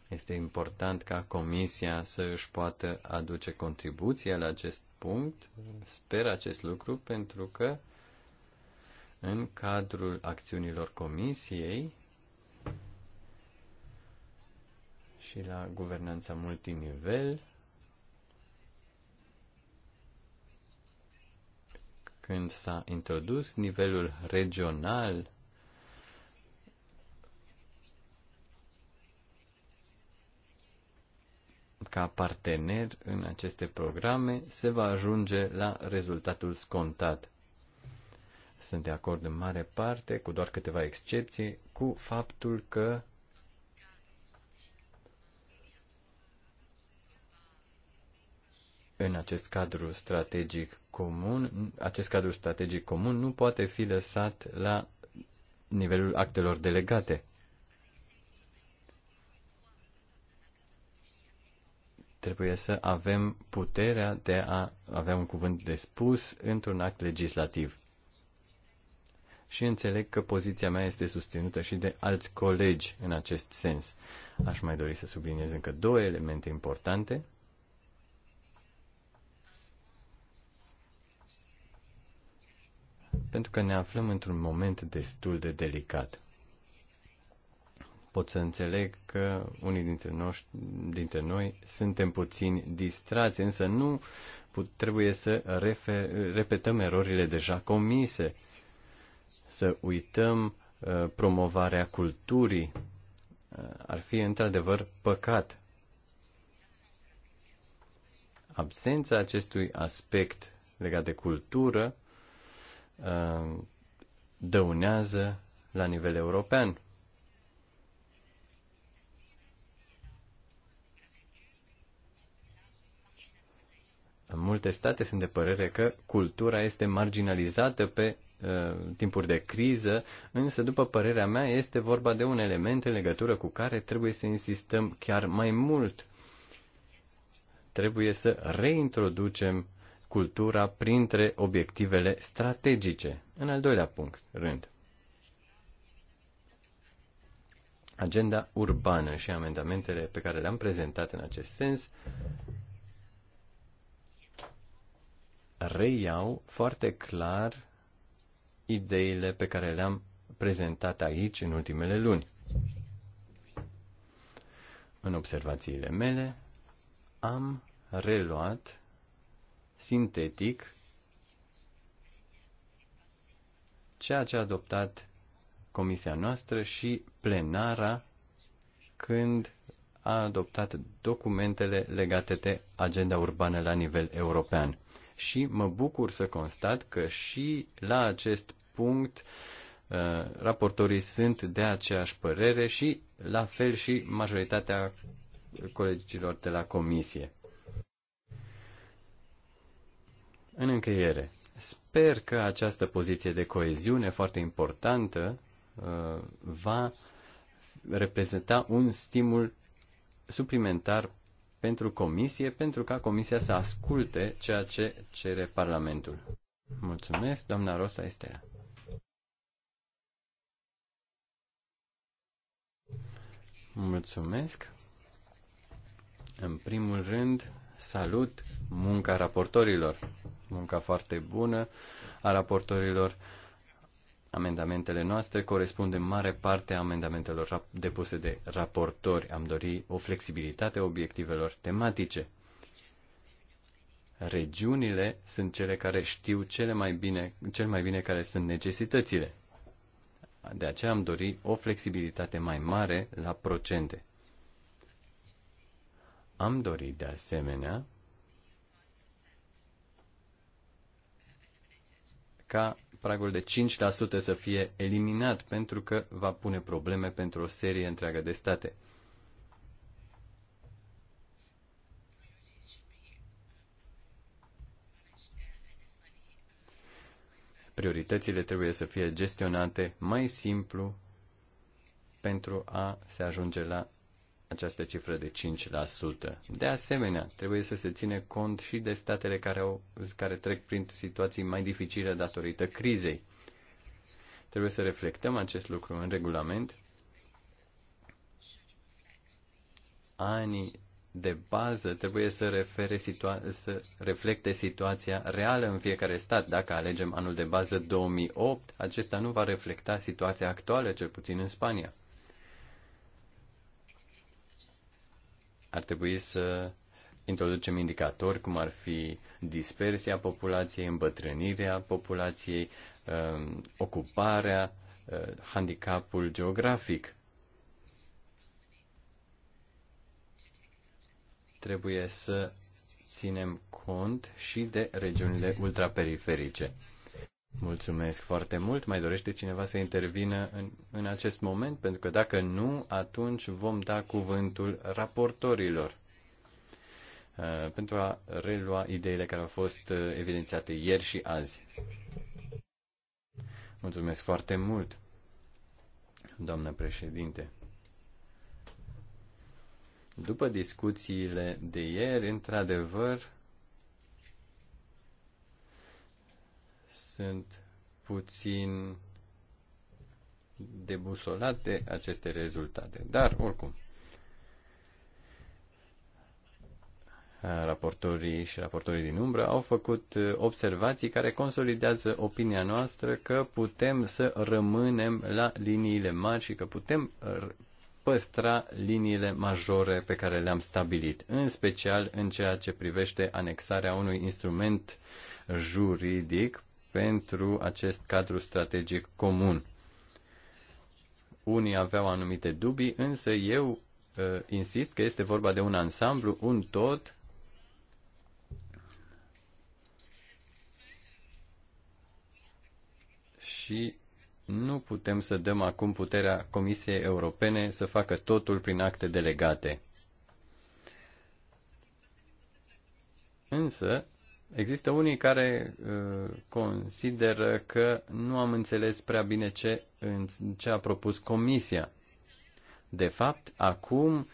Este important ca Comisia să își poată aduce contribuția la acest punct. Sper acest lucru pentru că în cadrul acțiunilor Comisiei și la guvernanța multinivel, când s-a introdus nivelul regional ca partener în aceste programe, se va ajunge la rezultatul scontat. Sunt de acord în mare parte, cu doar câteva excepții, cu faptul că în acest cadru strategic comun, acest cadru strategic comun nu poate fi lăsat la nivelul actelor delegate. Trebuie să avem puterea de a avea un cuvânt de spus într-un act legislativ. Și înțeleg că poziția mea este susținută și de alți colegi în acest sens. Aș mai dori să subliniez încă două elemente importante pentru că ne aflăm într-un moment destul de delicat. Pot să înțeleg că unii dintre, noștri, dintre noi suntem puțin distrați, însă nu put, trebuie să refer, repetăm erorile deja comise, să uităm uh, promovarea culturii. Uh, ar fi într-adevăr păcat. Absența acestui aspect legat de cultură Uh, dăunează la nivel european. În multe state sunt de părere că cultura este marginalizată pe uh, timpuri de criză, însă, după părerea mea, este vorba de un element în legătură cu care trebuie să insistăm chiar mai mult. Trebuie să reintroducem cultura printre obiectivele strategice. În al doilea punct, rând. Agenda urbană și amendamentele pe care le-am prezentat în acest sens reiau foarte clar ideile pe care le-am prezentat aici în ultimele luni. În observațiile mele am reluat sintetic ceea ce a adoptat comisia noastră și plenara când a adoptat documentele legate de agenda urbană la nivel european. Și mă bucur să constat că și la acest punct uh, raportorii sunt de aceeași părere și la fel și majoritatea colegilor de la comisie. În încheiere, sper că această poziție de coeziune foarte importantă uh, va reprezenta un stimul suplimentar pentru comisie, pentru ca comisia să asculte ceea ce cere Parlamentul. Mulțumesc, doamna Rosa Estera. Mulțumesc. În primul rând, salut munca raportorilor munca foarte bună a raportorilor. Amendamentele noastre corespund în mare parte a amendamentelor depuse de raportori. Am dori o flexibilitate a obiectivelor tematice. Regiunile sunt cele care știu cele mai bine, cel mai bine care sunt necesitățile. De aceea am dorit o flexibilitate mai mare la procente. Am dorit de asemenea ca pragul de 5% să fie eliminat pentru că va pune probleme pentru o serie întreagă de state. Prioritățile trebuie să fie gestionate mai simplu pentru a se ajunge la această cifră de 5%. De asemenea, trebuie să se ține cont și de statele care, au, care trec prin situații mai dificile datorită crizei. Trebuie să reflectăm acest lucru în regulament. Anii de bază trebuie să, refere situa- să reflecte situația reală în fiecare stat. Dacă alegem anul de bază 2008, acesta nu va reflecta situația actuală, cel puțin în Spania. ar trebui să introducem indicatori cum ar fi dispersia populației, îmbătrânirea populației, um, ocuparea, uh, handicapul geografic. Trebuie să ținem cont și de regiunile ultraperiferice. Mulțumesc foarte mult. Mai dorește cineva să intervină în, în acest moment? Pentru că dacă nu, atunci vom da cuvântul raportorilor uh, pentru a relua ideile care au fost uh, evidențiate ieri și azi. Mulțumesc foarte mult, doamnă președinte. După discuțiile de ieri, într-adevăr, sunt puțin debusolate aceste rezultate. Dar, oricum, raportorii și raportorii din umbră au făcut uh, observații care consolidează opinia noastră că putem să rămânem la liniile mari și că putem uh, păstra liniile majore pe care le-am stabilit, în special în ceea ce privește anexarea unui instrument juridic pentru acest cadru strategic comun. Unii aveau anumite dubii, însă eu uh, insist că este vorba de un ansamblu, un tot. Și nu putem să dăm acum puterea Comisiei Europene să facă totul prin acte delegate. Însă, Există unii care uh, consideră că nu am înțeles prea bine ce, ce a propus Comisia. De fapt, acum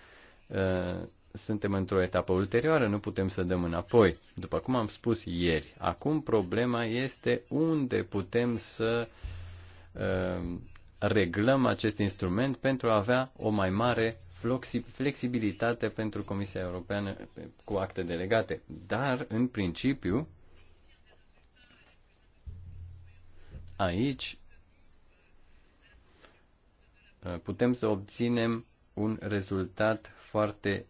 uh, suntem într-o etapă ulterioară, nu putem să dăm înapoi. După cum am spus ieri, acum problema este unde putem să uh, reglăm acest instrument pentru a avea o mai mare flexibilitate pentru Comisia Europeană cu acte delegate, dar, în principiu, aici uh, putem să obținem un rezultat foarte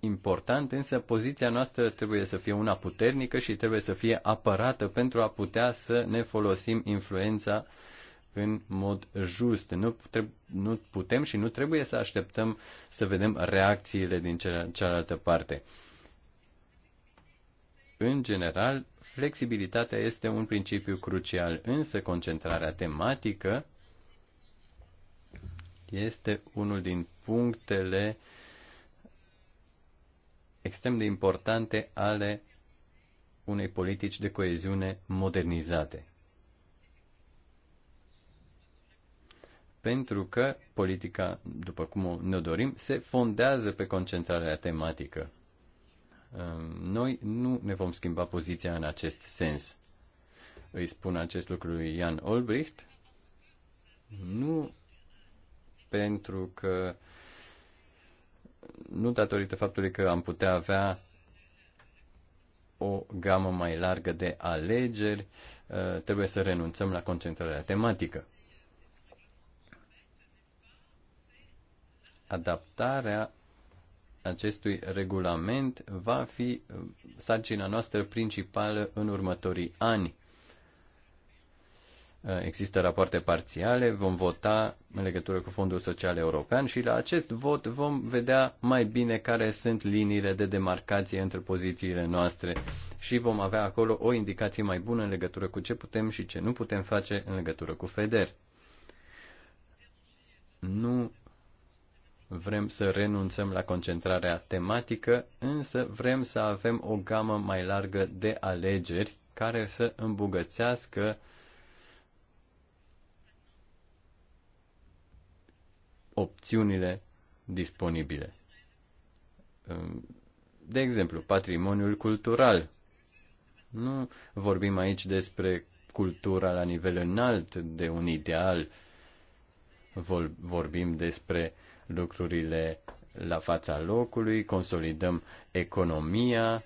important, însă poziția noastră trebuie să fie una puternică și trebuie să fie apărată pentru a putea să ne folosim influența uh, în mod just. Nu, nu putem și nu trebuie să așteptăm să vedem reacțiile din cealaltă parte. În general, flexibilitatea este un principiu crucial, însă concentrarea tematică este unul din punctele extrem de importante ale unei politici de coeziune modernizate. pentru că politica, după cum ne dorim, se fondează pe concentrarea tematică. Noi nu ne vom schimba poziția în acest sens. Îi spun acest lucru lui Jan Olbricht, nu pentru că nu datorită faptului că am putea avea o gamă mai largă de alegeri, ă, trebuie să renunțăm la concentrarea tematică. adaptarea acestui regulament va fi sarcina noastră principală în următorii ani. Există rapoarte parțiale, vom vota în legătură cu Fondul Social European și la acest vot vom vedea mai bine care sunt liniile de demarcație între pozițiile noastre și vom avea acolo o indicație mai bună în legătură cu ce putem și ce nu putem face în legătură cu FEDER. Nu vrem să renunțăm la concentrarea tematică, însă vrem să avem o gamă mai largă de alegeri care să îmbugățească opțiunile disponibile. De exemplu, patrimoniul cultural. Nu vorbim aici despre cultura la nivel înalt de un ideal. Vorbim despre uh, lucrurile la fața locului, consolidăm economia,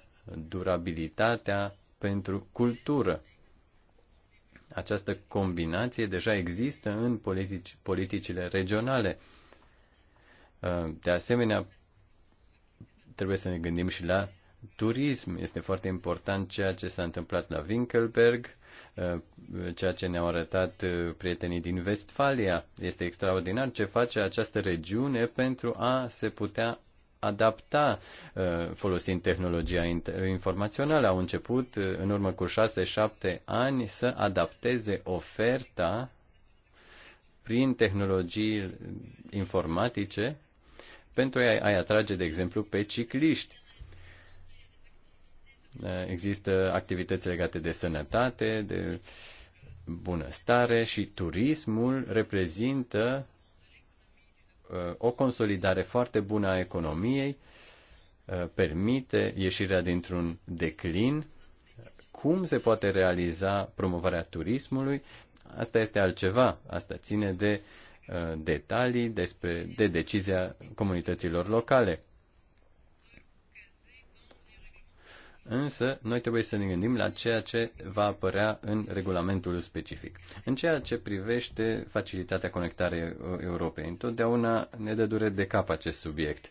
durabilitatea pentru cultură. Această combinație deja există în politici, politicile regionale. Uh, de asemenea, trebuie să ne gândim și la turism. Este foarte important ceea ce s-a întâmplat la Winkelberg ceea ce ne-au arătat uh, prietenii din Vestfalia. Este extraordinar ce face această regiune pentru a se putea adapta uh, folosind tehnologia informațională. Au început uh, în urmă cu 6-7 ani să adapteze oferta prin tehnologii informatice pentru a-i atrage, de exemplu, pe cicliști Există activități legate de sănătate, de bunăstare și turismul reprezintă uh, o consolidare foarte bună a economiei, uh, permite ieșirea dintr-un declin. Cum se poate realiza promovarea turismului? Asta este altceva. Asta ține de uh, detalii despre, de decizia comunităților locale. Însă, noi trebuie să ne gândim la ceea ce va apărea în regulamentul specific. În ceea ce privește facilitatea conectare Europei, întotdeauna ne dă dure de cap acest subiect.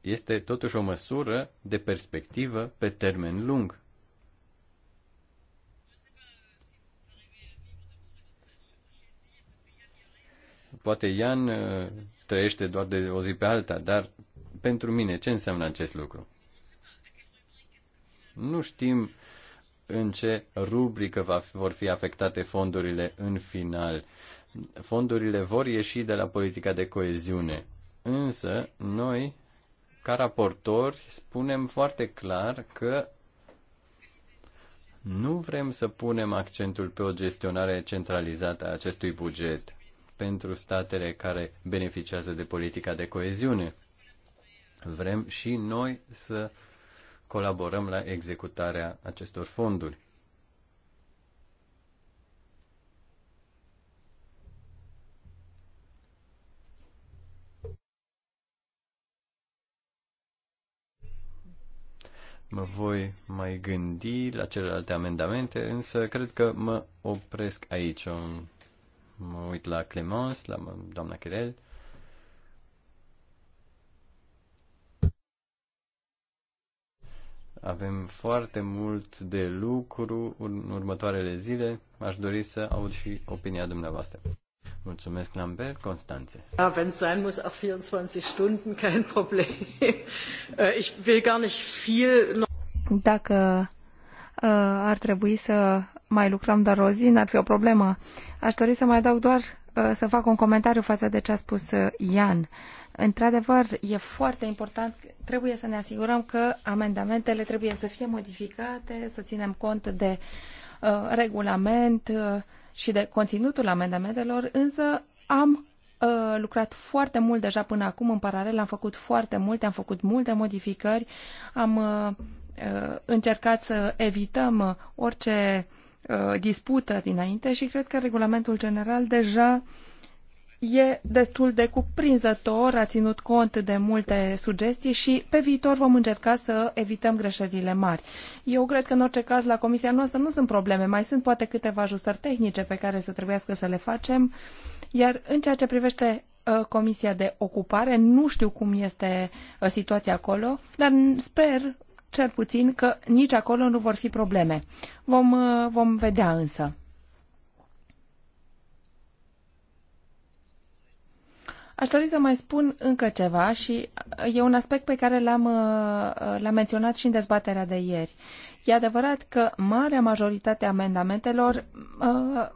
Este totuși o măsură de perspectivă pe termen lung. Poate Ian uh, trăiește doar de o zi pe alta, dar pentru mine ce înseamnă acest lucru? Nu știm în ce rubrică va, vor fi afectate fondurile în final. Fondurile vor ieși de la politica de coeziune. Însă, noi, ca raportori, spunem foarte clar că nu vrem să punem accentul pe o gestionare centralizată a acestui buget pentru statele care beneficiază de politica de coeziune. Vrem și noi să colaborăm la executarea acestor fonduri. mă voi mai gândi la celelalte amendamente, însă cred că mă opresc aici. Mă uit la Clemens, la doamna Chirel. Avem foarte mult de lucru în următoarele zile. Aș dori să aud și opinia dumneavoastră. Mulțumesc, Lambert. Constanze. Ja, wenn es sein muss, auch 24 Stunden, kein Problem. Äh, ich will gar nicht viel... Dacă uh, ar trebui să mai lucrăm doar o zi, n-ar fi o problemă. Aș dori să mai dau doar uh, să fac un comentariu față de ce a spus Ian. Uh, Într-adevăr, e foarte important, trebuie să ne asigurăm că amendamentele trebuie să fie modificate, să ținem cont de uh, regulament uh, și de conținutul amendamentelor, însă am uh, lucrat foarte mult deja până acum, în paralel am făcut foarte multe, am făcut multe modificări, am uh, uh, încercat să evităm orice uh, dispută dinainte și cred că regulamentul general deja uh, e destul de cuprinzător, a ținut cont de multe sugestii și pe viitor vom încerca să evităm greșelile mari. Eu cred că în orice caz la comisia noastră nu sunt probleme, mai sunt poate câteva ajustări tehnice pe care să trebuiască să le facem, iar în ceea ce privește uh, Comisia de Ocupare, nu știu cum este uh, situația acolo, dar sper cel puțin că nici acolo nu vor fi probleme. Vom, uh, vom vedea însă. Aș dori să mai spun încă ceva și e un aspect pe care l-am, uh, l-am menționat și în dezbaterea de ieri. E adevărat că marea majoritate a amendamentelor uh,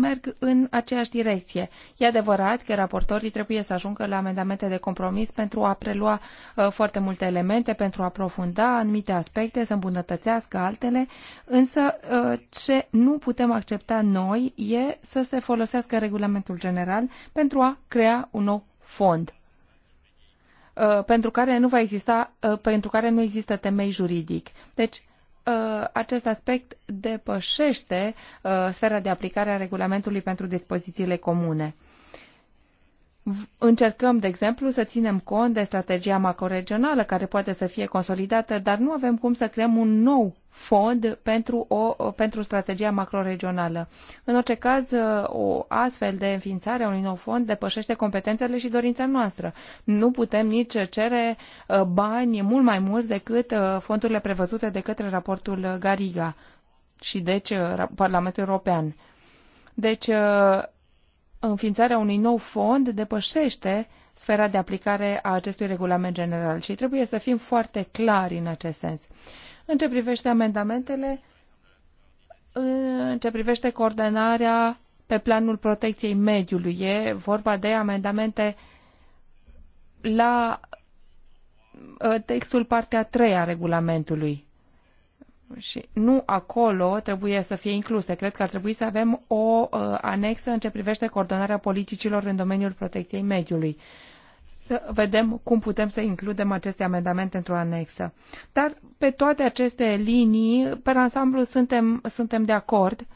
merg în aceeași direcție. E adevărat că raportorii trebuie să ajungă la amendamente de compromis pentru a prelua uh, foarte multe elemente, pentru a aprofunda anumite aspecte, să îmbunătățească altele, însă uh, ce nu putem accepta noi e să se folosească regulamentul general pentru a crea un nou fond Uh, pentru care nu va exista, uh, pentru care nu există temei juridic. Deci, uh, acest aspect depășește sfera de aplicare a regulamentului pentru dispozițiile comune. Încercăm, de exemplu, să ținem cont de strategia macroregională care poate să fie consolidată, dar nu avem cum să creăm un nou fond pentru, o, pentru strategia macroregională. În orice caz, uh, o astfel de înființare a unui nou fond depășește competențele și dorința noastră. Nu putem nici cere uh, bani mult mai mulți decât uh, fondurile prevăzute de către raportul Gariga și deci Parlamentul European. Deci înființarea unui nou fond depășește sfera de aplicare a acestui regulament general și trebuie să fim foarte clari în acest sens. În ce privește amendamentele, în ce privește coordonarea pe planul protecției mediului, e vorba de amendamente la uh, textul partea 3 a regulamentului și nu acolo trebuie să fie incluse. Cred că ar trebui să avem o uh, anexă în ce privește coordonarea politicilor în domeniul protecției mediului. Să vedem cum putem să includem aceste amendamente într-o anexă. Dar pe toate aceste linii, pe ansamblu, suntem, suntem de acord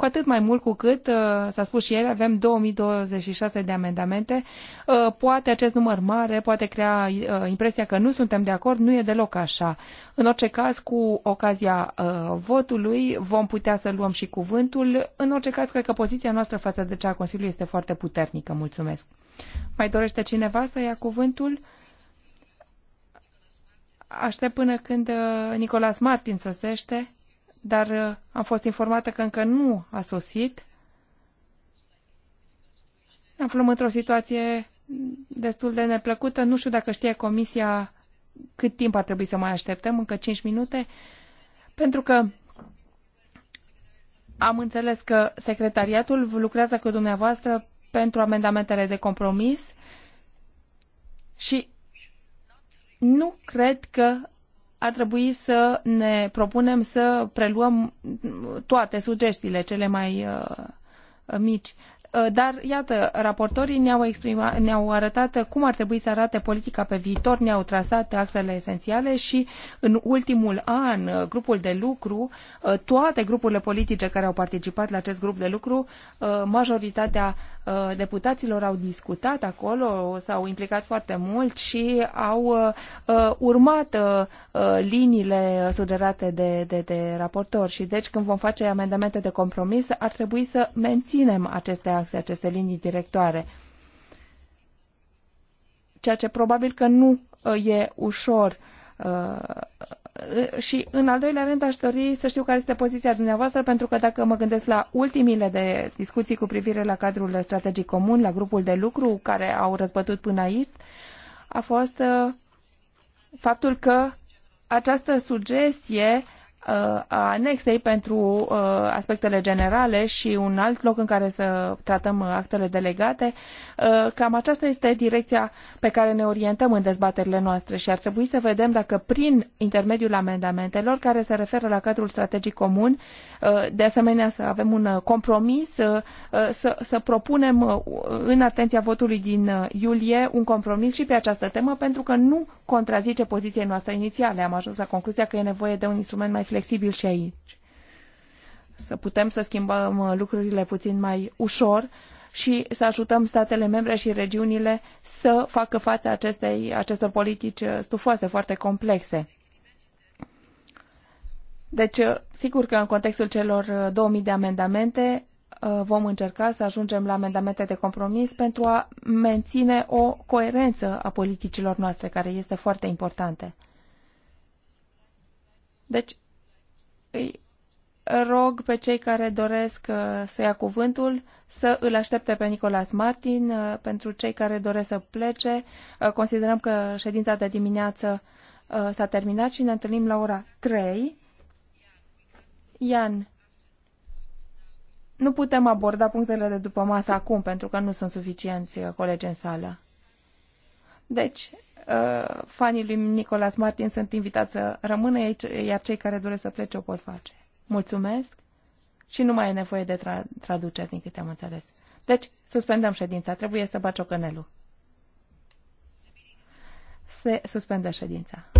cu atât mai mult cu cât, uh, s-a spus și ieri, avem 2026 de amendamente. Uh, poate acest număr mare poate crea uh, impresia că nu suntem de acord, nu e deloc așa. În orice caz, cu ocazia votului vom putea să luăm și cuvântul. În orice caz, cred că poziția noastră față de cea a Consiliului este foarte puternică. Mulțumesc. Mai dorește cineva să ia cuvântul? Aștept până când Nicolas Martin sosește dar uh, am fost informată că încă nu a sosit. Ne aflăm într-o situație destul de neplăcută. Nu știu dacă știe Comisia cât timp ar trebui să mai așteptăm, încă 5 minute, pentru că am înțeles că secretariatul lucrează cu dumneavoastră pentru amendamentele de compromis și nu cred că ar trebui să ne propunem să preluăm toate sugestiile cele mai uh, mici. Uh, dar, iată, raportorii ne-au, exprima, ne-au arătat cum ar trebui să arate politica pe viitor, ne-au trasat axele esențiale și în ultimul an, uh, grupul de lucru, toate grupurile politice care au participat la acest grup de lucru, majoritatea Uh, deputaților au discutat acolo, s-au implicat foarte mult și au uh, uh, urmat liniile sugerate de, de, de raportor. Și deci când vom face amendamente de compromis, ar trebui să menținem aceste axe, aceste linii directoare ceea ce probabil că nu e ușor și în al doilea rând aș dori să știu care este poziția dumneavoastră, pentru că dacă mă gândesc la ultimile de discuții cu privire la cadrul strategic comun, la grupul de lucru care au răzbătut până aici, a fost faptul că această sugestie Uh, a anexei pentru uh, aspectele generale și un alt loc în care să tratăm uh, actele delegate. Cam aceasta este direcția pe care ne orientăm în dezbaterile noastre și ar trebui să vedem dacă prin intermediul amendamentelor care se referă la cadrul strategic comun, de asemenea să avem un compromis, să, să propunem în atenția votului din iulie un compromis și pe această temă pentru că nu contrazice poziției noastre inițiale. Am ajuns la concluzia că e nevoie de un instrument mai flexibil și aici. Să putem să schimbăm uh, lucrurile puțin mai ușor și să ajutăm statele membre și regiunile să facă față acestei, acestor politici uh, stufoase, foarte complexe. Deci, uh, sigur că în contextul celor 2000 de amendamente vom încerca să ajungem la amendamente de compromis pentru a menține o coerență a politicilor noastre, care este foarte importantă. Deci, îi rog pe cei care doresc uh, să ia cuvântul să îl aștepte pe Nicolas Martin. Uh, pentru cei care doresc să plece, uh, considerăm că ședința de dimineață s-a terminat și ne întâlnim la ora 3. Ian, nu putem aborda punctele de după masă acum pentru că nu sunt suficienți colegi în sală. Deci, Uh, fanii lui Nicolas Martin sunt invitați să rămână, aici, iar cei care doresc să plece o pot face. Mulțumesc și nu mai e nevoie de tra- traducere, din câte am înțeles. Deci, suspendăm ședința. Trebuie să bat ciocanelul. Se suspendă ședința.